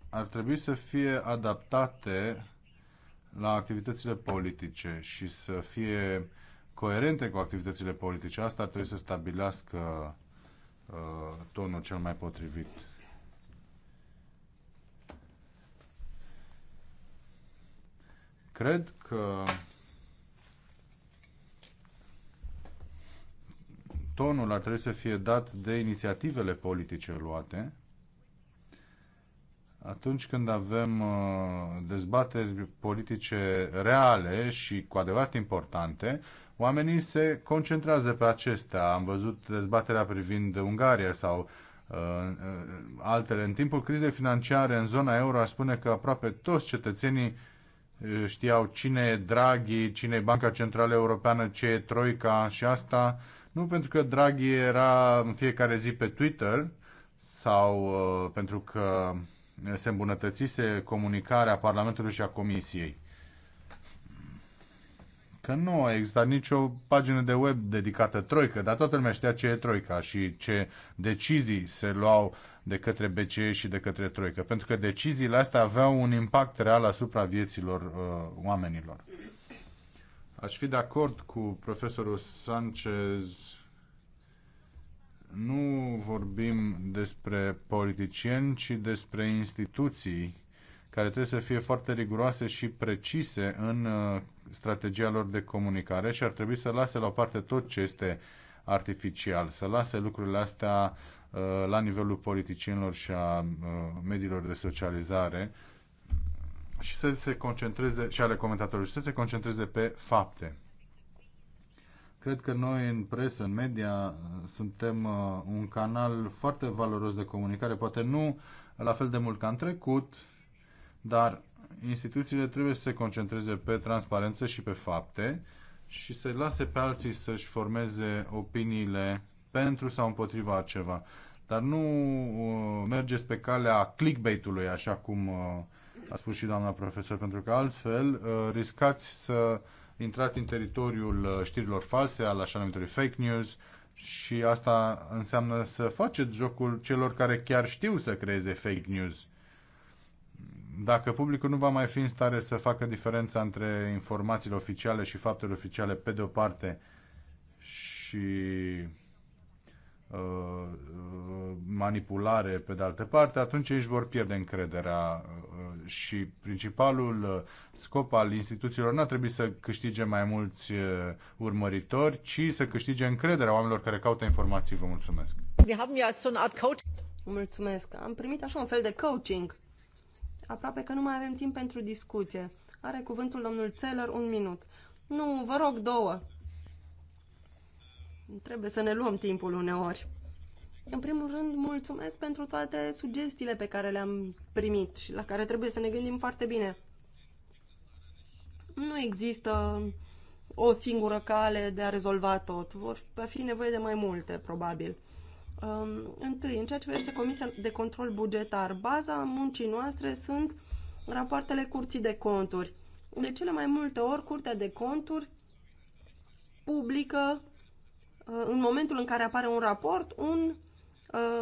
ar trebui să fie adaptate la activitățile politice și să fie coerente cu activitățile politice. Asta ar trebui să stabilească Uh, tonul cel mai potrivit. Cred că tonul ar trebui să fie dat de inițiativele politice luate atunci când avem uh, dezbateri politice reale și cu adevărat importante, oamenii se concentrează pe acestea. Am văzut dezbaterea privind Ungaria sau uh, uh, altele. În timpul crizei financiare în zona euro aș spune că aproape toți cetățenii uh, știau cine e Draghi, cine e Banca Centrală Europeană, ce e Troica și asta, nu pentru că Draghi era în fiecare zi pe Twitter sau uh, pentru că se îmbunătățise comunicarea Parlamentului și a Comisiei că nu a existat nicio pagină de web dedicată Troică, dar toată lumea știa ce e Troica și ce decizii se luau de către BCE și de către Troică, pentru că deciziile astea aveau un impact real asupra vieților uh, oamenilor. Aș fi de acord cu profesorul Sanchez. Nu vorbim despre politicieni, ci despre instituții care trebuie să fie foarte riguroase și precise în uh, strategia lor de comunicare și ar trebui să lase la o parte tot ce este artificial, să lase lucrurile astea uh, la nivelul politicienilor și a uh, mediilor de socializare și să se concentreze și ale comentatorilor și să se concentreze pe fapte. Cred că noi în presă, în media, suntem un canal foarte valoros de comunicare, poate nu la fel de mult ca în trecut, dar instituțiile trebuie să se concentreze pe transparență și pe fapte și să lase pe alții să-și formeze opiniile pentru sau împotriva ceva. Dar nu uh, mergeți pe calea clickbait-ului, așa cum uh, a spus și doamna profesor, pentru că altfel uh, riscați să intrați în teritoriul uh, știrilor false, al așa numitului fake news și asta înseamnă să faceți jocul celor care chiar știu să creeze fake news dacă publicul nu va mai fi în stare să facă diferența între informațiile oficiale și faptele oficiale pe de o parte și uh, manipulare pe de altă parte, atunci ei își vor pierde încrederea uh, și principalul uh, scop al instituțiilor nu a trebuit să câștige mai mulți urmăritori, ci să câștige încrederea oamenilor care caută informații. Vă mulțumesc! Mulțumesc! Am primit așa un fel de coaching Aproape că nu mai avem timp pentru discuție. Are cuvântul domnul Țeller un minut. Nu, vă rog două. Trebuie să ne luăm timpul uneori. În primul rând, mulțumesc pentru toate sugestiile pe care le-am primit și la care trebuie să ne gândim foarte bine. Nu există o singură cale de a rezolva tot. Vor fi nevoie de mai multe, probabil. Um, întâi, în ceea ce privește Comisia de Control Bugetar, baza muncii noastre sunt rapoartele Curții de Conturi. De cele mai multe ori, Curtea de Conturi publică, uh, în momentul în care apare un raport, un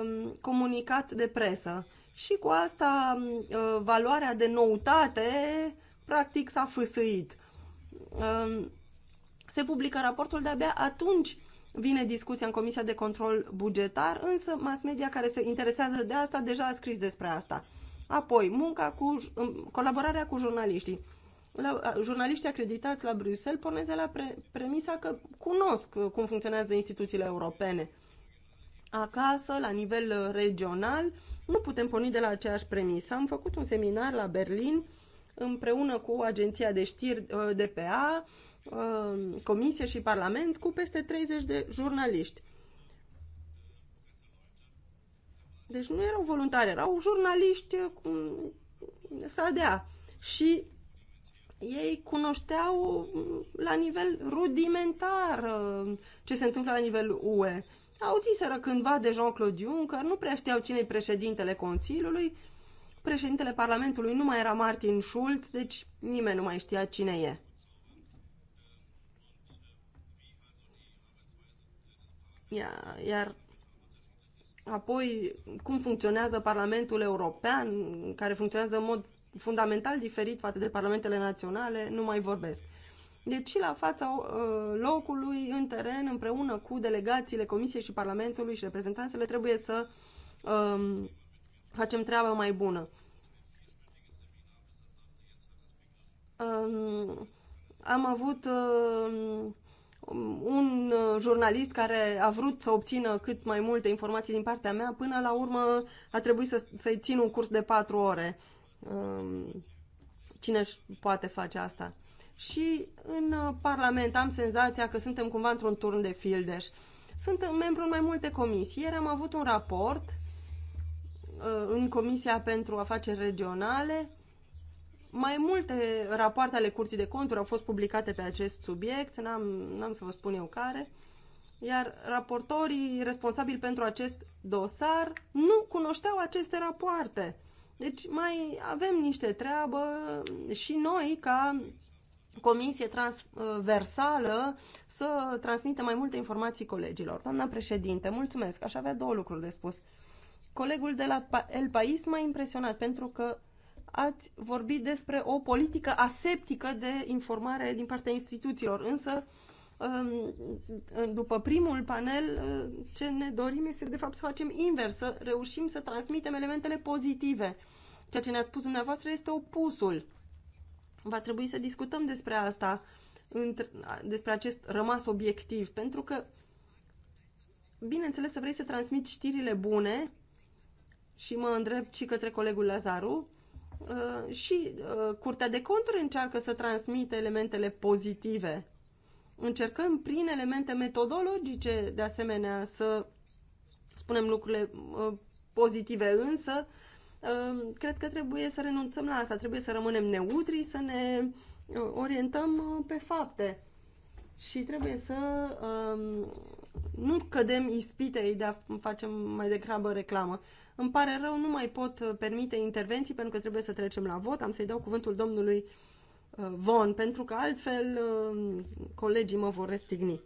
um, comunicat de presă. Și cu asta, um, uh, valoarea de noutate, practic, s-a fâsâit. Um, se publică raportul de-abia atunci vine discuția în Comisia de Control Bugetar, însă mass media care se interesează de asta deja a scris despre asta. Apoi, munca cu, colaborarea cu jurnaliștii. La, jurnaliștii acreditați la Bruxelles porneze la pre, premisa că cunosc uh, cum funcționează instituțiile europene. Acasă, la nivel uh, regional, nu putem porni de la aceeași premisă. Am făcut un seminar la Berlin împreună cu agenția de știri uh, DPA, Uh, comisie și Parlament cu peste 30 de jurnaliști. Deci nu erau voluntari, erau jurnaliști cu uh, dea. Și ei cunoșteau uh, la nivel rudimentar ce se întâmplă la nivel UE. Auziseră cândva de Jean-Claude Juncker, nu prea știau cine e președintele Consiliului, președintele Parlamentului nu mai era Martin Schulz, deci nimeni nu mai știa cine e. Iar apoi cum funcționează Parlamentul European, care funcționează în mod fundamental diferit față de parlamentele naționale, nu mai vorbesc. Deci și la fața uh, locului, în teren, împreună cu delegațiile Comisiei și Parlamentului și reprezentanțele, trebuie să um, facem treaba mai bună. Um, am avut um, un uh, jurnalist care a vrut să obțină cât mai multe informații din partea mea, până la urmă a trebuit să, să-i țin un curs de patru ore. Um, cine poate face asta? Și în uh, Parlament am senzația că suntem cumva într-un turn de fildeș. Sunt uh, membru în mai multe comisii. Ieri am avut un raport în Comisia pentru Afaceri Regionale mai multe rapoarte ale Curții de Conturi au fost publicate pe acest subiect, n-am, să vă spun eu care, iar raportorii responsabili pentru acest dosar nu cunoșteau aceste rapoarte. Deci mai avem niște treabă și noi ca comisie transversală să transmită mai multe informații colegilor. Doamna președinte, mulțumesc, aș avea două lucruri de spus. Colegul de la El Pais m-a impresionat pentru că ați vorbit despre o politică aseptică de informare din partea instituțiilor, însă um, după primul panel, uh, ce ne dorim este de fapt să facem invers, să reușim să transmitem elementele pozitive. Ceea ce ne-a spus dumneavoastră este opusul. Va trebui să discutăm despre asta, despre acest rămas obiectiv, pentru că, bineînțeles, să vrei să transmiți știrile bune și mă îndrept și către colegul Lazaru, Uh, și uh, Curtea de Conturi încearcă să transmită elementele pozitive. Încercăm prin elemente metodologice, de asemenea, să spunem lucrurile uh, pozitive, însă cred că trebuie să renunțăm la asta, trebuie să rămânem neutri, să ne orientăm pe fapte și trebuie să um, nu cădem ispitei de a facem mai degrabă reclamă. Îmi pare rău, nu mai pot uh, permite intervenții pentru că trebuie să trecem la vot. Am să-i dau cuvântul domnului uh, Von, pentru că altfel uh, colegii mă vor restigni.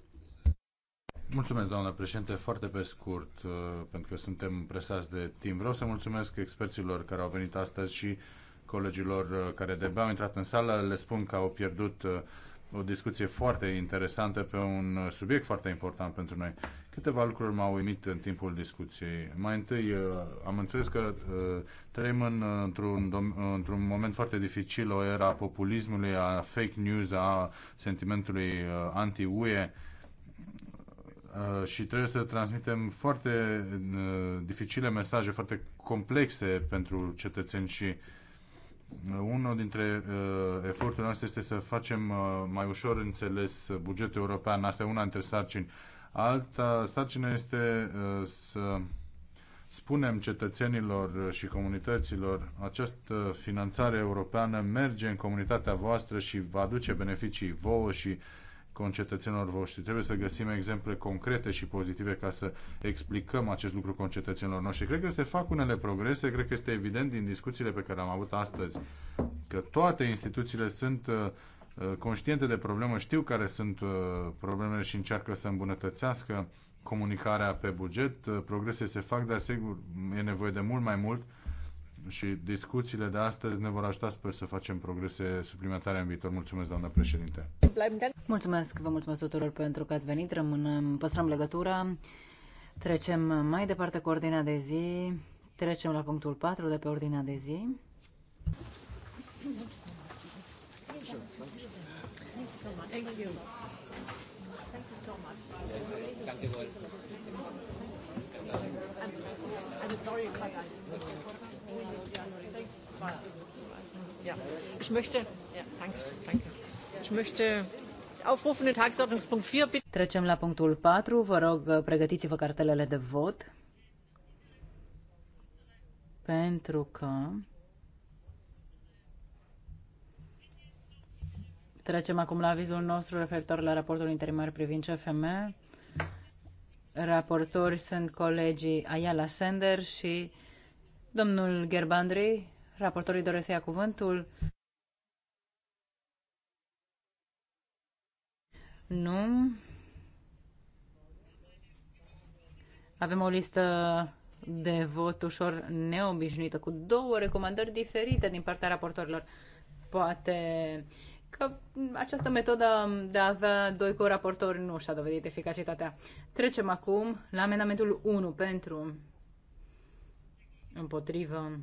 Mulțumesc, doamnă președinte. Foarte pe scurt, pentru că suntem presați de timp. Vreau să mulțumesc experților care au venit astăzi și colegilor care de au intrat în sală. Le spun că au pierdut o discuție foarte interesantă pe un subiect foarte important pentru noi. Câteva lucruri m-au uimit în timpul discuției. Mai întâi, uh, am înțeles că uh, trăim în, uh, într-un, într-un moment foarte dificil, o era populismului, a fake news, a sentimentului anti-UE și trebuie să transmitem foarte dificile mesaje, foarte complexe pentru cetățeni și uh, unul dintre uh, eforturile noastre este să facem uh, mai ușor înțeles bugetul european. Asta e una dintre sarcini. Alta sarcină este uh, să spunem cetățenilor și comunităților această finanțare europeană merge în comunitatea voastră și vă aduce beneficii vouă și uh, concetățenilor voștri. Trebuie să găsim exemple concrete și pozitive ca să explicăm acest lucru concetățenilor noștri. Cred că se fac unele progrese, cred că este evident din discuțiile pe care am avut astăzi că toate instituțiile sunt uh, uh, conștiente de problemă, știu care sunt uh, problemele și încearcă să îmbunătățească comunicarea pe buget. Progrese se fac, dar sigur e nevoie de mult mai mult și discuțiile de astăzi ne vor ajuta, sper, să facem progrese suplimentare în viitor. Mulțumesc, doamnă președinte. Mulțumesc, vă mulțumesc tuturor pentru că ați venit. Rămânem, păstrăm legătura. Trecem mai departe cu ordinea de zi. Trecem la punctul 4 de pe ordinea de zi. Thank you. Thank you I'm sorry, but I ich möchte, ja, danke, danke. Ich möchte aufrufen den Tagesordnungspunkt 4 bitte. Trecem la punctul 4. Vă rog, pregătiți-vă cartelele de vot. Pentru că Trecem acum la avizul nostru referitor la raportul interimar privind CFM. Raportori sunt colegii Ayala Sender și Domnul Gerbandri, raportorii doresc să ia cuvântul. Nu. Avem o listă de vot ușor neobișnuită, cu două recomandări diferite din partea raportorilor. Poate că această metodă de a avea doi co-raportori nu și-a dovedit eficacitatea. Trecem acum la amendamentul 1 pentru Împotrivă.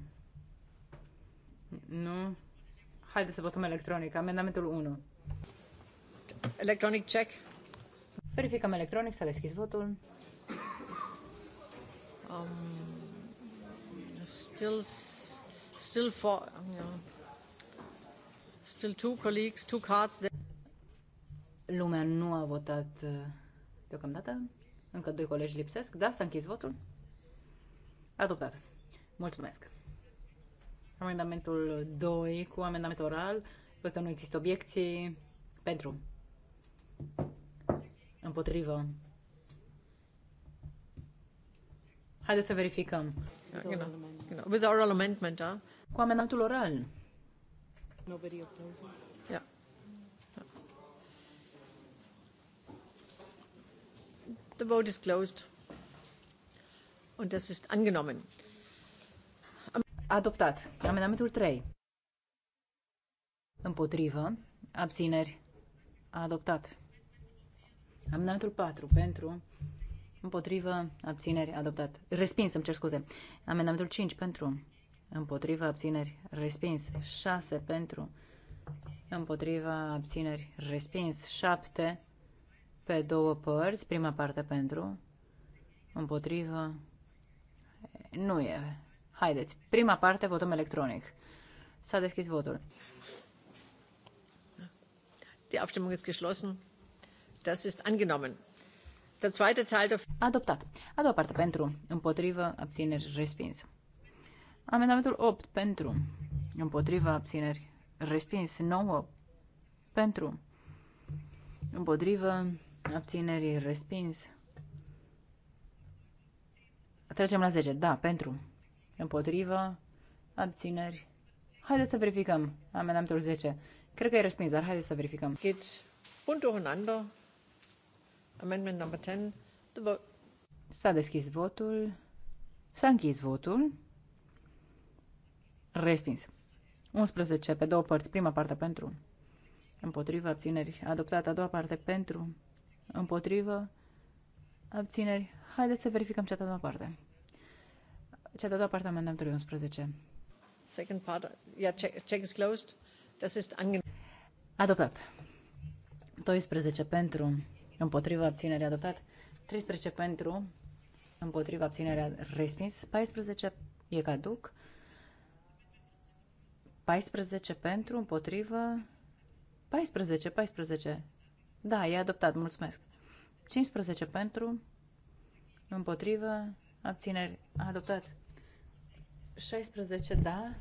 Nu. Haideți să votăm electronic. Amendamentul 1. Electronic check. Verificăm electronic. S-a deschis votul. Um, still, still for, yeah. still two colleagues, two cards. There. Lumea nu a votat uh, deocamdată. Încă doi colegi lipsesc. Da, s-a închis votul. Adoptat. Mulțumesc. Amendamentul 2 cu amendament oral. Văd că nu există obiecții. Pentru. Împotrivă. Haideți să verificăm. With oral amendment, da? Cu amendamentul oral. Nobody opposes. Yeah. The vote is closed. Und das ist angenommen. Adoptat. Amendamentul 3. Împotrivă. Abțineri. Adoptat. Amendamentul 4. Pentru. Împotrivă. Abțineri. Adoptat. Respins, îmi cer scuze. Amendamentul 5. Pentru. Împotrivă. Abțineri. Respins. 6. Pentru. Împotrivă. Abțineri. Respins. 7. Pe două părți. Prima parte pentru. Împotrivă. Nu e Haideți, prima parte, votăm electronic. S-a deschis votul. Die Abstimmung ist geschlossen. Das ist angenommen. Der zweite Teil der... Adoptat. A doua parte pentru, împotrivă, abțineri, respins. Amendamentul 8 pentru, împotrivă, abțineri, respins. 9 pentru, împotrivă, abțineri, respins. Trecem la 10. Da, pentru. Împotrivă. Abțineri. Haideți să verificăm. Amendamentul 10. Cred că e respins, dar haideți să verificăm. Geht bunt durcheinander. Amendment number 10. The vote. S-a deschis votul. S-a închis votul. Respins. 11 pe două părți. Prima parte pentru. Împotrivă abțineri. Adoptat a doua parte pentru. Împotrivă abțineri. Haideți să verificăm cea de-a doua parte. Cea de-a doua apartament a amendamentului Second part, yeah, check, check is closed. Das ist Adoptat. 12 pentru, împotriva abținere adoptat. 13 pentru, împotriva abținerea respins. 14 e caduc. 14 pentru, împotriva. 14, 14. Da, e adoptat, mulțumesc. 15 pentru, împotrivă, abțineri, adoptat. 16, da.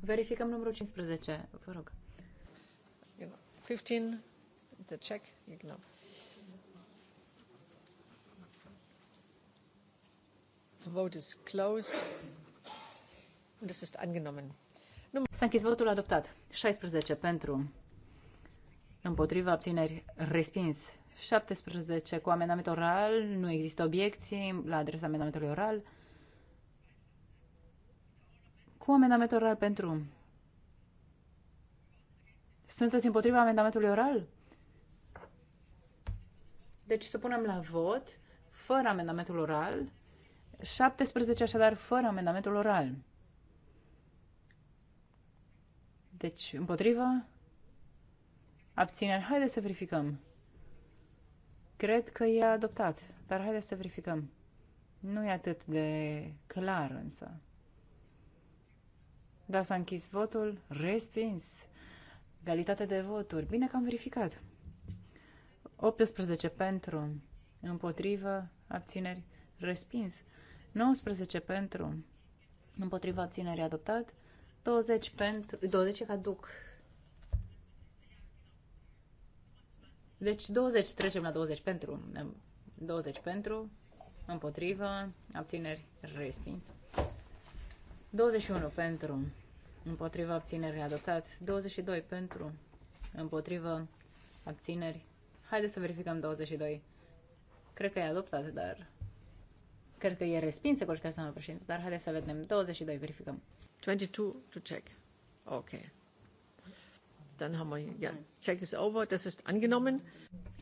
Verificăm numărul 15, vă rog. 15, the check, ignore. The vote is closed. Und es ist angenommen. S-a închis votul adoptat. 16 pentru. Împotriva abțineri respins. 17 cu amendament oral. Nu există obiecții la adresa amendamentului oral acum amendamentul oral pentru. Sunteți împotriva amendamentului oral? Deci să punem la vot, fără amendamentul oral, 17 așadar fără amendamentul oral. Deci, împotriva, abțineri. Haideți să verificăm. Cred că e adoptat, dar haideți să verificăm. Nu e atât de clar însă. Da, s-a închis votul. Respins. Egalitate de voturi. Bine că am verificat. 18 pentru. Împotrivă. Abțineri. Respins. 19 pentru. Împotrivă abținerii adoptat. 20 pentru. 20 caduc. Deci 20, trecem la 20 pentru. 20 pentru, împotrivă, abțineri, respins. 21 pentru, împotriva abținerii adoptat, 22 pentru, împotriva abțineri. Haideți să verificăm 22. Cred că e adoptat, dar cred că e respinsă corecția doamna președinte, dar haideți să vedem. 22, verificăm. 22 to check. Ok. Dann haben wir, ja, check is over, das ist angenommen.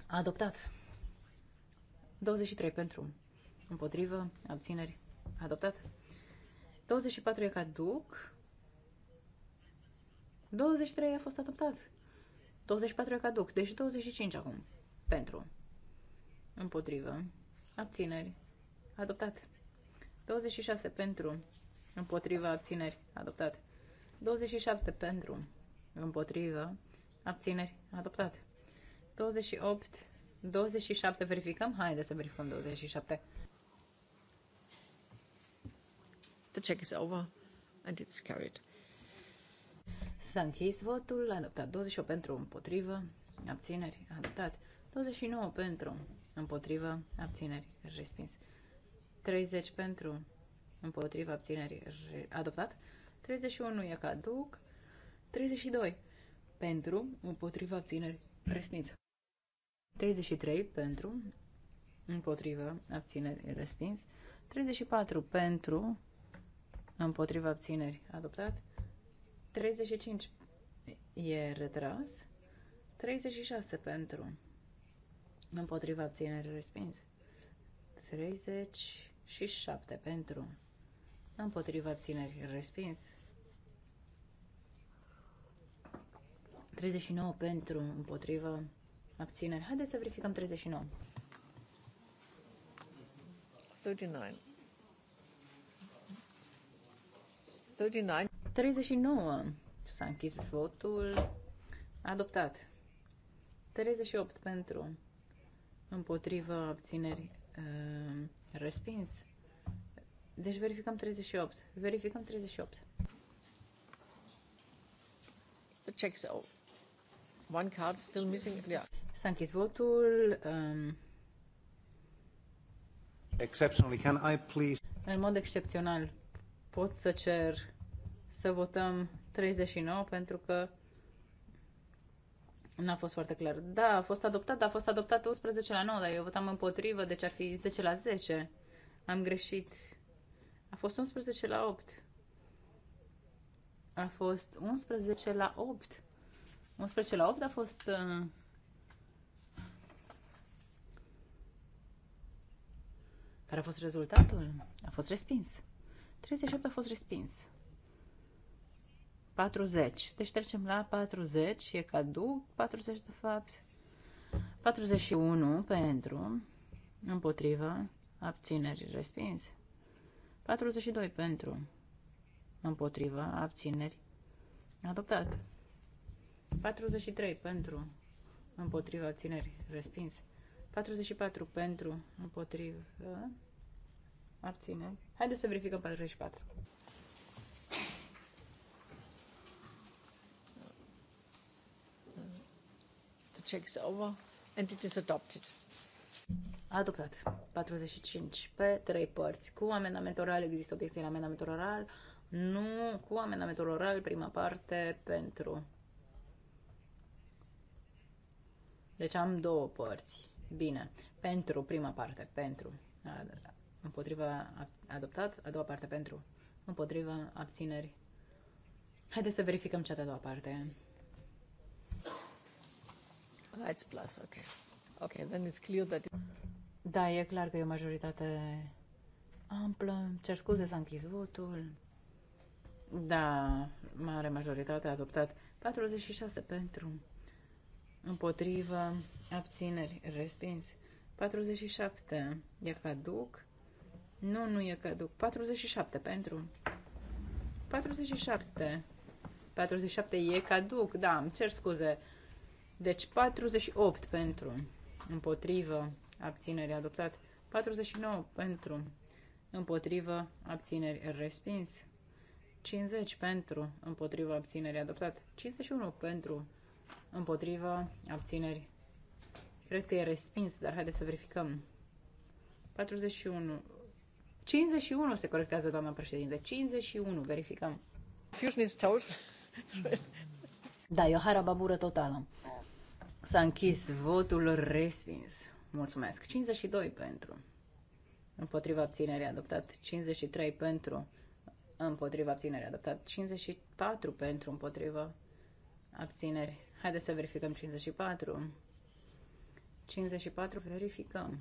Adoptat. 23 pentru, împotrivă, abțineri, adoptat. 24 e caduc, 23 a fost adoptat. 24 e caduc, deci 25 acum. Pentru. Împotrivă. Abțineri. Adoptat. 26 pentru. Împotrivă abțineri. Adoptat. 27 pentru. Împotrivă. Abțineri. Adoptat. 28. 27. Verificăm? Haideți să verificăm 27. The check is over and it's carried. S-a închis votul, adoptat 28 pentru, împotrivă, abțineri, adoptat 29 pentru, împotrivă, abțineri, respins. 30 pentru, împotrivă, abțineri, adoptat. 31 e caduc. 32 pentru, împotrivă, abțineri, respins. 33 pentru, împotrivă, abțineri, respins. 34 pentru, împotrivă, abțineri, adoptat. 35 e retras. 36 pentru. Împotriva abținere respinse, 37 pentru. Împotriva abțineri respins. 39 pentru. Împotriva abțineri. Haideți să verificăm 39. 39. 39. 39. S-a închis votul. Adoptat. 38 pentru. Împotrivă abțineri. Uh, respins. Deci verificăm 38. Verificăm 38. The checks out. One card still missing. Yeah. S-a închis votul. Um, Exceptionally, can I please... În mod excepțional, pot să cer să votăm 39 pentru că n-a fost foarte clar. Da, a fost adoptat, dar a fost adoptat 11 la 9, dar eu votam împotrivă, deci ar fi 10 la 10. Am greșit. A fost 11 la 8. A fost 11 la 8. 11 la 8 a fost... Uh... Care a fost rezultatul? A fost respins. 38 a fost respins. 40. Deci trecem la 40, e caduc, 40 de fapt. 41 pentru, împotrivă, abțineri, respins. 42 pentru, împotrivă, abțineri, adoptat. 43 pentru, împotrivă, abțineri, respins. 44 pentru, împotrivă, abțineri. Haideți să verificăm 44. Checks over. And it is adopted. Adoptat. 45 pe trei părți. Cu amendament oral există obiecții la amendament oral. Nu cu amendament oral, prima parte pentru. Deci am două părți. Bine. Pentru prima parte, pentru. Împotriva adoptat, a doua parte pentru. Împotriva abțineri. Haideți să verificăm cea de-a doua parte. Rights Plus, ok. Ok, then it's clear that... Da, e clar că e o majoritate amplă. Cer scuze, s-a închis votul. Da, mare majoritate a adoptat 46 pentru, împotrivă, abțineri, respins. 47 e caduc. Nu, nu e caduc. 47 pentru. 47. 47 e caduc, da, îmi cer scuze. Deci 48 pentru, împotrivă, abținerii adoptat. 49 pentru, împotrivă, abțineri respins. 50 pentru, împotrivă, abțineri adoptat. 51 pentru, împotrivă, abțineri. Cred că e respins, dar haideți să verificăm. 41. 51 se corectează, doamna președinte. 51, verificăm. Fusion is total. da, e o harababură totală. S-a închis votul respins. Mulțumesc. 52 pentru. Împotriva abținerii adoptat 53 pentru. Împotriva abținerii adoptat 54 pentru. Împotriva abțineri. Haideți să verificăm 54. 54 verificăm.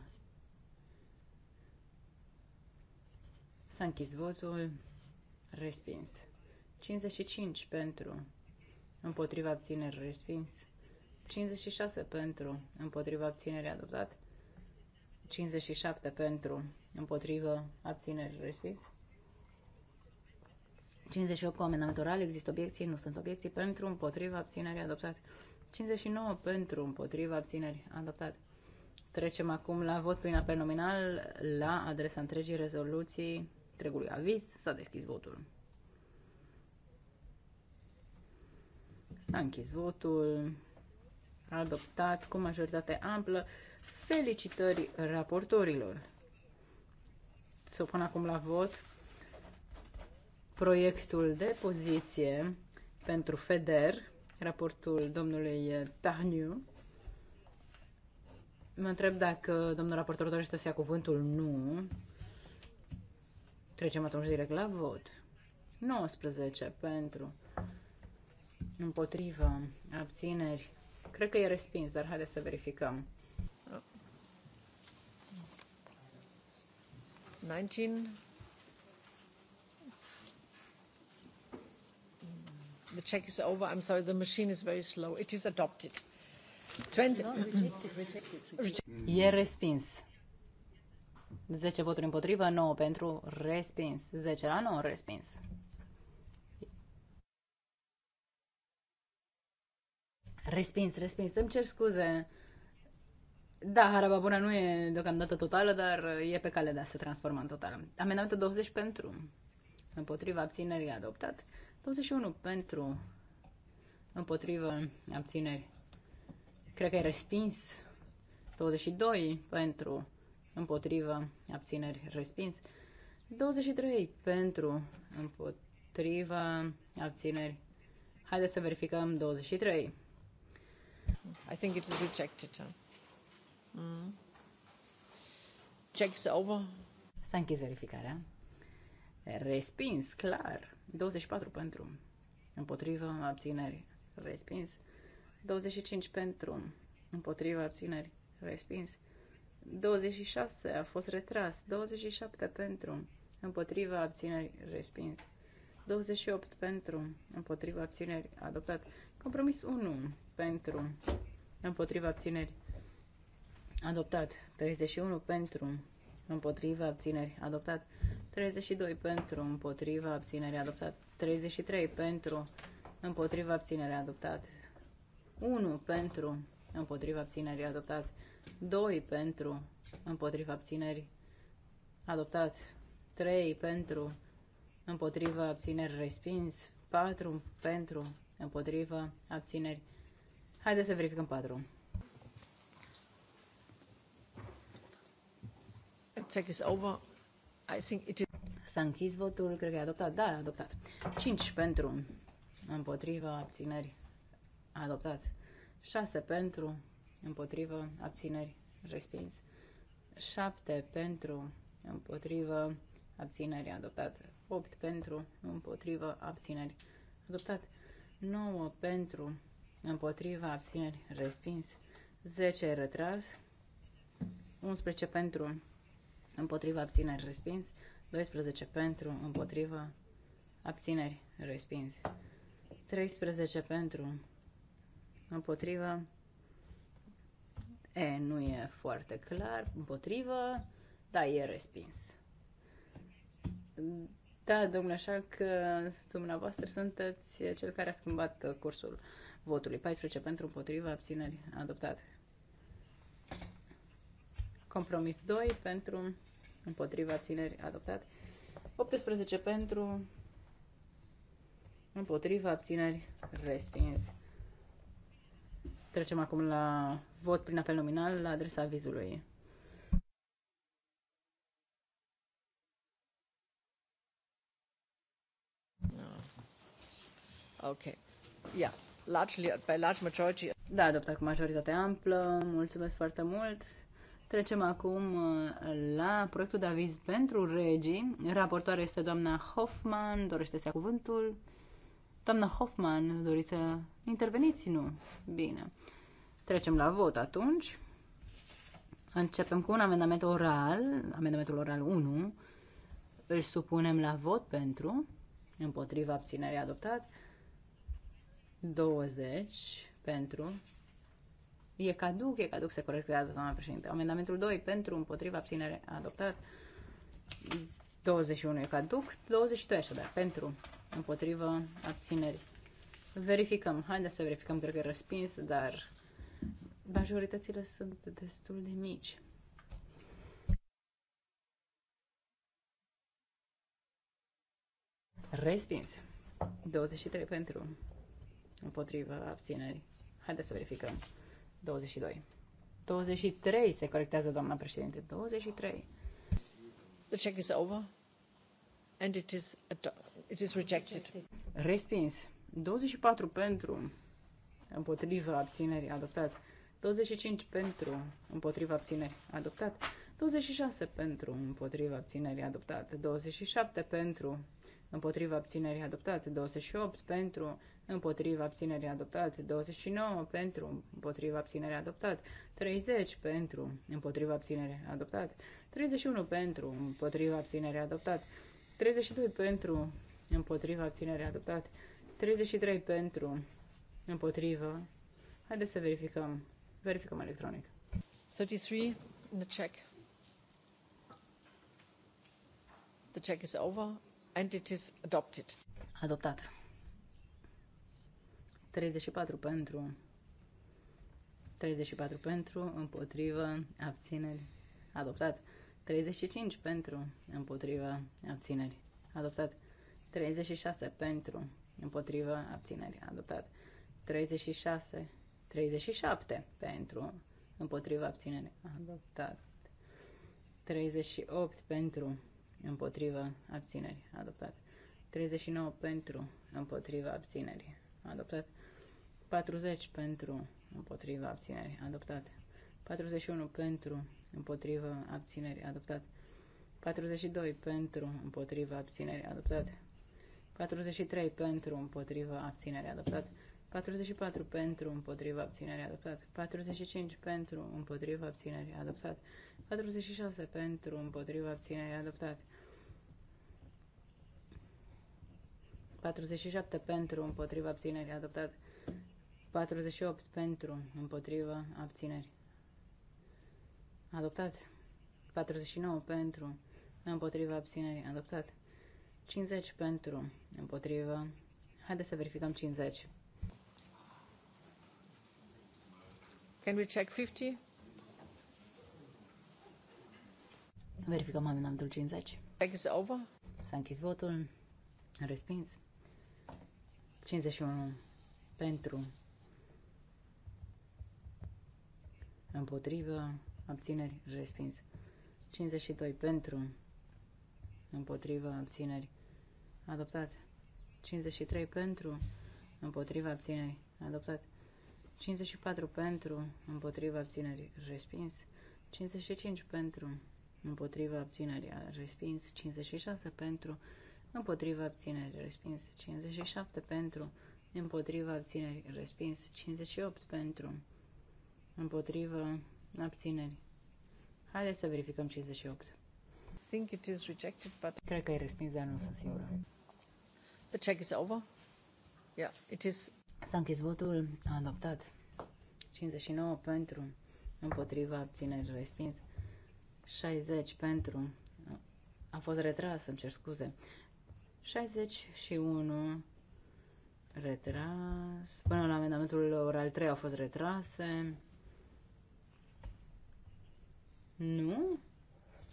S-a închis votul. Respins. 55 pentru. Împotriva abțineri respins. 56 pentru, împotriva abținerii adoptat. 57 pentru, împotriva abținerii respins. 58 cu amendament oral, există obiecții, nu sunt obiecții, pentru, împotriva abținerii adoptat. 59 pentru, împotriva abținerii adoptat. Trecem acum la vot prin apel nominal la adresa întregii rezoluții întregului aviz. S-a deschis votul. S-a închis votul adoptat cu majoritate amplă. Felicitări raportorilor! Să pun acum la vot proiectul de poziție pentru FEDER, raportul domnului Tarniu. Mă întreb dacă domnul raportor dorește să ia cuvântul. Nu. Trecem atunci direct la vot. 19 pentru, împotrivă, abțineri, Cred că e respins, dar haideți să verificăm. 19. The check is over. I'm sorry, the machine is very slow. It is adopted. 20. Mm. E respins. 10 voturi împotrivă, 9 pentru, respins. 10 la 9, respins. Respins, respins, îmi cer scuze. Da, haraba bună nu e deocamdată totală, dar e pe cale de a se transforma în totală. Amendamente 20 pentru, împotriva abținerii adoptat, 21 pentru, împotriva abțineri, cred că e respins, 22 pentru, împotriva abțineri, respins, 23 pentru, împotriva abțineri. Haideți să verificăm 23. I think it is rejected. Huh? Mm. Checks over. S-a închis verificarea. Respins, clar. 24 pentru. Împotrivă, abțineri. Respins. 25 pentru. Împotrivă, abțineri. Respins. 26 a fost retras. 27 pentru. Împotrivă, abțineri. Respins. 28 pentru. Împotrivă, abțineri. Adoptat. Compromis 1 pentru împotriva abțineri adoptat. 31 pentru împotriva abțineri adoptat. 32 pentru împotriva abțineri adoptat. 33 pentru împotriva abținere adoptat. 1 pentru împotriva abținerii adoptat. 2 pentru împotriva abținerii adoptat. 3 pentru împotriva abțineri respins. 4 pentru împotrivă, abțineri. Haideți să verificăm patru. Check is over. I think it is... S-a închis votul, cred că e adoptat. Da, adoptat. 5 pentru, împotrivă, abțineri, adoptat. 6 pentru, împotrivă, abțineri, respins. 7 pentru, împotrivă, abțineri, adoptat. 8 pentru, împotrivă, abțineri, adoptat. 9 pentru, împotriva, abțineri, respins. 10 retras. 11 pentru, împotriva, abțineri, respins. 12 pentru, împotriva, abțineri, respins. 13 pentru, împotriva, e, nu e foarte clar, împotriva, da, e respins. Da, domnule, așa că dumneavoastră sunteți cel care a schimbat cursul votului. 14 pentru, împotriva, abțineri, adoptat. Compromis 2 pentru, împotriva, abțineri, adoptat. 18 pentru, împotriva, abțineri, respins. Trecem acum la vot prin apel nominal la adresa vizului. Ok. Yeah. Largely, by large majority. Da, adoptat cu majoritate amplă. Mulțumesc foarte mult. Trecem acum uh, la proiectul de aviz pentru regii. Raportoarea este doamna Hoffman. Dorește să ia cuvântul? Doamna Hoffman, doriți să interveniți? Nu. Bine. Trecem la vot atunci. Începem cu un amendament oral, amendamentul oral 1. Îl supunem la vot pentru, împotriva abținerii adoptat. 20 pentru. E caduc, e caduc, se corectează, doamna președinte. Amendamentul 2 pentru, împotriva, abținere, adoptat. 21 e caduc, 22 dar pentru, împotriva, abțineri. Verificăm, haideți să verificăm, cred că e răspins, dar majoritățile sunt destul de mici. Respins. 23 pentru Împotrivă abținerii. Haideți să verificăm. 22. 23 se corectează, doamna președinte. 23. The check is over and it is, it is rejected. Respins. 24 pentru, împotrivă abținerii. adoptat. 25 pentru, împotriva abținerii. adoptat. 26 pentru, împotriva abținerii, adoptat. 27 pentru, împotriva abținerii, adoptat. 28 pentru, împotriva abținerii adoptat, 29 pentru, împotriva abținerii adoptat, 30 pentru, împotriva abținerii adoptat, 31 pentru, împotriva abținerii adoptat, 32 pentru, împotriva abținerii adoptat, 33 pentru, împotriva. Haideți să verificăm. Verificăm electronic. 33 in the check. The check is over and it is adopted. Adoptat. 34 pentru. 34 pentru, împotrivă, abțineri, adoptat. 35 pentru, împotrivă, abțineri, adoptat. 36 pentru, împotrivă, abțineri, adoptat. 36, 37 pentru, împotrivă, abțineri, adoptat. 38 pentru, împotrivă, abțineri, adoptat. 39 pentru, împotrivă, abțineri, adoptat. 40 pentru, împotriva abțineri, adoptat. 41 pentru, împotriva abțineri, adoptat. 42 pentru, împotriva abțineri, adoptat. 43 pentru, împotriva abțineri, adoptat. 44 pentru, împotriva abținere adoptat. 45 pentru, împotriva abținere adoptat. 46 pentru, împotriva abținere adoptat. 47 pentru, împotriva abținere adoptat. 48 pentru, împotrivă, abțineri. Adoptat. 49 pentru, împotrivă, abțineri. Adoptat. 50 pentru, împotrivă. Haideți să verificăm 50. Can we check 50? Verificăm amendamentul 50. Check is over. S-a închis votul. Respins. 51 pentru, împotrivă, abțineri, respins. 52 pentru, împotrivă, abțineri, adoptat. 53 pentru, împotrivă, abțineri, adoptat. 54 pentru, împotrivă, abțineri, respins. 55 pentru, împotrivă, abțineri, respins. 56 pentru, împotrivă, abțineri, respins. 57 pentru, împotrivă, abțineri, respins. 58 pentru, împotrivă, abțineri. Haideți să verificăm 58. Think it is rejected, but... Cred că e respins, dar nu sunt sigură. The check is over. Yeah, it is... S-a închis votul, a adoptat. 59 pentru, împotriva, abțineri, respins. 60 pentru, a fost retras, îmi cer scuze. 61 retras, până la amendamentul oral 3 au fost retrase. Nu?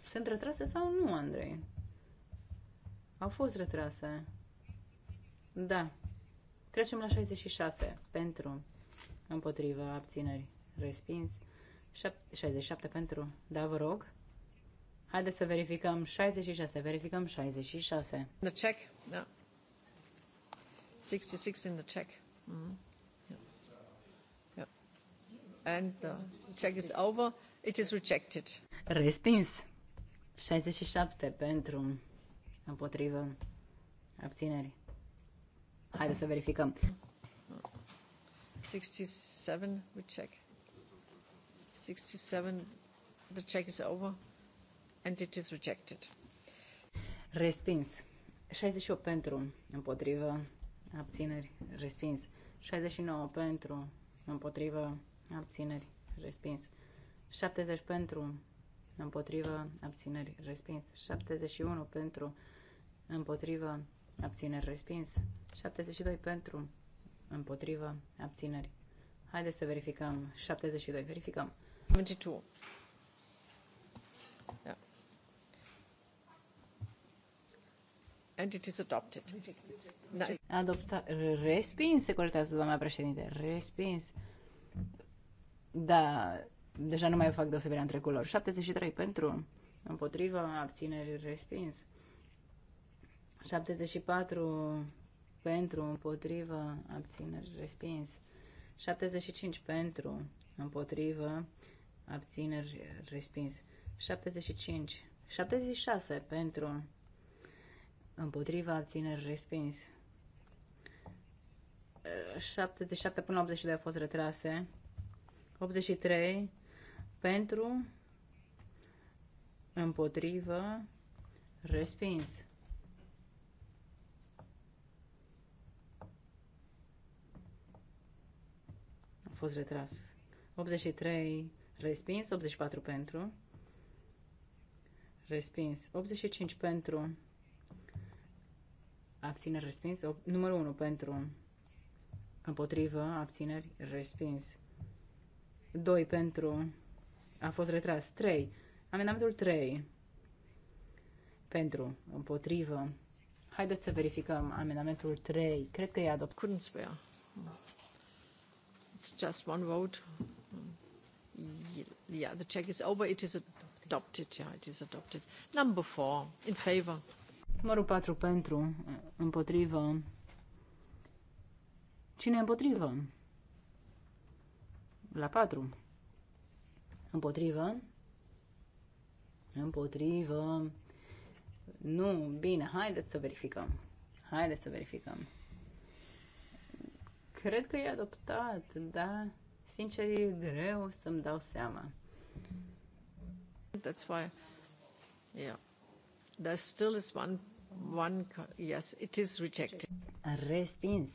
Sunt retrase sau nu, Andrei? Au fost retrase. Da. Trecem la 66. Pentru. Împotriva abțineri. Respins. 67 pentru. Da, vă rog. Haideți să verificăm 66. Verificăm 66. The check. Da. 66 in the check. Mm -hmm. yeah. Yeah. And the check is over. It is rejected. Respins. 67 pentru. Împotrivă. Abțineri. Haideți să verificăm. 67, we check. 67, the check is over and it is rejected. Respins. 68 pentru, împotrivă, abțineri, respins. 69 pentru, împotrivă, abțineri, respins. 70 pentru, împotrivă, abțineri, respins. 71 pentru, împotrivă, abțineri, respins. 72 pentru, împotrivă, abțineri. Haideți să verificăm. 72, verificăm. 72. Yeah. Da. And it is adopted. Da. Adoptat. Respins, se corectează doamna președinte. Respins. Da, Deja nu mai fac deosebirea între culori. 73 pentru, împotrivă, abțineri, respins. 74 pentru, împotrivă, abțineri, respins. 75 pentru, împotrivă, abțineri, respins. 75, 76 pentru, împotrivă, abțineri, respins. 77 până la 82 au fost retrase. 83 pentru, împotrivă, respins. A fost retras. 83 respins, 84 pentru, respins, 85 pentru, abțineri respins, numărul 1 pentru, împotrivă, abțineri respins, 2 pentru, a fost retras. 3. Amendamentul 3. Pentru, împotrivă. Haideți să verificăm amendamentul 3. Cred că e adoptat. Couldn't swear. It's just one vote. Yeah, the check is over. It is adopted. Yeah, it is adopted. Number 4. In favor. Numărul 4 pentru, împotrivă. Cine împotrivă? La 4. Împotrivă? Împotrivă. Nu, bine, haideți să verificăm. Haideți să verificăm. Cred că e adoptat, Da. sincer e greu să-mi dau seama. That's why, yeah. There still is one, one, yes, it is rejected. Respins.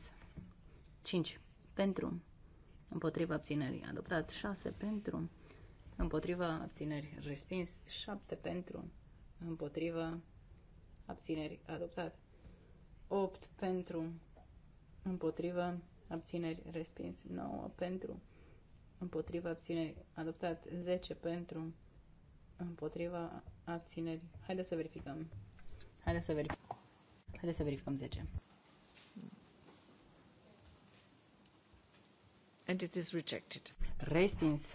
5. Pentru. Împotriva abținerii. Adoptat. 6. Pentru împotrivă, abțineri, respins, 7 pentru, împotrivă, abțineri, adoptat, 8 pentru, împotrivă, abțineri, respins, 9 pentru, împotrivă, abțineri, adoptat, 10 pentru, împotriva abțineri. Haideți să verificăm. Haideți să verificăm. Haideți să verificăm 10. And it is rejected. Respins.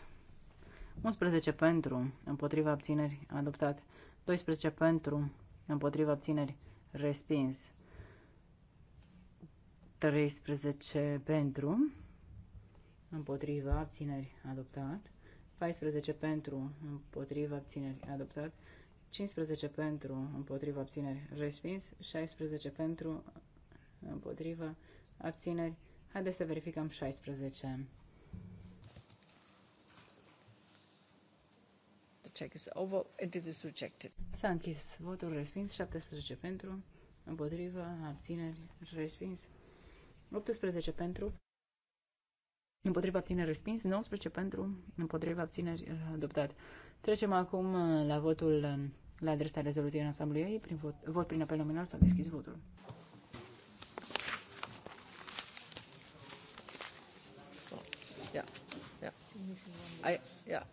11 pentru, împotriva abțineri, adoptat. 12 pentru, împotriva abțineri, respins. 13 pentru, împotriva abțineri, adoptat. 14 pentru, împotriva abțineri, adoptat. 15 pentru, împotriva abțineri, respins. 16 pentru, împotriva abțineri. Haideți să verificăm 16. Check is over and this is rejected. S-a închis votul respins, 17 pentru, împotrivă, abțineri, respins, 18 pentru, împotrivă, abțineri respins, 19 pentru, împotrivă, abțineri adoptat. Trecem acum uh, la votul um, la adresa rezoluției în Asambleei, ei, prin vot, vot prin apel nominal s-a deschis votul. So, yeah, yeah. I, yeah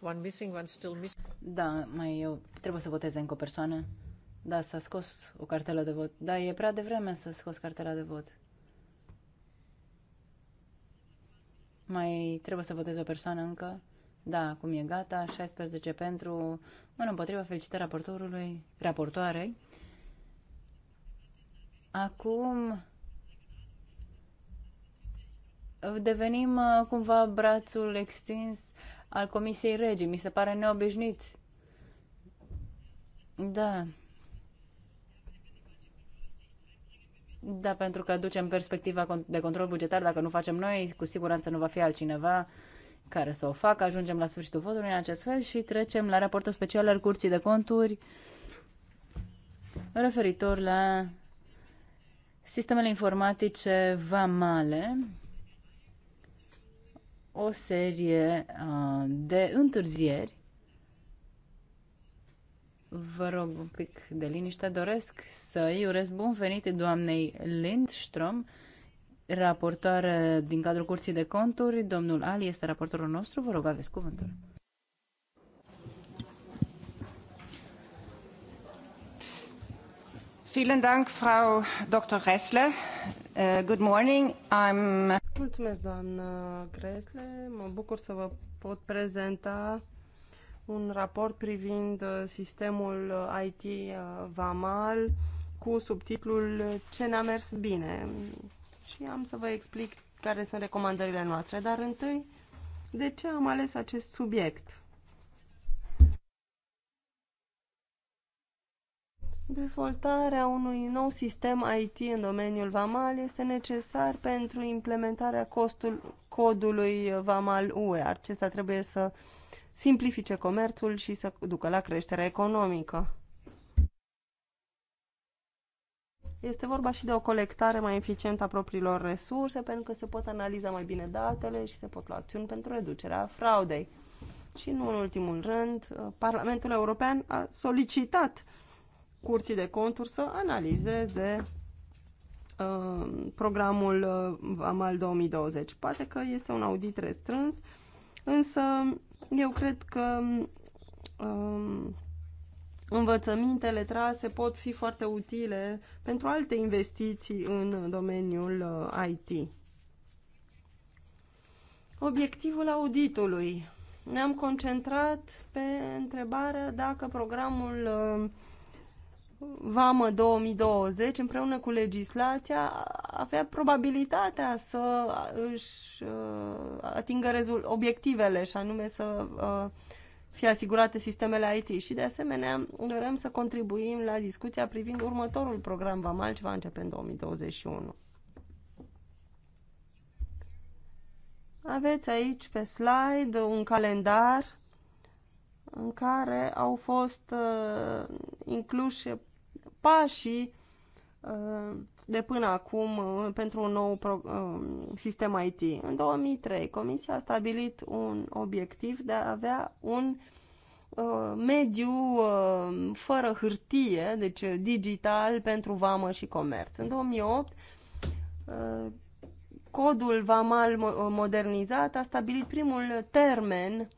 one missing, one still missing. Da, mai eu trebuie să voteze încă o persoană. Da, s-a scos o cartelă de vot. Da, e prea devreme să scos cartela de vot. Mai trebuie să votez o persoană încă. Da, acum e gata. 16 pentru, 1 împotriva. Felicitări raportorului, raportoarei. Acum devenim uh, cumva brațul extins al Comisiei Regii. Mi se pare neobișnuit. Da. Da, pentru că ducem perspectiva de control bugetar. Dacă nu facem noi, cu siguranță nu va fi altcineva care să o facă. Ajungem la sfârșitul votului în acest fel și trecem la raportul special al Curții de Conturi referitor la sistemele informatice vamale o serie uh, de întârzieri. Vă rog un pic de liniște. Doresc să-i urez bun venit doamnei Lindström, raportoare din cadrul Curții de Conturi. Domnul Ali este raportorul nostru. Vă rog, aveți cuvântul. Vielen Dank, Frau Dr. Ressler. Uh, good morning. I'm Mulțumesc, doamnă Gresle. Mă bucur să vă pot prezenta un raport privind uh, sistemul uh, IT uh, VAMAL cu subtitlul Ce n-a mers bine. Și am să vă explic care sunt recomandările noastre, dar întâi de ce am ales acest subiect. Dezvoltarea unui nou sistem IT în domeniul VAMAL este necesar pentru implementarea costul, codului VAMAL UE. Acesta trebuie să simplifice comerțul și să ducă la creșterea economică. Este vorba și de o colectare mai eficientă a propriilor resurse, pentru că se pot analiza mai bine datele și se pot lua acțiuni pentru reducerea fraudei. Și nu în ultimul rând, Parlamentul European a solicitat uh, curții de conturi să analizeze uh, programul uh, AMAL 2020. Poate că este un audit restrâns, însă eu cred că um, învățămintele trase pot fi foarte utile pentru alte investiții în domeniul uh, IT. Obiectivul auditului. Ne-am concentrat pe întrebarea dacă programul Vamă 2020, împreună cu legislația, avea probabilitatea să își uh, atingă obiectivele și anume să uh, fie asigurate sistemele IT. Și de asemenea, dorem să contribuim la discuția privind următorul program VAMAL ce va începe în 2021. Aveți aici pe slide un calendar în care au fost uh, incluse pașii uh, de până acum uh, pentru un nou pro, uh, sistem IT. În 2003, Comisia a stabilit un obiectiv de a avea un mediu fără hârtie, deci digital pentru vamă și comerț. În 2008, codul vamal modernizat a stabilit primul termen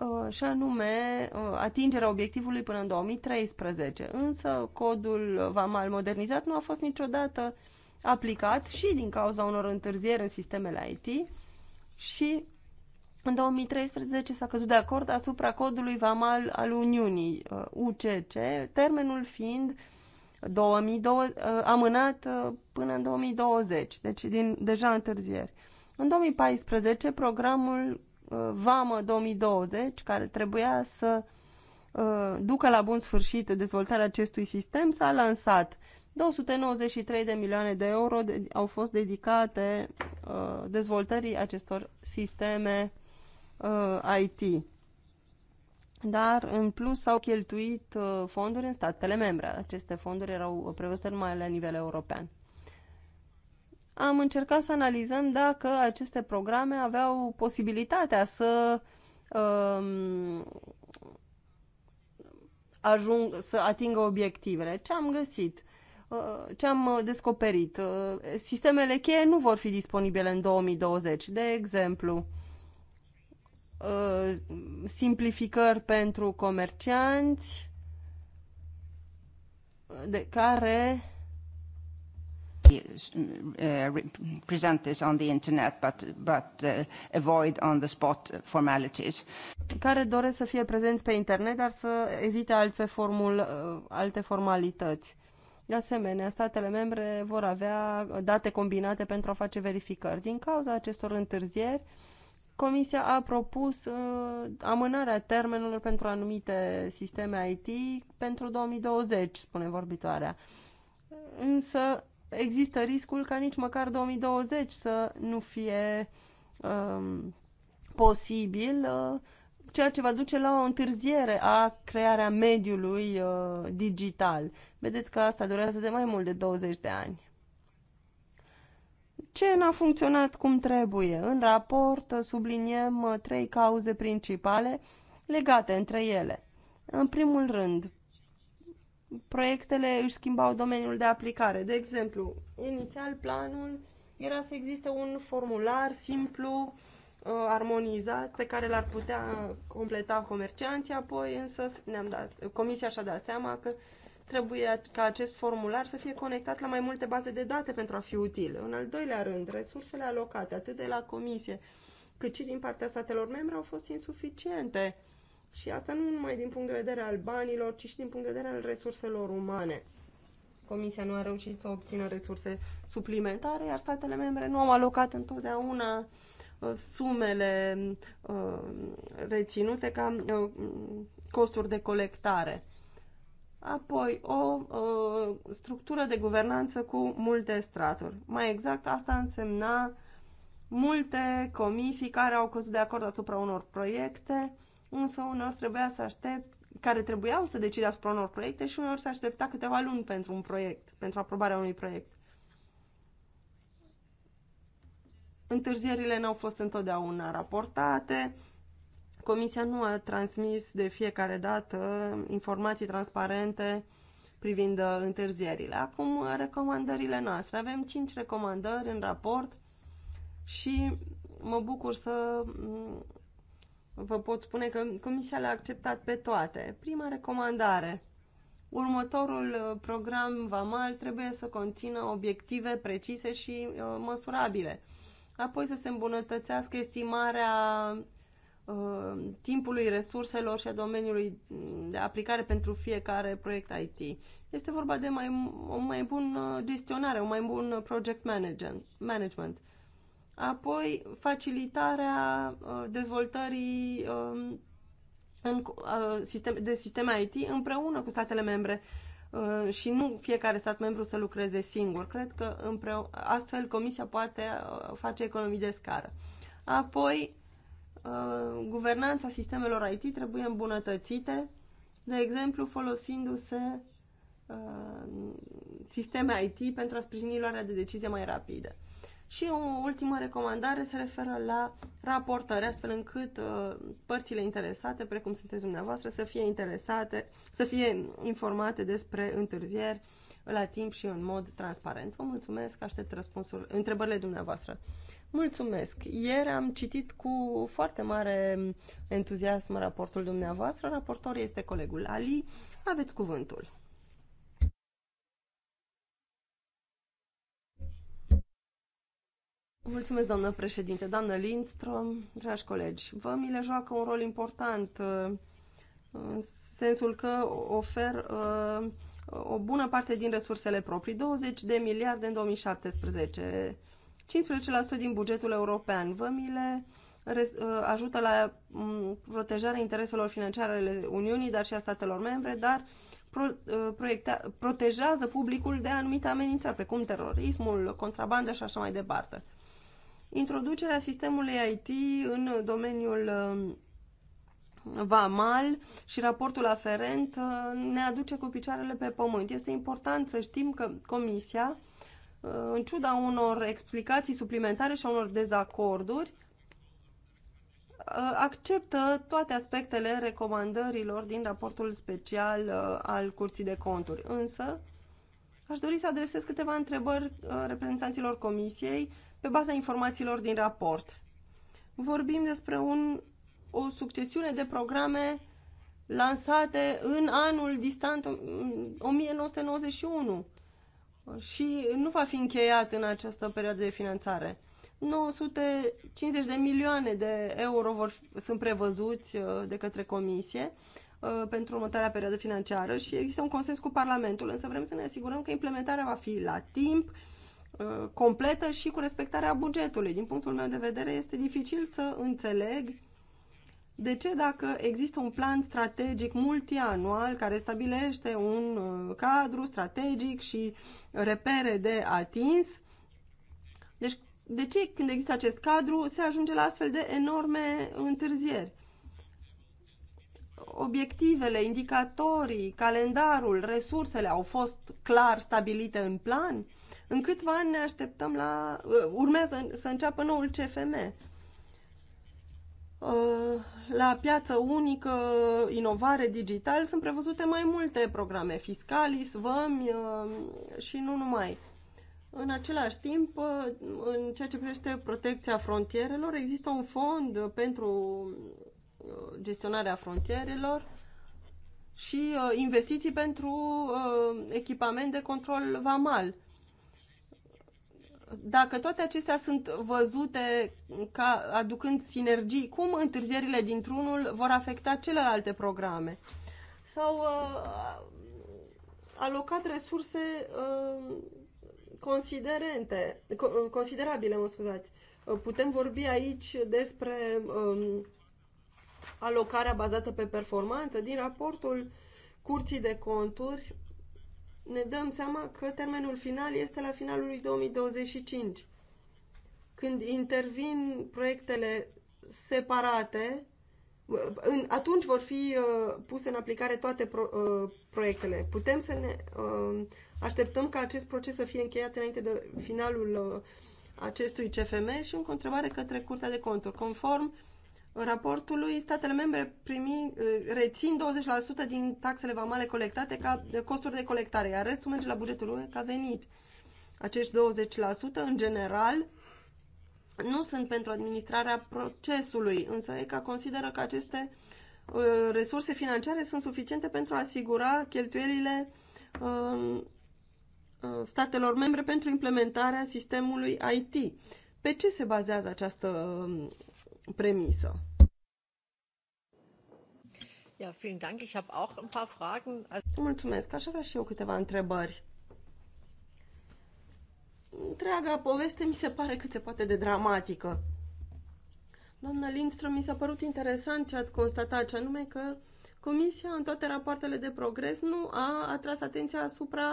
Uh, și anume uh, atingerea obiectivului până în 2013. Însă codul VAMAL modernizat nu a fost niciodată aplicat și din cauza unor întârzieri în sistemele IT și în 2013 s-a căzut de acord asupra codului VAMAL al Uniunii, UCC, uh, termenul fiind 2020, amânat până în 2020, deci din, deja întârzieri. În 2014, programul Vamă 2020, care trebuia să uh, ducă la bun sfârșit dezvoltarea acestui sistem, s-a lansat. 293 de milioane de euro de, au fost dedicate uh, dezvoltării acestor sisteme uh, IT. Dar, în plus, s-au cheltuit uh, fonduri în statele membre. Aceste fonduri erau prevăzute numai la nivel european am încercat să analizăm dacă aceste programe aveau posibilitatea să um, ajung să atingă obiectivele. Ce am găsit? Uh, ce am uh, descoperit? Uh, sistemele cheie nu vor fi disponibile în 2020. De exemplu, simplificări pentru comercianți de care Uh, present this on the internet but, but uh, avoid on the spot formalities. Care doresc să fie prezenți pe internet, dar să evite alte, formul, uh, alte formalități. De asemenea, statele membre vor avea date combinate pentru a face verificări. Din cauza acestor întârzieri, Comisia a propus uh, amânarea termenelor pentru anumite sisteme IT pentru 2020, spune vorbitoarea. Însă există riscul ca nici măcar 2020 să nu fie um, posibil, uh, ceea ce va duce la o întârziere a crearea mediului uh, digital. Vedeți că asta durează de mai mult de 20 de ani. Ce n-a funcționat cum trebuie? În raport uh, subliniem uh, trei cauze principale legate între ele. În primul rând, proiectele își schimbau domeniul de aplicare. De exemplu, inițial planul era să existe un formular simplu, uh, armonizat, pe care l-ar putea completa comercianții, apoi însă ne-am dat, comisia și-a dat seama că trebuie ca acest formular să fie conectat la mai multe baze de date pentru a fi util. În al doilea rând, resursele alocate atât de la comisie cât și din partea statelor membre au fost insuficiente și asta nu numai din punct de vedere al banilor, ci și din punct de vedere al resurselor umane. Comisia nu a reușit să obțină resurse suplimentare, iar statele membre nu au alocat întotdeauna uh, sumele uh, reținute ca uh, costuri de colectare. Apoi, o structură de guvernanță cu multe straturi. Mai exact, asta însemna multe comisii care au căzut de acord asupra unor proiecte, însă uneori trebuia să aștept, care trebuiau să decide asupra unor proiecte și uneori să aștepta câteva luni pentru un proiect, pentru aprobarea unui proiect. Întârzierile n-au fost întotdeauna raportate, Comisia nu a transmis de fiecare dată informații transparente privind uh, întârzierile. Acum, uh, recomandările noastre. Avem 5 recomandări în raport și mă bucur să mm, vă pot spune că Comisia le-a acceptat pe toate. Prima recomandare. Următorul uh, program VAMAL trebuie să conțină obiective precise și uh, măsurabile. Apoi să se îmbunătățească estimarea uh, timpului, resurselor și a domeniului mm, de aplicare pentru fiecare proiect IT. Este vorba de mai, o mai bună gestionare, un mai bun uh, project management. Apoi, facilitarea uh, dezvoltării um, uh, de sisteme IT împreună cu statele membre uh, și nu fiecare stat membru să lucreze singur. Cred că astfel Comisia poate face economii de scară. Apoi, guvernanța sistemelor IT trebuie îmbunătățite, de exemplu folosindu-se sisteme IT pentru a sprijini luarea de decizie mai rapide. Și o ultimă recomandare se referă la raportare, astfel încât uh, părțile interesate, precum sunteți dumneavoastră, să fie interesate, să fie informate despre întârzieri la timp și în mod transparent. Vă mulțumesc, aștept răspunsul, întrebările dumneavoastră. Mulțumesc! Ieri am citit cu foarte mare entuziasm raportul dumneavoastră. Raportor este colegul Ali. Aveți cuvântul. Mulțumesc, doamnă președinte. Doamnă Lindström, dragi colegi, vămile joacă un rol important uh, în sensul că ofer uh, o bună parte din resursele proprii, 20 de miliarde în 2017, 15% din bugetul european. Vămile uh, ajută la mm, protejarea intereselor financiare ale Uniunii, dar și a statelor membre, dar protejează publicul de anumite amenințări, precum terorismul, contrabanda și așa mai departe introducerea sistemului IT în domeniul um, VAMAL și raportul aferent uh, ne aduce cu picioarele pe pământ. Este important să știm că Comisia, uh, în ciuda unor explicații suplimentare și a unor dezacorduri, uh, acceptă toate aspectele recomandărilor din raportul special al Curții de Conturi. Însă, aș dori să adresez câteva întrebări reprezentanților Comisiei pe baza informațiilor din raport. Vorbim despre un, o succesiune de programe lansate în anul distant 1991 și nu va fi încheiat în această perioadă de finanțare. 950 de milioane de euro vor, sunt prevăzuți uh, de către Comisie uh, pentru următoarea perioadă financiară și există un consens cu Parlamentul, însă vrem să ne asigurăm că implementarea va fi la timp, Uh, completă și cu respectarea bugetului. Din punctul meu de vedere, este dificil să înțeleg de ce dacă există un plan strategic multianual care stabilește un uh, cadru strategic și repere de atins, deci de ce când există acest cadru se ajunge la astfel de enorme întârzieri? Obiectivele, indicatorii, calendarul, resursele au fost clar stabilite în plan? În câțiva ani ne așteptăm la... Uh, urmează să înceapă noul CFM. Uh, la piață unică, inovare digital, sunt prevăzute mai multe programe, fiscalis, vămi uh, și nu numai. În același timp, în ceea ce privește protecția frontierelor, există un fond pentru gestionarea frontierelor și investiții pentru echipament de control vamal dacă toate acestea sunt văzute ca aducând sinergii, cum întârzierile dintr-unul vor afecta celelalte programe? Sau uh, alocat resurse uh, considerente, co- uh, considerabile, mă scuzați. Uh, putem vorbi aici despre um, alocarea bazată pe performanță din raportul Curții de Conturi ne dăm seama că termenul final este la finalul lui 2025. Când intervin proiectele separate, în, atunci vor fi uh, puse în aplicare toate pro, uh, proiectele. Putem să ne uh, așteptăm ca acest proces să fie încheiat înainte de finalul uh, acestui CFM și încă o întrebare către Curtea de Conturi. Conform raportului, statele membre primi, eh, rețin 20% din taxele vamale colectate ca eh, costuri de colectare, iar restul merge la bugetul UE ca venit. Acești 20% în general nu sunt pentru administrarea procesului, însă ECA consideră că aceste eh, resurse financiare sunt suficiente pentru a asigura cheltuielile ehm, statelor membre pentru implementarea sistemului IT. Pe ce se bazează această ehm, premisă? Ja, vielen Dank. Ich habe auch ein paar Fragen. Mulțumesc. Aș avea și eu câteva întrebări. Întreaga poveste mi se pare cât se poate de dramatică. Doamna Lindström, mi s-a părut interesant ce ați constatat, ce anume că Comisia, în toate rapoartele de progres, nu a atras atenția asupra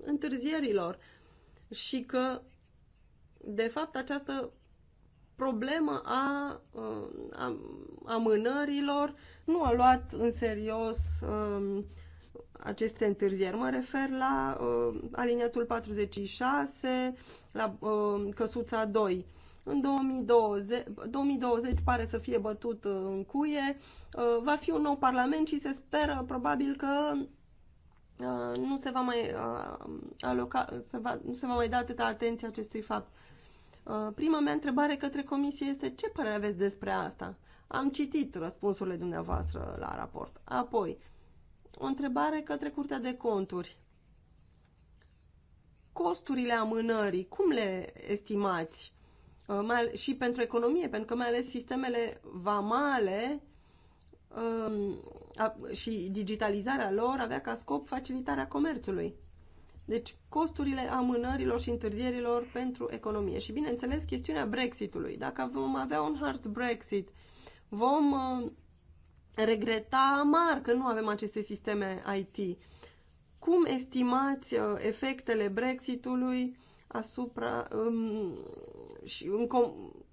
întârzierilor și că, de fapt, această problemă a, a amânărilor, nu a luat în serios aceste întârzieri. Mă refer la uh, aliniatul 46, la uh, căsuța 2. În 2020, 2020 pare să fie bătut în cuie, uh, va fi un nou parlament și se speră probabil că uh, nu se va mai uh, aloca, se va, nu se va mai da atâta atenție acestui fapt. Uh, prima mea întrebare către comisie este ce părere aveți despre asta? Am citit răspunsurile dumneavoastră la raport. Apoi, o întrebare către Curtea de Conturi. Costurile amânării, cum le estimați? Uh, mai, și pentru economie, pentru că mai ales sistemele vamale um, a, și digitalizarea lor avea ca scop facilitarea comerțului. Deci costurile amânărilor și întârzierilor pentru economie. Și bineînțeles chestiunea Brexitului. Dacă vom avea un hard Brexit, vom uh, regreta amar că nu avem aceste sisteme IT. Cum estimați uh, efectele Brexitului asupra um, și în com-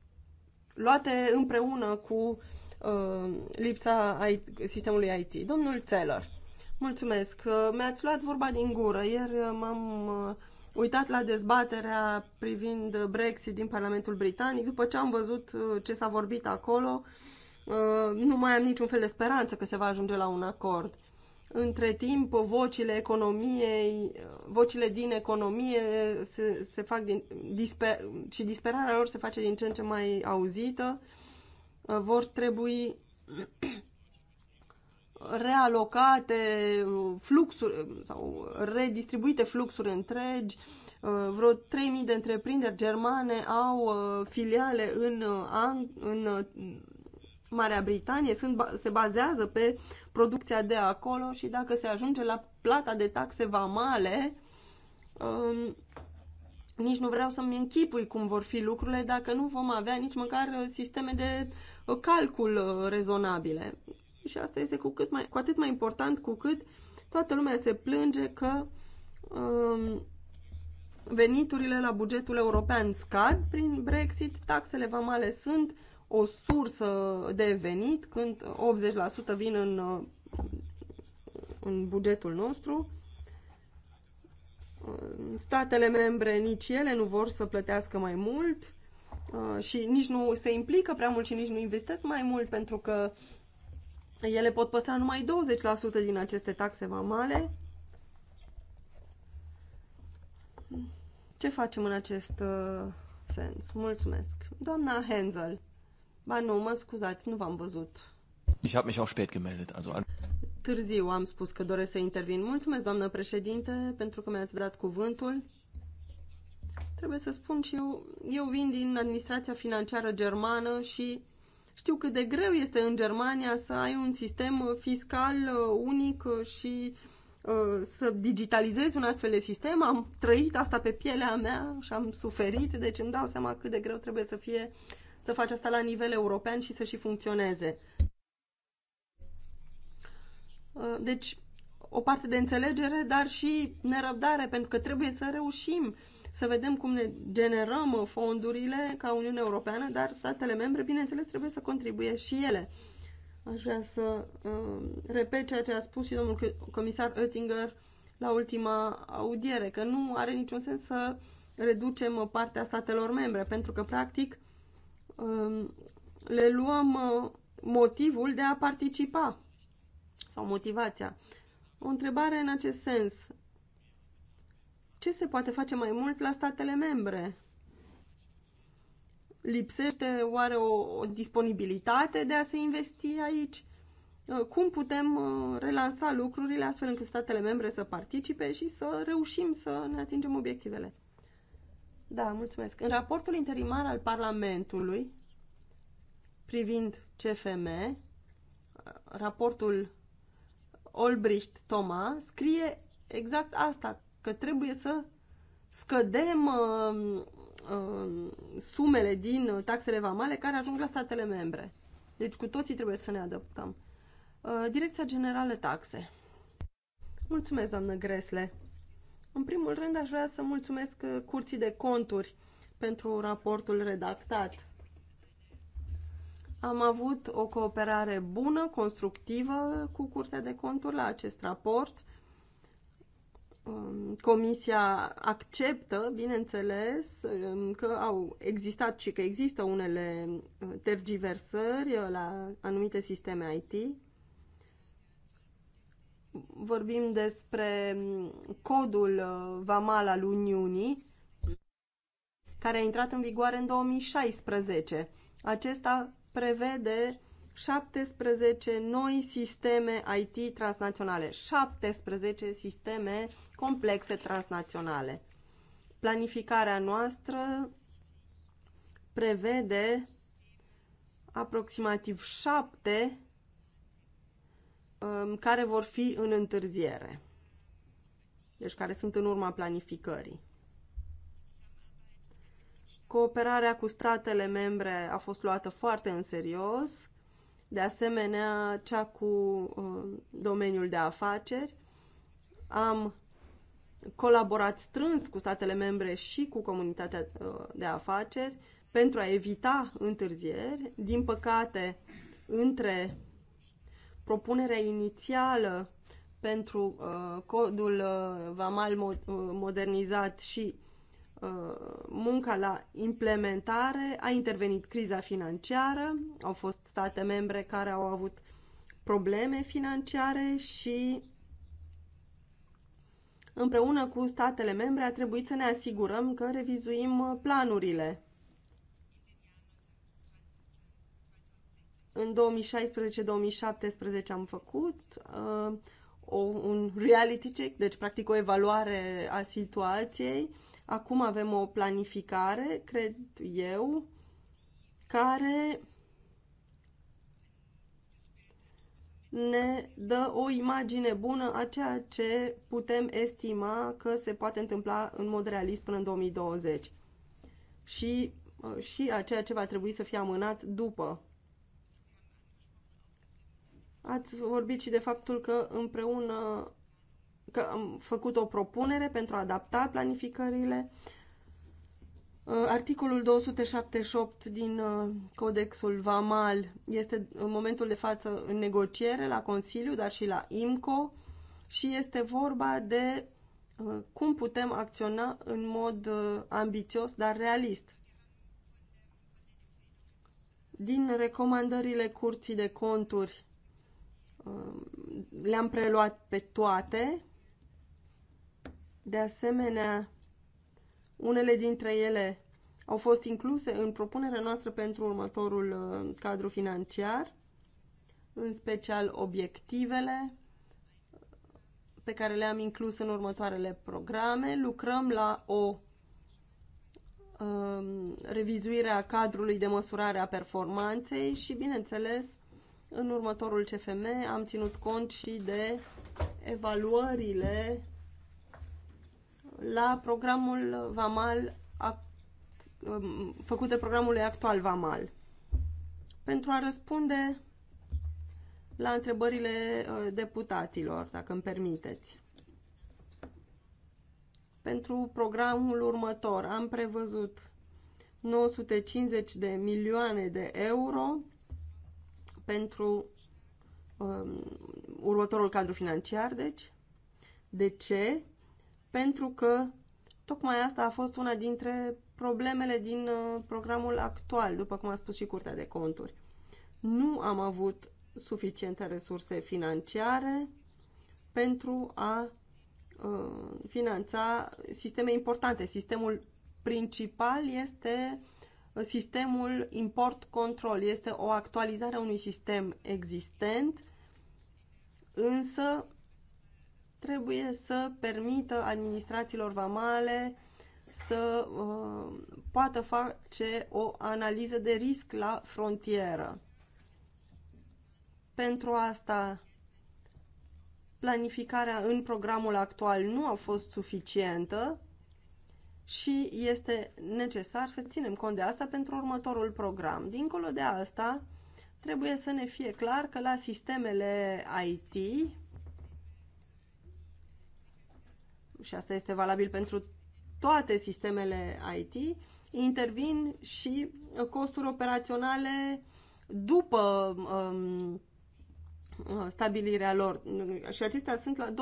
luate împreună cu uh, lipsa IT, sistemului IT? Domnul Țelor. Mulțumesc. Uh, mi-ați luat vorba din gură. Ieri uh, m-am uh, uitat la dezbaterea privind Brexit din Parlamentul Britanic. După ce am văzut ce s-a vorbit acolo, nu mai am niciun fel de speranță că se va ajunge la un acord. Între timp, vocile economiei, vocile din economie se, se fac din, disper, și disperarea lor se face din ce în ce mai auzită. Vor trebui realocate fluxuri sau redistribuite fluxuri întregi. Uh, vreo 3.000 de întreprinderi germane au uh, filiale în, uh, în Marea Britanie, sunt, se bazează pe producția de acolo și dacă se ajunge la plata de taxe vamale, um, nici nu vreau să-mi închipui cum vor fi lucrurile dacă nu vom avea nici măcar sisteme de calcul rezonabile și asta este cu, cât mai, cu atât mai important cu cât toată lumea se plânge că um, veniturile la bugetul european scad prin Brexit, taxele vamale sunt o sursă de venit, când 80% vin în, uh, în bugetul nostru. Uh, statele membre, nici ele nu vor să plătească mai mult uh, și nici nu se implică prea mult și nici nu investesc mai mult pentru că ele pot păstra numai 20% din aceste taxe vamale. Ce facem în acest uh, sens? Mulțumesc. Doamna Hensel. Ba nu, mă scuzați, nu v-am văzut. Ich habe mich auch spät gemeldet, also Târziu am spus că doresc să intervin. Mulțumesc, doamnă președinte, pentru că mi-ați dat cuvântul. Trebuie să spun și eu, eu vin din administrația financiară germană și știu cât de greu este în Germania să ai un sistem fiscal uh, unic uh, și uh, să digitalizezi un astfel de sistem. Am trăit asta pe pielea mea și am suferit, deci îmi dau seama cât de greu trebuie să fie să faci asta la nivel european și să și funcționeze. Deci, o parte de înțelegere, dar și nerăbdare, pentru că trebuie să reușim să vedem cum ne generăm fondurile ca Uniunea Europeană, dar statele membre, bineînțeles, trebuie să contribuie și ele. Aș vrea să uh, repet ceea ce a spus și domnul comisar Oettinger la ultima audiere, că nu are niciun sens să reducem partea statelor membre, pentru că, practic, uh, le luăm uh, motivul de a participa sau motivația. O întrebare în acest sens ce se poate face mai mult la statele membre? Lipsește oare o, o disponibilitate de a se investi aici? Uh, cum putem uh, relansa lucrurile astfel încât statele membre să participe și să reușim să ne atingem obiectivele? Da, mulțumesc. În raportul interimar al Parlamentului privind CFM, uh, raportul Olbricht-Toma scrie exact asta, că trebuie să scădem uh, uh, sumele din taxele vamale care ajung la statele membre. Deci cu toții trebuie să ne adaptăm. Uh, Direcția Generală Taxe. Mulțumesc, doamnă Gresle. În primul rând aș vrea să mulțumesc uh, Curții de Conturi pentru raportul redactat. Am avut o cooperare bună, constructivă cu Curtea de Conturi la acest raport Um, comisia acceptă, bineînțeles, um, că au existat și că există unele uh, tergiversări uh, la anumite sisteme IT. Vorbim despre um, codul uh, VAMAL al Uniunii, care a intrat în vigoare în 2016. Acesta prevede 17 noi sisteme IT transnaționale, 17 sisteme complexe transnaționale. Planificarea noastră prevede aproximativ 7 um, care vor fi în întârziere, deci care sunt în urma planificării. Cooperarea cu statele membre a fost luată foarte în serios de asemenea cea cu uh, domeniul de afaceri. Am colaborat strâns cu statele membre și cu comunitatea uh, de afaceri pentru a evita întârzieri. Din păcate, între propunerea inițială pentru uh, codul uh, VAMAL mo- uh, modernizat și Uh, munca la implementare, a intervenit criza financiară, au fost state membre care au avut probleme financiare și împreună cu statele membre a trebuit să ne asigurăm că revizuim planurile. În 2016-2017 am făcut uh, o, un reality check, deci practic o evaluare a situației Acum avem o planificare, cred eu, care ne dă o imagine bună a ceea ce putem estima că se poate întâmpla în mod realist până în 2020 și, uh, și a ceea ce va trebui să fie amânat după. Ați vorbit și de faptul că împreună că am făcut o propunere pentru a adapta planificările. Uh, articolul 278 din uh, Codexul Vamal este în momentul de față în negociere la Consiliu, dar și la IMCO și este vorba de uh, cum putem acționa în mod ambițios, dar realist. Din recomandările Curții de Conturi le-am preluat pe toate de asemenea, unele dintre ele au fost incluse în propunerea noastră pentru următorul uh, cadru financiar, în special obiectivele uh, pe care le-am inclus în următoarele programe. Lucrăm la o um, revizuire a cadrului de măsurare a performanței și, bineînțeles, în următorul CFM am ținut cont și de evaluările la programul VAMAL ac, um, făcut de programul actual VAMAL pentru a răspunde la întrebările uh, deputaților, dacă îmi permiteți. Pentru programul următor am prevăzut 950 de milioane de euro pentru um, următorul cadru financiar, deci. De ce? pentru că tocmai asta a fost una dintre problemele din uh, programul actual, după cum a spus și Curtea de Conturi. Nu am avut suficiente resurse financiare pentru a uh, finanța sisteme importante. Sistemul principal este uh, sistemul import-control. Este o actualizare a unui sistem existent, însă trebuie să permită administrațiilor vamale să uh, poată face o analiză de risc la frontieră. Pentru asta, planificarea în programul actual nu a fost suficientă și este necesar să ținem cont de asta pentru următorul program. Dincolo de asta, trebuie să ne fie clar că la sistemele IT și asta este valabil pentru toate sistemele IT, intervin și costuri operaționale după um, stabilirea lor. Și acestea sunt la 20%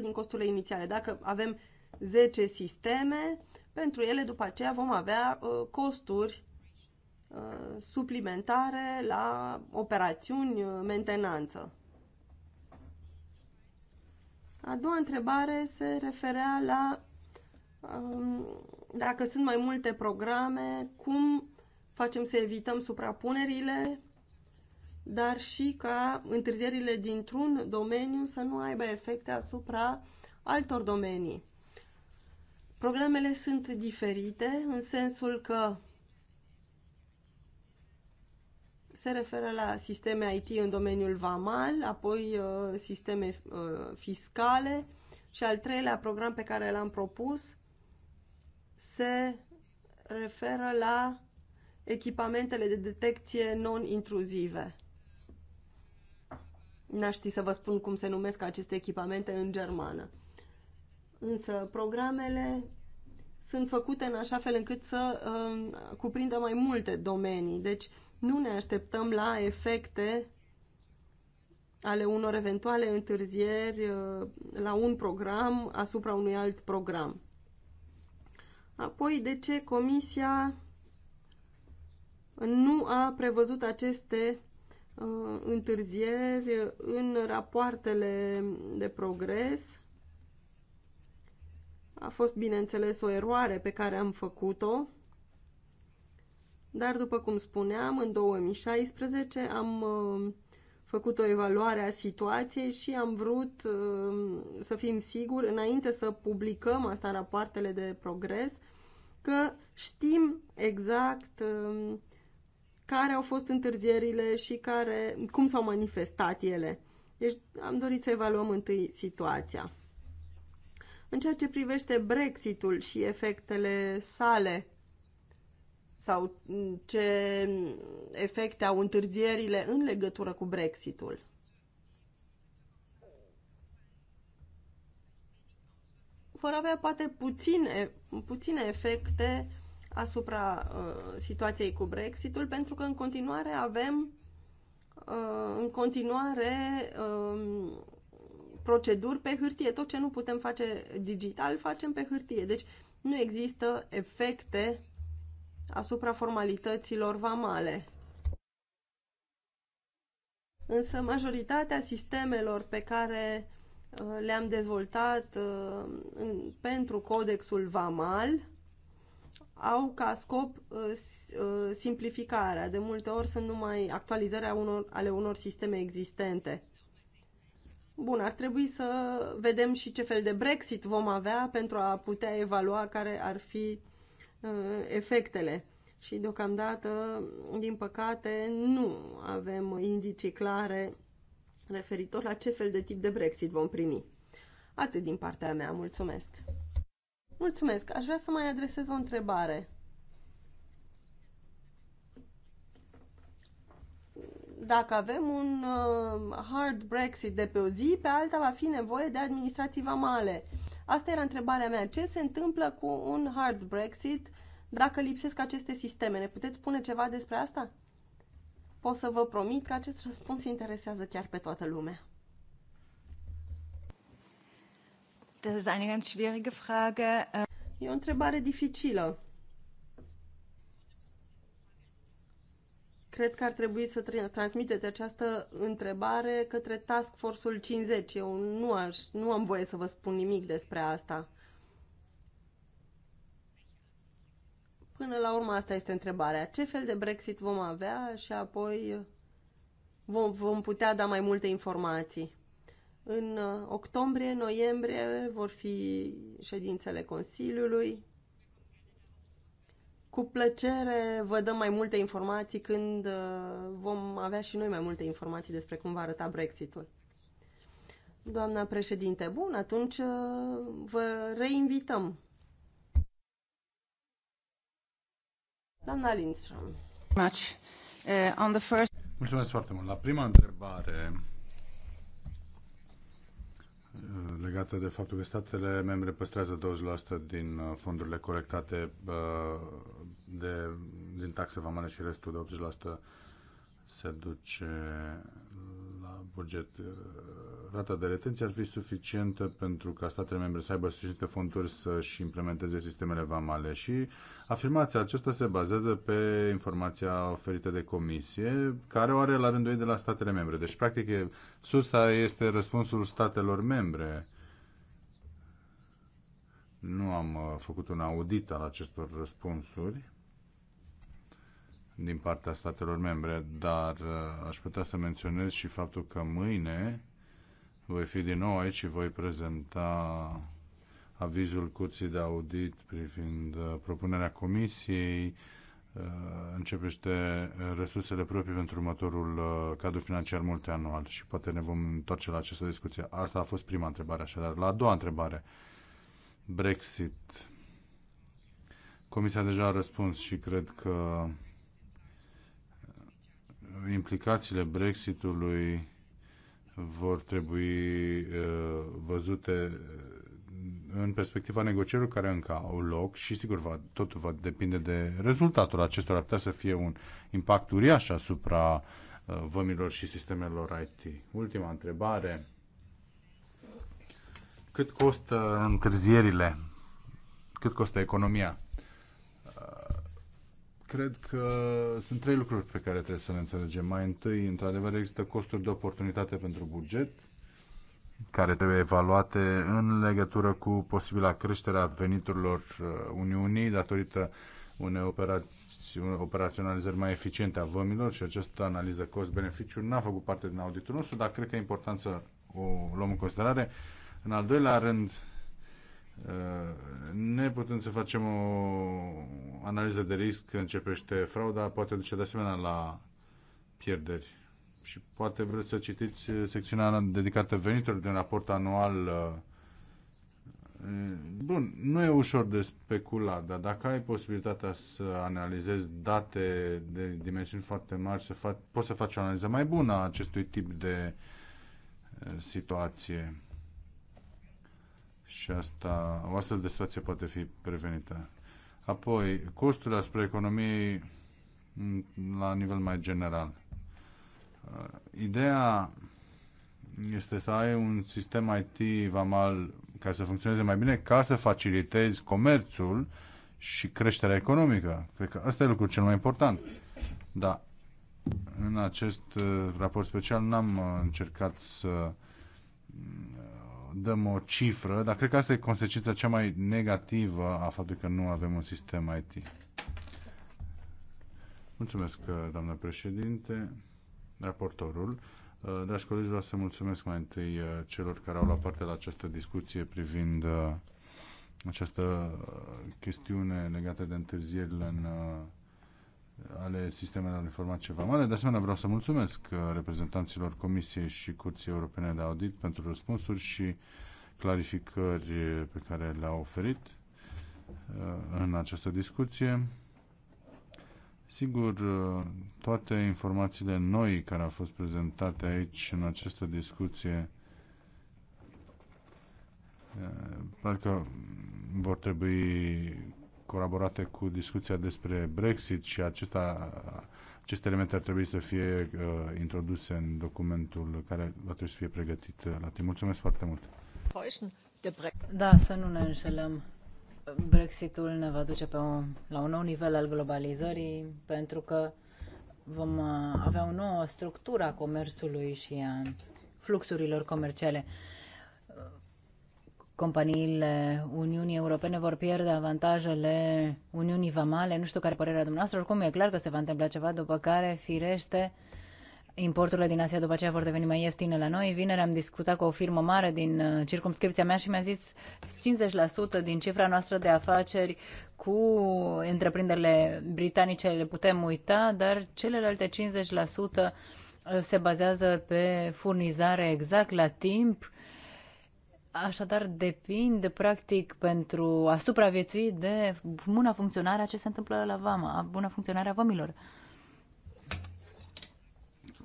din costurile inițiale. Dacă avem 10 sisteme, pentru ele după aceea vom avea uh, costuri uh, suplimentare la operațiuni, uh, mentenanță. A doua întrebare se referea la um, dacă sunt mai multe programe, cum facem să evităm suprapunerile, dar și ca întârzierile dintr-un domeniu să nu aibă efecte asupra altor domenii. Programele sunt diferite în sensul că se referă la sisteme IT în domeniul VAMAL, apoi uh, sisteme uh, fiscale și al treilea program pe care l-am propus se referă la echipamentele de detecție non-intruzive. N-aș ști să vă spun cum se numesc aceste echipamente în germană. Însă programele sunt făcute în așa fel încât să uh, cuprindă mai multe domenii. Deci nu ne așteptăm la efecte ale unor eventuale întârzieri uh, la un program asupra unui alt program. Apoi, de ce Comisia nu a prevăzut aceste uh, întârzieri în rapoartele de progres? A fost, bineînțeles, o eroare pe care am făcut-o. Dar, după cum spuneam, în 2016 am uh, făcut o evaluare a situației și am vrut uh, să fim siguri, înainte să publicăm asta în rapoartele de progres, că știm exact uh, care au fost întârzierile și care, cum s-au manifestat ele. Deci am dorit să evaluăm întâi situația. În ceea ce privește Brexitul și efectele sale, sau mm, ce efecte au întârzierile în legătură cu Brexitul. Vor avea poate puține, puține efecte asupra uh, situației cu Brexitul, pentru că în continuare avem uh, în continuare uh, proceduri pe hârtie. Tot ce nu putem face digital, facem pe hârtie. Deci nu există efecte asupra formalităților vamale. Însă majoritatea sistemelor pe care uh, le-am dezvoltat uh, pentru codexul VAMAL au ca scop uh, simplificarea. De multe ori sunt numai actualizarea unor, ale unor sisteme existente. Bun, ar trebui să vedem și ce fel de Brexit vom avea pentru a putea evalua care ar fi Uh, efectele. Și deocamdată, din păcate, nu avem indicii clare referitor la ce fel de tip de Brexit vom primi. Atât din partea mea, mulțumesc. Mulțumesc, aș vrea să mai adresez o întrebare. Dacă avem un uh, hard Brexit de pe o zi, pe alta va fi nevoie de administrații vamale. Asta era întrebarea mea. Ce se întâmplă cu un hard Brexit dacă lipsesc aceste sisteme? Ne puteți spune ceva despre asta? Pot să vă promit că acest răspuns interesează chiar pe toată lumea. Das ist eine ganz schwierige Frage. E o întrebare dificilă. Cred că ar trebui să transmiteți această întrebare către Task Force-ul 50. Eu nu, aș, nu am voie să vă spun nimic despre asta. Până la urmă, asta este întrebarea. Ce fel de Brexit vom avea și apoi vom, vom putea da mai multe informații. În uh, octombrie, noiembrie vor fi ședințele Consiliului cu plăcere vă dăm mai multe informații când uh, vom avea și noi mai multe informații despre cum va arăta Brexitul. Doamna președinte, bun, atunci uh, vă reinvităm. Doamna Lindström. Uh, Mulțumesc foarte mult. La prima întrebare, legată de faptul că statele membre păstrează 20% din uh, fondurile colectate uh, de, din taxe vamale și restul de 80% se duce buget. Uh, rata de retenție ar fi suficientă pentru ca statele membre să aibă suficiente fonduri să-și implementeze sistemele vamale și afirmația aceasta se bazează pe informația oferită de comisie, care o are la rândul ei de la statele membre. Deci, practic, sursa este răspunsul statelor membre. Nu am uh, făcut un audit al acestor răspunsuri din partea statelor membre, dar uh, aș putea să menționez și faptul că mâine voi fi din nou aici și voi prezenta avizul curții de audit privind uh, propunerea comisiei, uh, începește resursele proprii pentru următorul cadru financiar multianual și poate ne vom întoarce la această discuție. Asta a fost prima întrebare, așadar. La a doua întrebare, Brexit. Comisia deja a răspuns și cred că implicațiile Brexitului vor trebui uh, văzute uh, în perspectiva negocierilor care încă au loc și sigur va, totul va depinde de rezultatul acestor Ar putea să fie un impact uriaș asupra uh, vămilor și sistemelor IT. Ultima întrebare. Cât costă întârzierile? Cât costă economia? cred că sunt trei lucruri pe care trebuie să le înțelegem. Mai întâi, într-adevăr, există costuri de oportunitate pentru buget, care trebuie evaluate în legătură cu posibila creșterea veniturilor uh, Uniunii datorită unei operaționalizări mai eficiente a vămilor și această analiză cost-beneficiu n-a făcut parte din auditul nostru, dar cred că e important să o luăm în considerare. În al doilea rând, Uh, ne putem să facem o analiză de risc când începește frauda, poate duce de asemenea la pierderi. Și poate vreți să citiți secțiunea dedicată veniturilor din raport anual. Uh, uh, bun, nu e ușor de speculat, dar dacă ai posibilitatea să analizezi date de dimensiuni foarte mari, să faci, poți să faci o analiză mai bună a acestui tip de situație și asta, o astfel de situație poate fi prevenită. Apoi, costurile asupra economiei mm, la nivel mai general. Uh, ideea este să ai un sistem IT vamal care să funcționeze mai bine ca să facilitezi comerțul și creșterea economică. Cred că asta e lucrul cel mai important. Da, în acest uh, raport special n-am uh, încercat să mm, dăm o cifră, dar cred că asta e consecința cea mai negativă a faptului că nu avem un sistem IT. Mulțumesc, uh, doamnă președinte, raportorul. Uh, dragi colegi, vreau să mulțumesc mai întâi uh, celor care au luat parte la această discuție privind această chestiune legată de întârzierile în ale sistemelor informatice vamale. De asemenea, vreau să mulțumesc uh, reprezentanților Comisiei și Curții Europene de Audit pentru răspunsuri și clarificări pe care le-au oferit uh, în această discuție. Sigur, uh, toate informațiile noi care au fost prezentate aici în această discuție parcă vor trebui colaborate cu discuția despre Brexit și acesta, aceste elemente ar trebui să fie uh, introduse în documentul care va trebui să fie pregătit la timp. Mulțumesc foarte mult! Da, să nu ne înșelăm. Brexitul ne va duce pe un, la un nou nivel al globalizării pentru că vom uh, avea o nouă structură a comerțului și a fluxurilor comerciale companiile Uniunii Europene vor pierde avantajele Uniunii Vamale. Nu știu care părerea dumneavoastră, oricum e clar că se va întâmpla ceva, după care, firește, importurile din Asia după aceea vor deveni mai ieftine la noi. Vineri am discutat cu o firmă mare din uh, circumscripția mea și mi-a zis 50% din cifra noastră de afaceri cu întreprinderile britanice le putem uita, dar celelalte 50% uh, se bazează pe furnizare exact la timp Așadar, depinde, practic, pentru a supraviețui de buna funcționare a ce se întâmplă la vama, a buna funcționare a vamilor.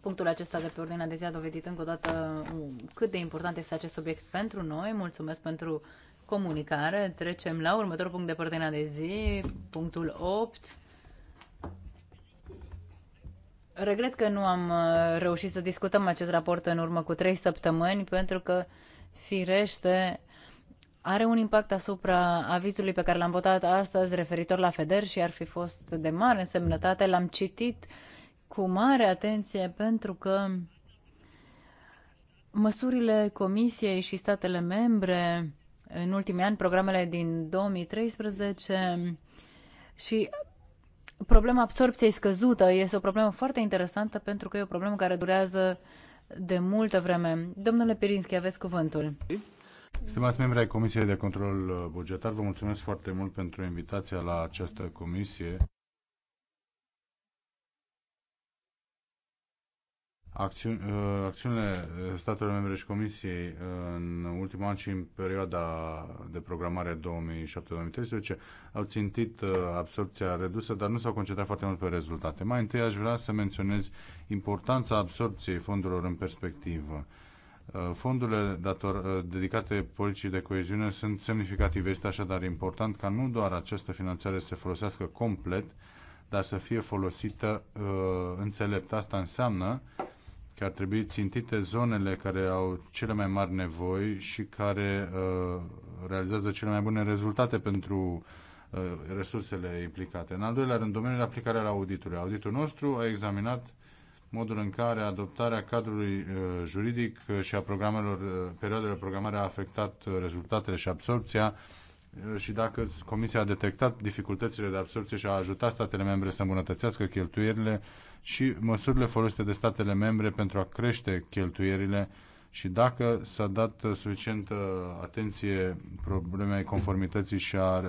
Punctul acesta de pe ordinea de zi a dovedit încă o dată um, cât de important este acest subiect pentru noi. Mulțumesc pentru comunicare. Trecem la următorul punct de pe ordinea de zi, punctul 8. Regret că nu am uh, reușit să discutăm acest raport în urmă cu 3 săptămâni, pentru că firește, are un impact asupra avizului pe care l-am votat astăzi referitor la FEDER și ar fi fost de mare însemnătate. L-am citit cu mare atenție pentru că măsurile Comisiei și statele membre în ultimii ani, programele din 2013 și problema absorpției scăzută este o problemă foarte interesantă pentru că e o problemă care durează uh, de multă vreme. Domnule Pirinski, aveți cuvântul. Stimați membri ai Comisiei de Control Bugetar, vă mulțumesc foarte mult pentru invitația la această comisie Uh, acțiunile uh, statelor membre și Comisiei uh, în ultimul an și în perioada de programare 2007-2013 au țintit absorpția redusă, dar nu s-au concentrat foarte mult pe rezultate. Mai întâi aș vrea să menționez importanța absorpției fondurilor în perspectivă. Fondurile dator, dedicate politicii de coeziune sunt semnificative. Este așadar important ca nu doar această finanțare să se folosească complet, dar să fie folosită uh, înțelept. Asta înseamnă că ar trebui țintite zonele care au cele mai mari nevoi și care uh, realizează cele mai bune rezultate pentru uh, resursele implicate. În al doilea rând, domeniul de aplicare al auditului. Auditul nostru a examinat modul în care adoptarea cadrului uh, juridic și a programelor, uh, perioadele perioadelor de programare a afectat rezultatele și absorpția uh, și dacă Comisia a detectat dificultățile de absorbție și a ajutat statele membre să îmbunătățească cheltuierile și măsurile folosite de statele membre pentru a crește cheltuierile și dacă s-a dat suficientă atenție problemei conformității și a uh,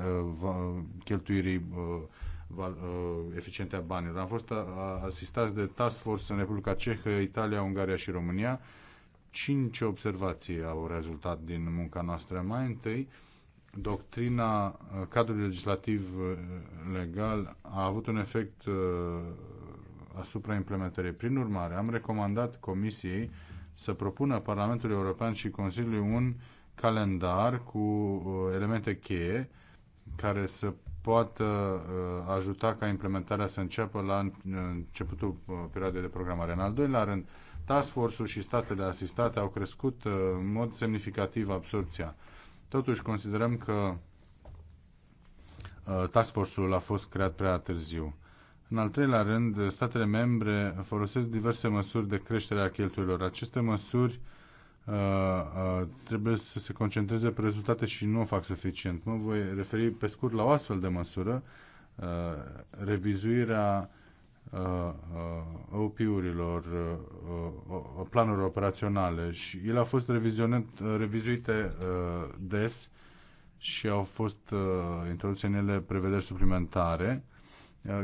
cheltuirii uh, uh, eficiente a banilor. Am fost asistați de task force în Republica Cehă, Italia, Ungaria și România. Cinci observații au rezultat din munca noastră. Mai întâi, doctrina uh, cadrului legislativ uh, legal a avut un efect uh, asupra implementării. Prin urmare, am recomandat Comisiei să propună Parlamentului European și Consiliului un calendar cu elemente cheie care să poată ajuta ca implementarea să înceapă la începutul perioadei de programare. În al doilea rând, task force-ul și statele asistate au crescut în mod semnificativ absorpția. Totuși, considerăm că uh, task force-ul a fost creat prea târziu. În al treilea rând, statele membre folosesc diverse măsuri de creștere a cheltuielor. Aceste măsuri uh, uh, trebuie să se concentreze pe rezultate și nu o fac suficient. Mă voi referi pe scurt la o astfel de măsură, uh, revizuirea OP-urilor, planurilor operaționale și ele au fost revizuite des și au fost introduse în ele prevederi suplimentare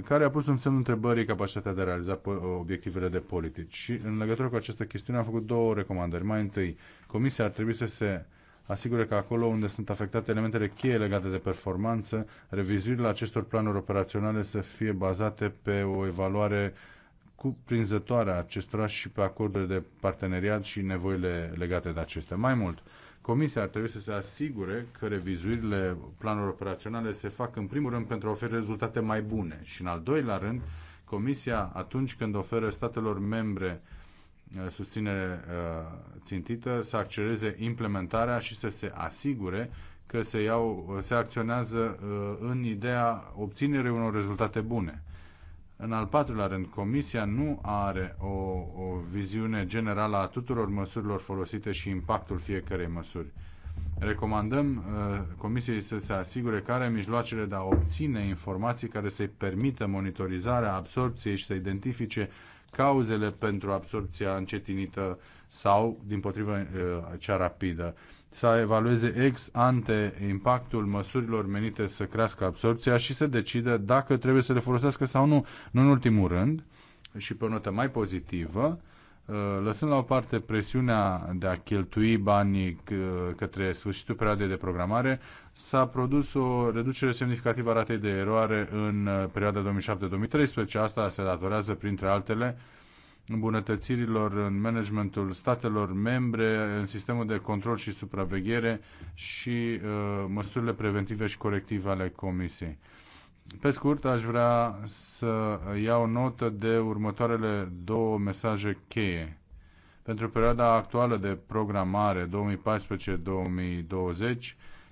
care a pus în semnul întrebării capacitatea de a realiza obiectivele de politici. Și în legătură cu această chestiune am făcut două recomandări. Mai întâi, Comisia ar trebui să se asigure că acolo unde sunt afectate elementele cheie legate de performanță, revizuirile acestor planuri operaționale să fie bazate pe o evaluare cuprinzătoare a acestora și pe acordurile de parteneriat și nevoile legate de acestea. Mai mult, Comisia ar trebui să se asigure că revizuirile planurilor operaționale se fac în primul rând pentru a oferi rezultate mai bune și în al doilea rând, Comisia atunci când oferă statelor membre Uh, susținere uh, țintită, să accelereze implementarea și să se asigure că se, iau, uh, se acționează în ideea obținerii unor rezultate bune. În al patrulea rând, Comisia nu are o, o viziune generală a tuturor măsurilor folosite și impactul fiecarei măsuri. Recomandăm uh, Comisiei să se asigure că are mijloacele de a obține informații care să-i permită monitorizarea absorpției și să identifice cauzele pentru absorpția încetinită sau, din potrivă, eh, cea rapidă. Să evalueze ex ante impactul măsurilor menite să crească absorpția și să decidă dacă trebuie să le folosească sau nu. Nu în ultimul rând, și pe o notă mai pozitivă, Uh, lăsând la o parte presiunea de a cheltui banii uh, către sfârșitul perioadei de programare, s-a produs o reducere semnificativă a ratei de eroare în uh, perioada 2007-2013. Asta se datorează, printre altele, îmbunătățirilor în managementul statelor membre, în sistemul de control și supraveghere și uh, măsurile preventive și corective ale Comisiei. Pe scurt, aș vrea să iau notă de următoarele două mesaje cheie. Pentru perioada actuală de programare 2014-2020,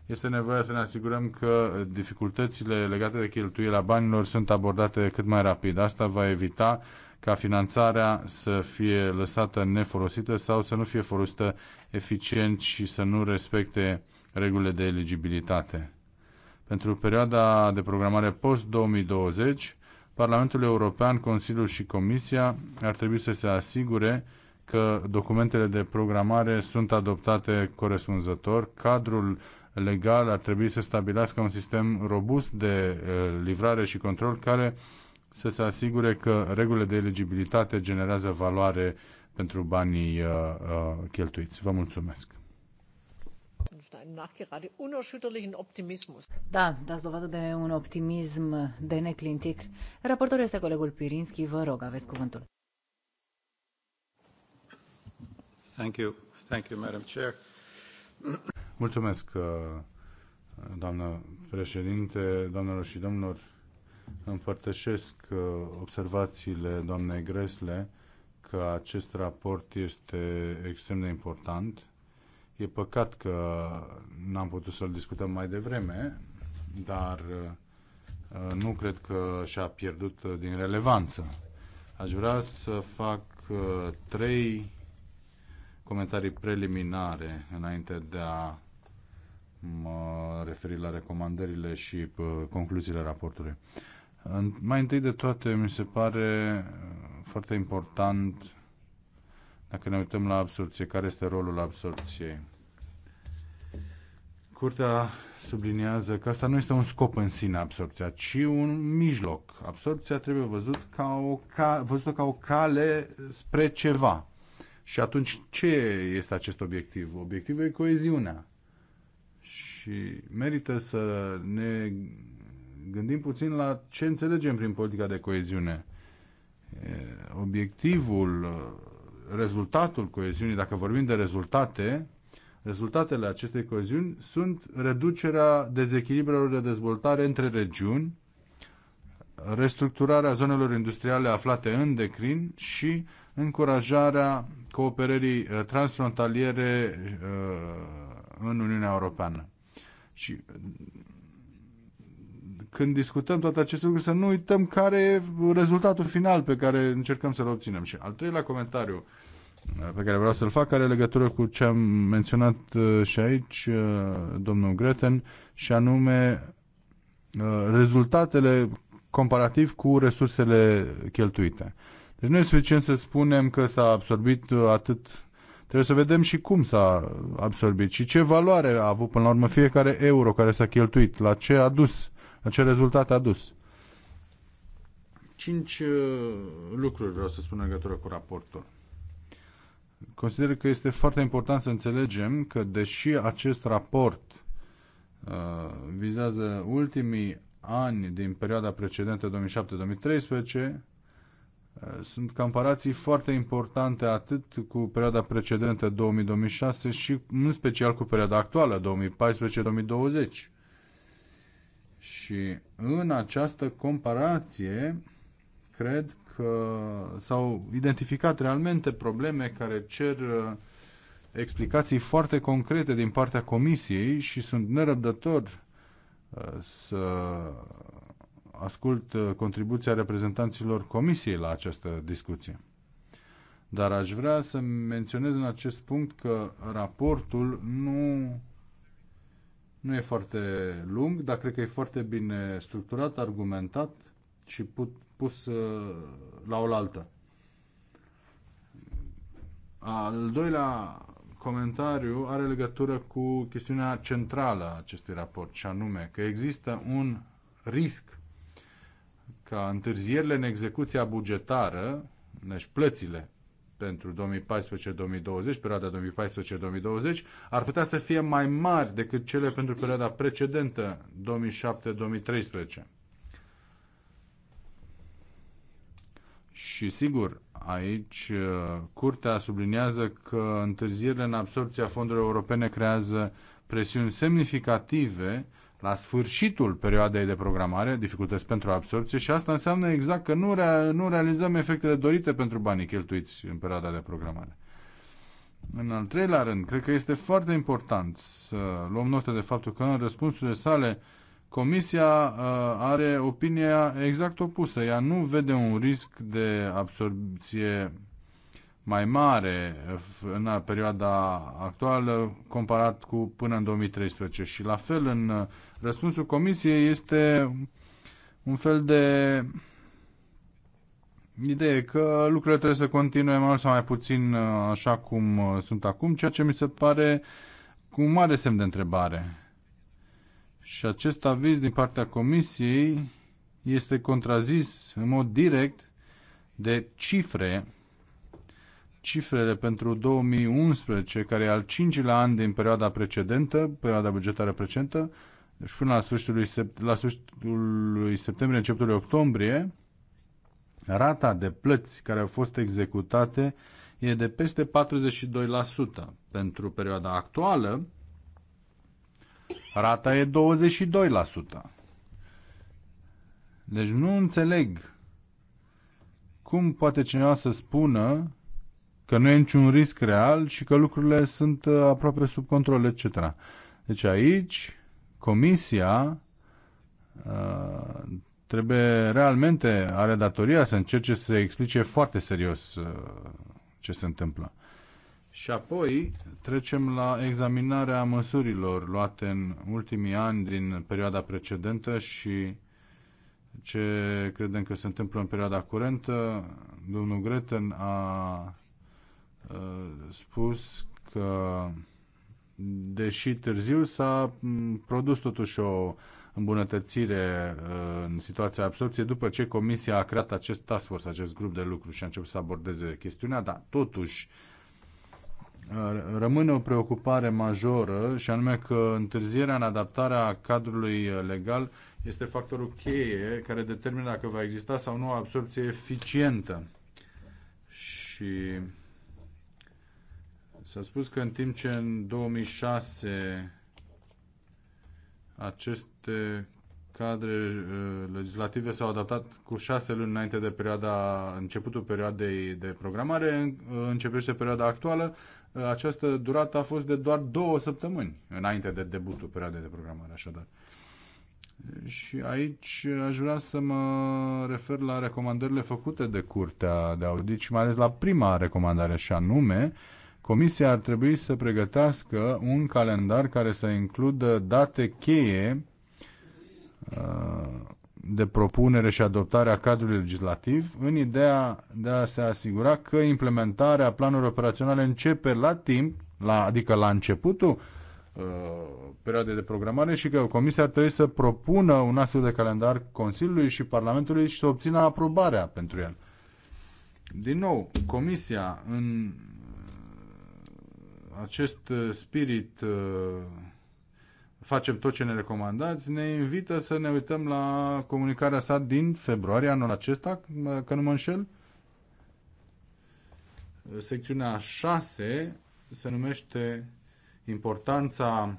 este nevoie să ne asigurăm că dificultățile legate de cheltuirea banilor sunt abordate cât mai rapid. Asta va evita ca finanțarea să fie lăsată nefolosită sau să nu fie folosită eficient și să nu respecte regulile de eligibilitate. Pentru perioada de programare post-2020, Parlamentul European, Consiliul și Comisia ar trebui să se asigure că documentele de programare sunt adoptate corespunzător, cadrul legal ar trebui să stabilească un sistem robust de eh, livrare și control care să se asigure că regulile de eligibilitate generează valoare pentru banii eh, eh, cheltuiți. Vă mulțumesc! nachgerade unerschütterlichen Optimismus. Da, dați dovadă de un optimism de neclintit. Raportorul este colegul Pirinski, vă rog, aveți cuvântul. Thank you. Thank you, Madam Chair. Mulțumesc, uh, doamnă președinte, doamnelor și domnilor. Împărtășesc uh, observațiile doamnei Gresle că acest raport este extrem de important E păcat că n-am putut să-l discutăm mai devreme, dar uh, nu cred că și-a pierdut uh, din relevanță. Aș vrea să fac uh, trei comentarii preliminare înainte de a mă referi la recomandările și concluziile raportului. Mai întâi de toate, mi se pare foarte important dacă ne uităm la absorție, care este rolul absorției? Curtea subliniază că asta nu este un scop în sine absorpția, ci un mijloc. Absorpția trebuie văzut ca o ca, văzută ca o cale spre ceva. Și atunci ce este acest obiectiv? Obiectivul e coeziunea. Și merită să ne gândim puțin la ce înțelegem prin politica de coeziune. Obiectivul rezultatul coeziunii, dacă vorbim de rezultate, rezultatele acestei coeziuni sunt reducerea dezechilibrelor de dezvoltare între regiuni, restructurarea zonelor industriale aflate în declin și încurajarea cooperării uh, transfrontaliere uh, în Uniunea Europeană. Și când discutăm toate aceste lucruri, să nu uităm care e rezultatul final pe care încercăm să-l obținem. Și al treilea comentariu uh, pe care vreau să-l fac are legătură cu ce am menționat uh, și aici uh, domnul Greten și anume rezultatele comparativ cu resursele cheltuite. Deci nu e suficient să spunem că s-a absorbit atât Trebuie să vedem și cum s-a absorbit și ce valoare a avut până la urmă fiecare euro care s-a cheltuit, la ce a dus la ce rezultat a dus. Cinci uh, lucruri vreau să spun în legătură cu raportul. Consider că este foarte important să înțelegem că, deși acest raport uh, vizează ultimii ani din perioada precedentă 2007-2013, uh, sunt comparații foarte importante atât cu perioada precedentă 2006 și în special cu perioada actuală 2014-2020. Și în această comparație, cred că s-au identificat realmente probleme care cer uh, explicații foarte concrete din partea Comisiei și sunt nerăbdător uh, să ascult uh, contribuția reprezentanților Comisiei la această discuție. Dar aș vrea să menționez în acest punct că raportul nu nu e foarte lung, dar cred că e foarte bine structurat, argumentat și put, pus uh, la oaltă. Al doilea comentariu are legătură cu chestiunea centrală a acestui raport, și anume că există un risc ca întârzierile în execuția bugetară, deci plățile pentru 2014-2020, perioada 2014-2020, ar putea să fie mai mari decât cele pentru perioada precedentă, 2007-2013. Și sigur, aici uh, Curtea subliniază că întârzierile în absorpția fondurilor europene creează presiuni semnificative la sfârșitul perioadei de programare, dificultăți pentru absorpție și asta înseamnă exact că nu, rea, nu realizăm efectele dorite pentru banii cheltuiți în perioada de programare. În al treilea rând, cred că este foarte important să luăm note de faptul că în răspunsurile sale Comisia uh, are opinia exact opusă. Ea nu vede un risc de absorpție mai mare în perioada actuală comparat cu până în 2013 și la fel în Răspunsul comisiei este un fel de idee că lucrurile trebuie să continue mai mult sau mai puțin uh, așa cum uh, sunt acum, ceea ce mi se pare cu un mare semn de întrebare. Și acest aviz din partea comisiei este contrazis în mod direct de cifre cifrele pentru 2011, care e al cincilea an din perioada precedentă, perioada bugetară precedentă, deci până la sfârșitul, lui, la sfârșitul lui septembrie, începutul lui octombrie, rata de plăți care au fost executate e de peste 42%. Pentru perioada actuală, rata e 22%. Deci nu înțeleg cum poate cineva să spună că nu e niciun risc real și că lucrurile sunt uh, aproape sub control, etc. Deci aici Comisia uh, trebuie realmente, are datoria să încerce să explice foarte serios uh, ce se întâmplă. Și apoi trecem la examinarea măsurilor luate în ultimii ani din perioada precedentă și ce credem că se întâmplă în perioada curentă. Domnul Greten a uh, spus că deși târziu s-a produs totuși o îmbunătățire uh, în situația absorpției după ce Comisia a creat acest task force, acest grup de lucru și a început să abordeze chestiunea, dar totuși uh, rămâne o preocupare majoră și anume că întârzierea în adaptarea cadrului legal este factorul cheie care determină dacă va exista sau nu o absorpție eficientă. Și S-a spus că în timp ce în 2006 aceste cadre uh, legislative s-au adaptat cu șase luni înainte de perioada, începutul perioadei de programare, uh, începește perioada actuală, uh, această durată a fost de doar două săptămâni înainte de debutul perioadei de programare, așadar. Și aici aș vrea să mă refer la recomandările făcute de Curtea de Audit și mai ales la prima recomandare și anume uh, Comisia ar trebui să pregătească un calendar care să includă date cheie uh, de propunere și adoptare a cadrului legislativ în ideea de a se asigura că implementarea planurilor operaționale începe la timp, la, adică la începutul uh, perioadei de programare și că Comisia ar trebui să propună un astfel de calendar Consiliului și Parlamentului și să obțină aprobarea pentru el. Din nou, Comisia în acest uh, spirit uh, facem tot ce ne recomandați, ne invită să ne uităm la comunicarea sa din februarie anul acesta, uh, că nu mă înșel. Secțiunea 6 se numește importanța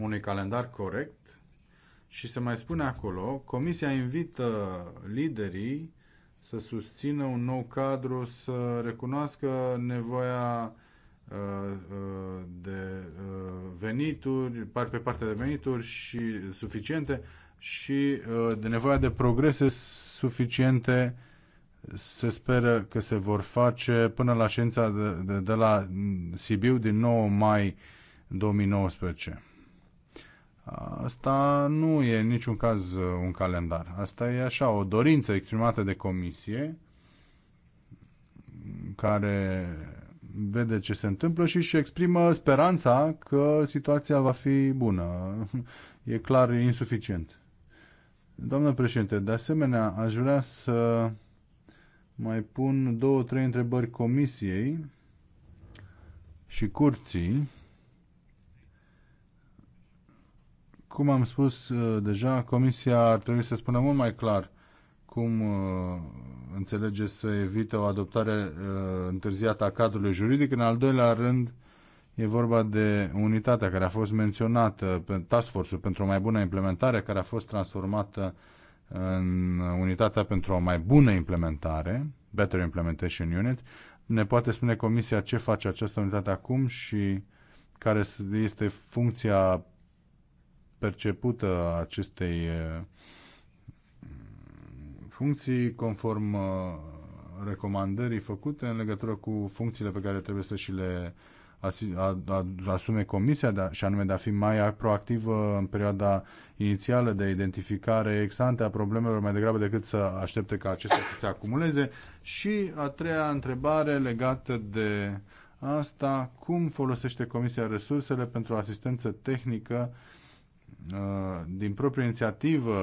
unui calendar corect și se mai spune acolo, Comisia invită liderii să susțină un nou cadru, să recunoască nevoia Uh, uh, de uh, venituri, pe partea de venituri și suficiente și de nevoia de progrese suficiente se speră că se vor face până la ședința de, de, de la Sibiu din 9 mai 2019. Asta nu e în niciun caz un calendar. Asta e așa, o dorință exprimată de comisie care vede ce se întâmplă și își exprimă speranța că situația va fi bună. E clar insuficient. Doamnă președinte, de asemenea, aș vrea să mai pun două, trei întrebări comisiei și curții. Cum am spus uh, deja, comisia ar trebui să spună mult mai clar cum uh, înțelege să evite o adoptare uh, întârziată a cadrului juridic. În al doilea rând, e vorba de unitatea care a fost menționată, Task Force-ul pentru o mai bună implementare, care a fost transformată în unitatea pentru o mai bună implementare, Better Implementation Unit. Ne poate spune Comisia ce face această unitate acum și care este funcția percepută a acestei uh, funcții conform uh, recomandării făcute în legătură cu funcțiile pe care trebuie să și le asume comisia da, și anume de a fi mai proactivă în perioada inițială de identificare ex ante a problemelor mai degrabă decât să aștepte ca acestea să se acumuleze și a treia întrebare legată de asta, cum folosește comisia resursele pentru asistență tehnică Uh, din proprie inițiativă,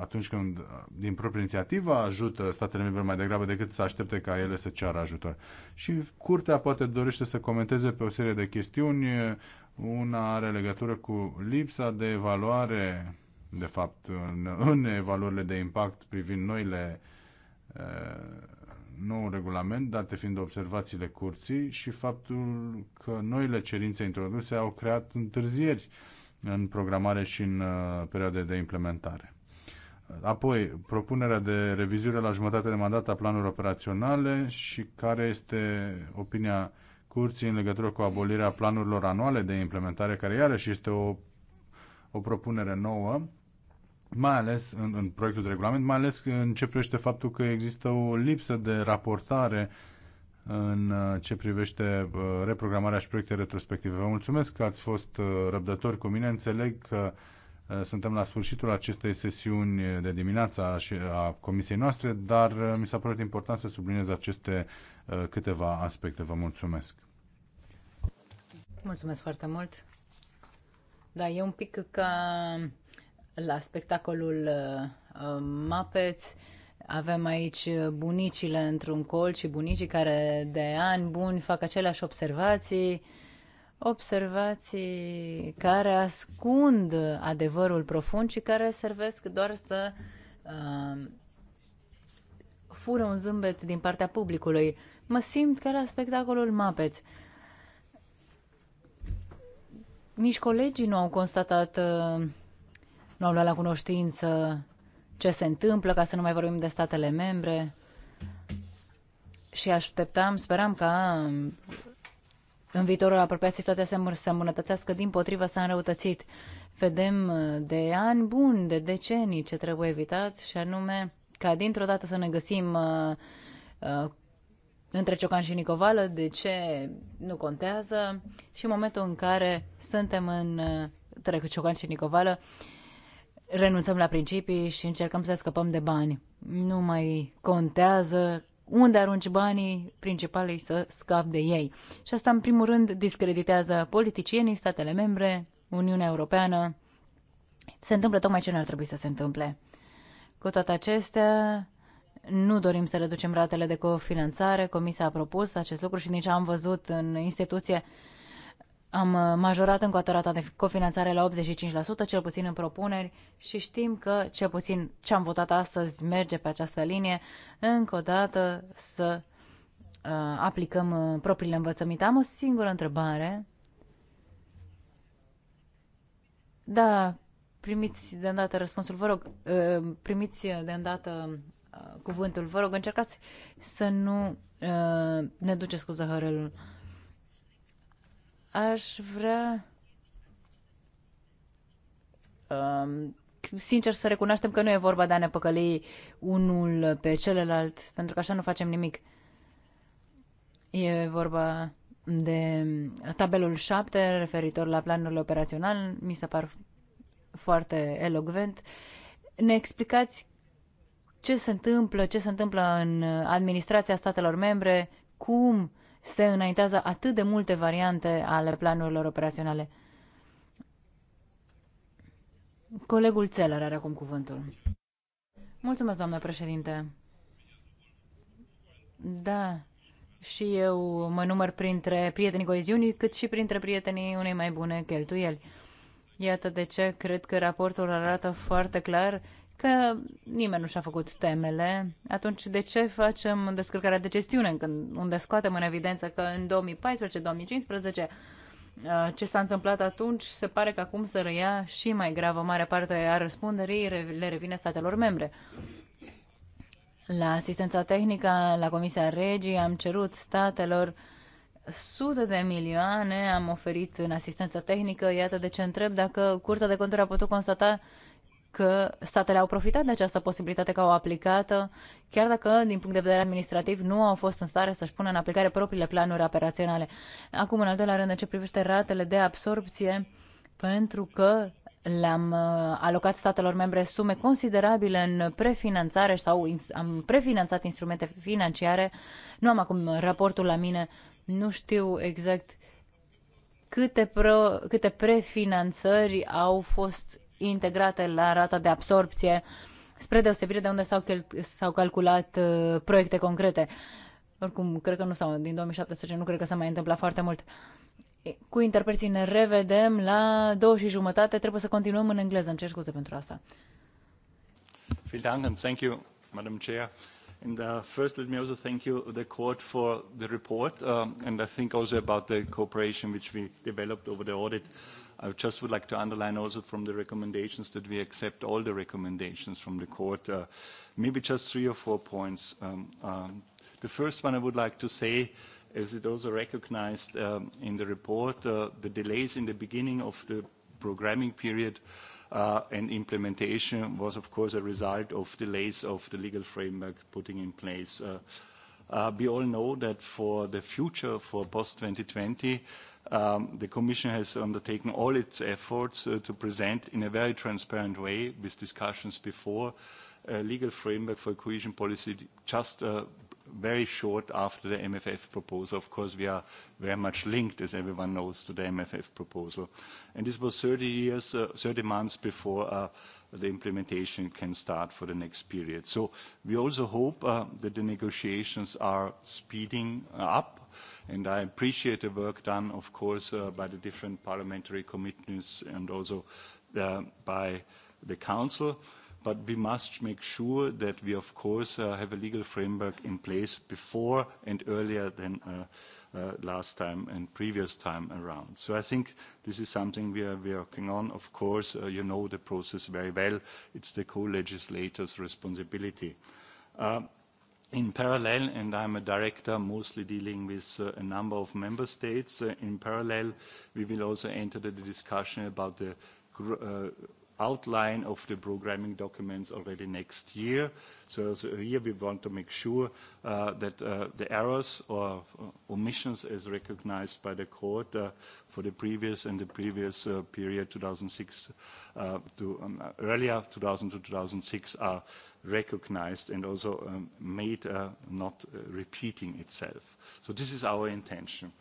atunci când uh, din proprie inițiativă ajută statele membre mai degrabă decât să aștepte ca ele să ceară ajutor. Și curtea poate dorește să comenteze pe o serie de chestiuni. Una are legătură cu lipsa de evaluare, de fapt, în, în evaluările de impact privind noile uh, nou regulament, date fiind observațiile curții și faptul că noile cerințe introduse au creat întârzieri uh, în programare și în uh, perioade de implementare. Apoi, propunerea de revizuire la jumătate de mandat a planurilor operaționale și care este opinia curții în legătură cu abolirea planurilor anuale de implementare, care iarăși este o, o propunere nouă, mai ales în, în proiectul de regulament, mai ales în ce privește faptul că există o lipsă de raportare uh, în uh, ce privește uh, reprogramarea și proiecte retrospective. Vă mulțumesc că ați fost uh, răbdători cu mine. Înțeleg că suntem la sfârșitul acestei sesiuni de dimineață a comisiei noastre, dar mi s-a părut important să subliniez aceste câteva aspecte. Vă mulțumesc! Mulțumesc foarte mult! Da, e un pic ca la spectacolul uh, Mapeți. uh, avem aici bunicile într-un colț și bunicii care de ani buni fac aceleași observații, observații care ascund adevărul profund și care servesc doar să uh, um, fură un zâmbet din partea publicului. Mă simt ca la spectacolul Mapeț. Nici colegii nu au constatat, uh, nu au luat la cunoștință ce se întâmplă, ca să nu mai vorbim de statele membre. Și așteptam, speram ca um, în viitorul apropiat situația să îmbunătățească, din potrivă s-a înrăutățit. Vedem uh, de ani buni, de decenii ce trebuie evitat și anume ca dintr-o dată să ne găsim uh, uh, între Ciocan și Nicovală, de ce nu contează și în momentul în care suntem în, între uh, Ciocan și Nicovală, uh, renunțăm la principii și încercăm să scăpăm de bani. Nu mai contează unde arunci banii, principalei să scapi de ei. Și asta, în primul rând, discreditează politicienii, statele membre, Uniunea Europeană. Se întâmplă tocmai ce nu ar trebui să se întâmple. Cu toate acestea, nu dorim să reducem ratele de cofinanțare. Comisia a propus acest lucru și nici am văzut în instituție am uh, majorat încă o rata de cofinanțare la 85%, cel puțin în propuneri, și știm că, cel puțin ce am votat astăzi, merge pe această linie, încă o dată să uh, aplicăm uh, propriile învățăminte. Am o singură întrebare. Da, primiți de îndată răspunsul, vă rog, uh, primiți de îndată uh, cuvântul, vă rog, încercați să nu uh, ne duceți cu zahărelul. Uh, Aș vrea um, sincer să recunoaștem că nu e vorba de a ne păcăli unul pe celălalt, pentru că așa nu facem nimic. E vorba de tabelul 7 referitor la planul operațional, mi se par foarte elogvent. Ne explicați ce se întâmplă, ce se întâmplă în administrația statelor membre, cum se înaintează atât de multe variante ale planurilor operaționale. Colegul Țeler are acum cuvântul. Mulțumesc, doamnă președinte. Da, și eu mă număr printre prietenii coeziunii, cât și printre prietenii unei mai bune cheltuieli. Iată de ce cred că raportul arată foarte clar că nimeni nu și-a făcut temele, atunci de ce facem descărcarea de gestiune, când, unde scoatem în evidență că în 2014-2015 uh, ce s-a întâmplat atunci se pare că acum să răia și mai gravă. Mare parte a răspunderii le revine statelor membre. La asistența tehnică, la Comisia Regii, am cerut statelor sute de milioane, am oferit în asistență tehnică. Iată de ce întreb dacă Curtea de Conturi a putut constata că statele au profitat de această posibilitate că au aplicată, chiar dacă, din punct de vedere administrativ, nu au fost în stare să-și pună în aplicare propriile planuri operaționale. Acum, în al doilea rând, în ce privește ratele de absorpție, pentru că le-am uh, alocat statelor membre sume considerabile în prefinanțare sau am prefinanțat instrumente financiare. Nu am acum raportul la mine, nu știu exact câte, pro, câte prefinanțări au fost integrate la rata de absorpție, spre deosebire de unde s-au, s-au calculat uh, proiecte concrete. Oricum, cred că nu s-au, din 2017 nu cred că s-a mai întâmplat foarte mult. Cu interpreții ne revedem la două și jumătate. Trebuie să continuăm în engleză. Îmi cer scuze pentru asta. Vielen Dank and thank you, Madam Chair. And uh, first, let me also thank you, the court, for the report, um, and I think also about the cooperation which we developed over the audit. Uh, I just would like to underline also from the recommendations that we accept all the recommendations from the court. Uh, maybe just three or four points. Um, um, the first one I would like to say, as it also recognized um, in the report, uh, the delays in the beginning of the programming period uh, and implementation was, of course, a result of delays of the legal framework putting in place. Uh, uh we all know that for the future, for post-2020, Um, the Commission has undertaken all its efforts uh, to present in a very transparent way, with discussions before, a legal framework for cohesion policy just uh, very short after the MFF proposal. Of course, we are very much linked, as everyone knows, to the MFF proposal. And this was 30 years, uh, 30 months before uh, the implementation can start for the next period. So we also hope uh, that the negotiations are speeding up and I appreciate the work done, of course, uh, by the different parliamentary committees and also uh, by the Council. But we must make sure that we, of course, uh, have a legal framework in place before and earlier than uh, uh, last time and previous time around. So I think this is something we are working on. Of course, uh, you know the process very well. It's the co-legislator's responsibility. Uh, In parallel, and I'm a director mostly dealing with uh, a number of member states, uh, in parallel, we will also enter the discussion about the uh, outline of the programming documents already next year. So, so here we want to make sure uh, that uh, the errors or uh, omissions as recognized by the court uh, for the previous and the previous uh, period, 2006 uh, to um, earlier 2000 to 2006, are recognized and also um, made not repeating itself. So this is our intention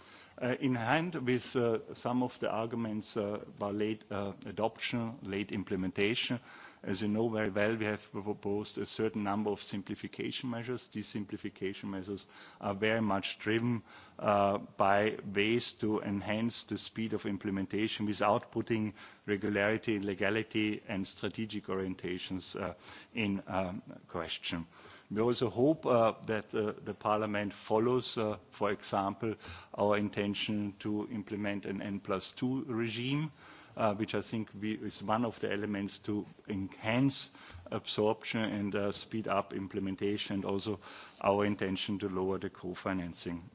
uh, in hand with uh, some of the arguments uh, by late uh, adoption, late implementation. As you know very well, we have proposed a certain number of simplification measures. These simplification measures are very much driven uh, by ways to enhance the speed of implementation without putting regularity, legality, and strategic orientations uh, in um, question. Uh, We also hope uh, that uh, the Parliament follows, uh, for example, our intention to implement an N+2 regime, which I think is one of the elements to enhance absorption and speed up implementation, and also our intention to lower the co-financing.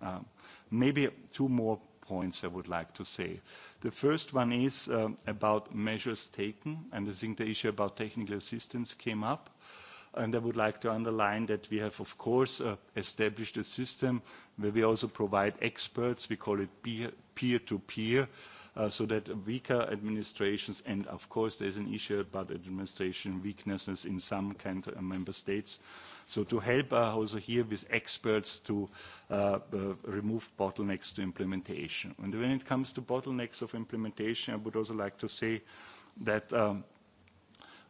maybe two more points I would like to say. The first one is about measures taken, and I think the issue about technical assistance came up. And I would like to underline that we have, of course, uh, established a system where we also provide experts. We call it peer-to-peer, uh, so that weaker administrations, and of course, there's an issue about administration weaknesses in some kind of uh, member states. So to help uh, also here with experts to uh, uh, remove bottlenecks to implementation. And when it comes to bottlenecks of implementation, I would also like to say that um,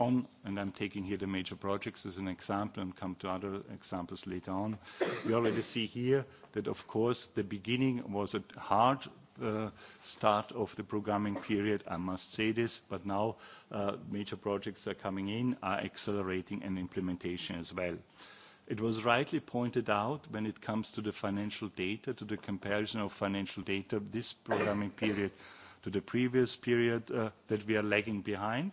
on, and I'm taking here the major projects as an example and come to other examples later on. We already see here that, of course, the beginning was a hard uh, start of the programming period, I must say this, but now uh, major projects are coming in, are accelerating and implementation as well. It was rightly pointed out when it comes to the financial data, to the comparison of financial data, this programming period to the previous period, uh, that we are lagging behind.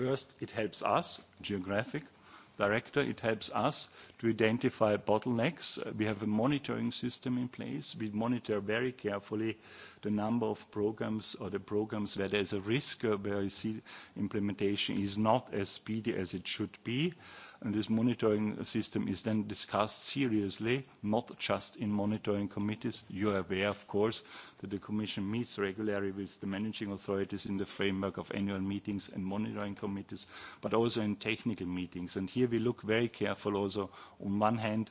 First, it helps us, geographic director, it helps us to identify bottlenecks. We have a monitoring system in place. We monitor very carefully the number of programs or the programs where there's a risk, where we see implementation is not as speedy as it should be. And this monitoring system is then discussed seriously, not just in monitoring committees. You are aware, of course, that the Commission meets regularly with the managing authorities in the framework of annual meetings and monitoring committees, but also in technical meetings. And here we look very careful also, on one hand,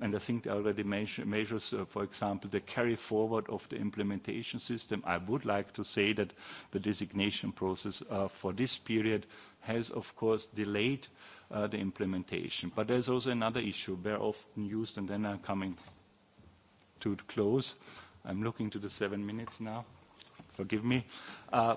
and I think they already measures, uh, for example, the carry forward of the implementation system. I would like to say that the designation process uh, for this period has, of course, delayed uh, the implementation. But there's also another issue, very often used, and then I'm coming to close. I'm looking to the seven minutes now. Forgive me. Uh,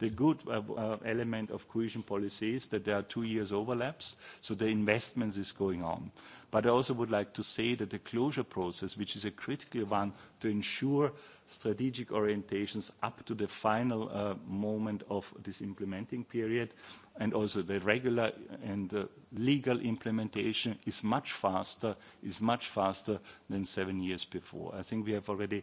The good uh, uh, element of cohesion policy is that there are two years overlaps, so the investments is going on. But I also would like to say that the closure process, which is a critical one to ensure strategic orientations up to the final uh, moment of this implementing period, and also the regular and legal implementation is much faster, is much faster than seven years before. I think we have already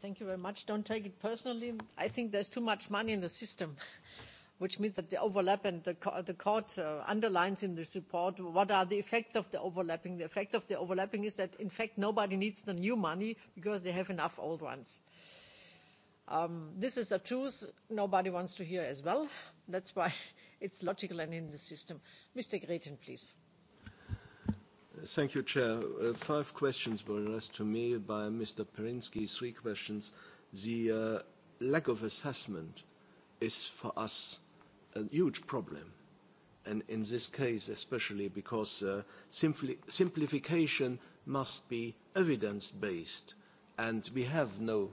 Thank you very much. Don't take it personally. I think there's too much money in the system, which means that the overlap and the, the court uh, underlines in this report what are the effects of the overlapping. The effects of the overlapping is that, in fact, nobody needs the new money because they have enough old ones. Um, this is a truth nobody wants to hear as well. That's why it's logical and in the system. Mr. Gretin, please. Thank you, Chair. Uh, five questions were addressed to me by Mr. Perinsky, three questions. The uh, lack of assessment is for us a huge problem. And in this case, especially because uh, simpli simplification must be evidence-based. And we have no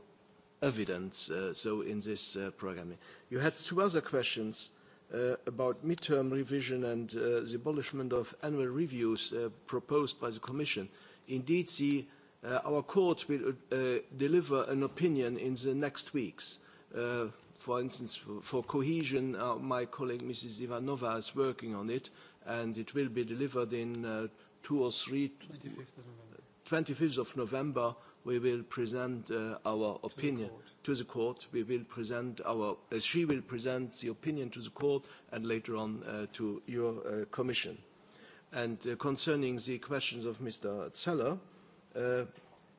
evidence, uh, so in this uh, programming. You had two other questions uh, about midterm revision and uh, the abolishment of annual reviews uh, proposed by the Commission. Indeed, the, uh, our court will uh, deliver an opinion in the next weeks. Uh, for instance, for, for cohesion, uh, my colleague Mrs. Ivanova is working on it, and it will be delivered in uh, two or three... 25th of November. 25th of November, we will present uh, our opinion. To to the court. We will present our, as uh, she will present the opinion to the court and later on uh, to your uh, commission. And uh, concerning the questions of Mr. Zeller, uh,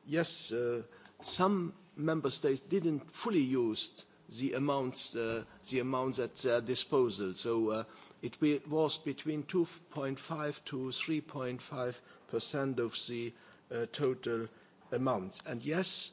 yes, uh, some member states didn't fully use the amounts, uh, the amounts at their disposal. So uh, it be, was between 2.5 to 3.5 percent of the uh, total amounts. And yes,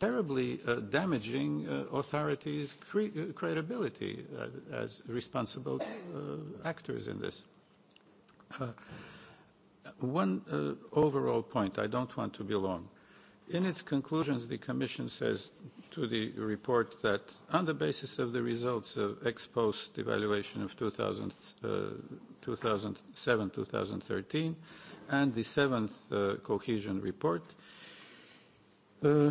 terribly uh, damaging uh, authorities' cre uh, credibility uh, as responsible uh, actors in this. Uh, uh, one uh, overall point, I don't want to be long. In its conclusions, the Commission says to the report that on the basis of the results of ex post evaluation of 2007-2013 uh, and the seventh uh, cohesion report, uh,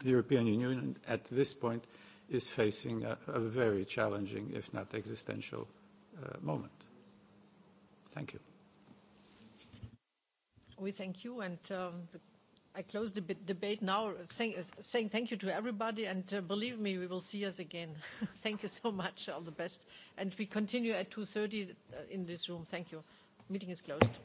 the European Union at this point is facing a, a very challenging, if not existential, uh, moment. Thank you. We thank you, and um, I close the debate now, saying, saying thank you to everybody, and uh, believe me, we will see us again. thank you so much. All the best, and we continue at 2:30 uh, in this room. Thank you. Meeting is closed.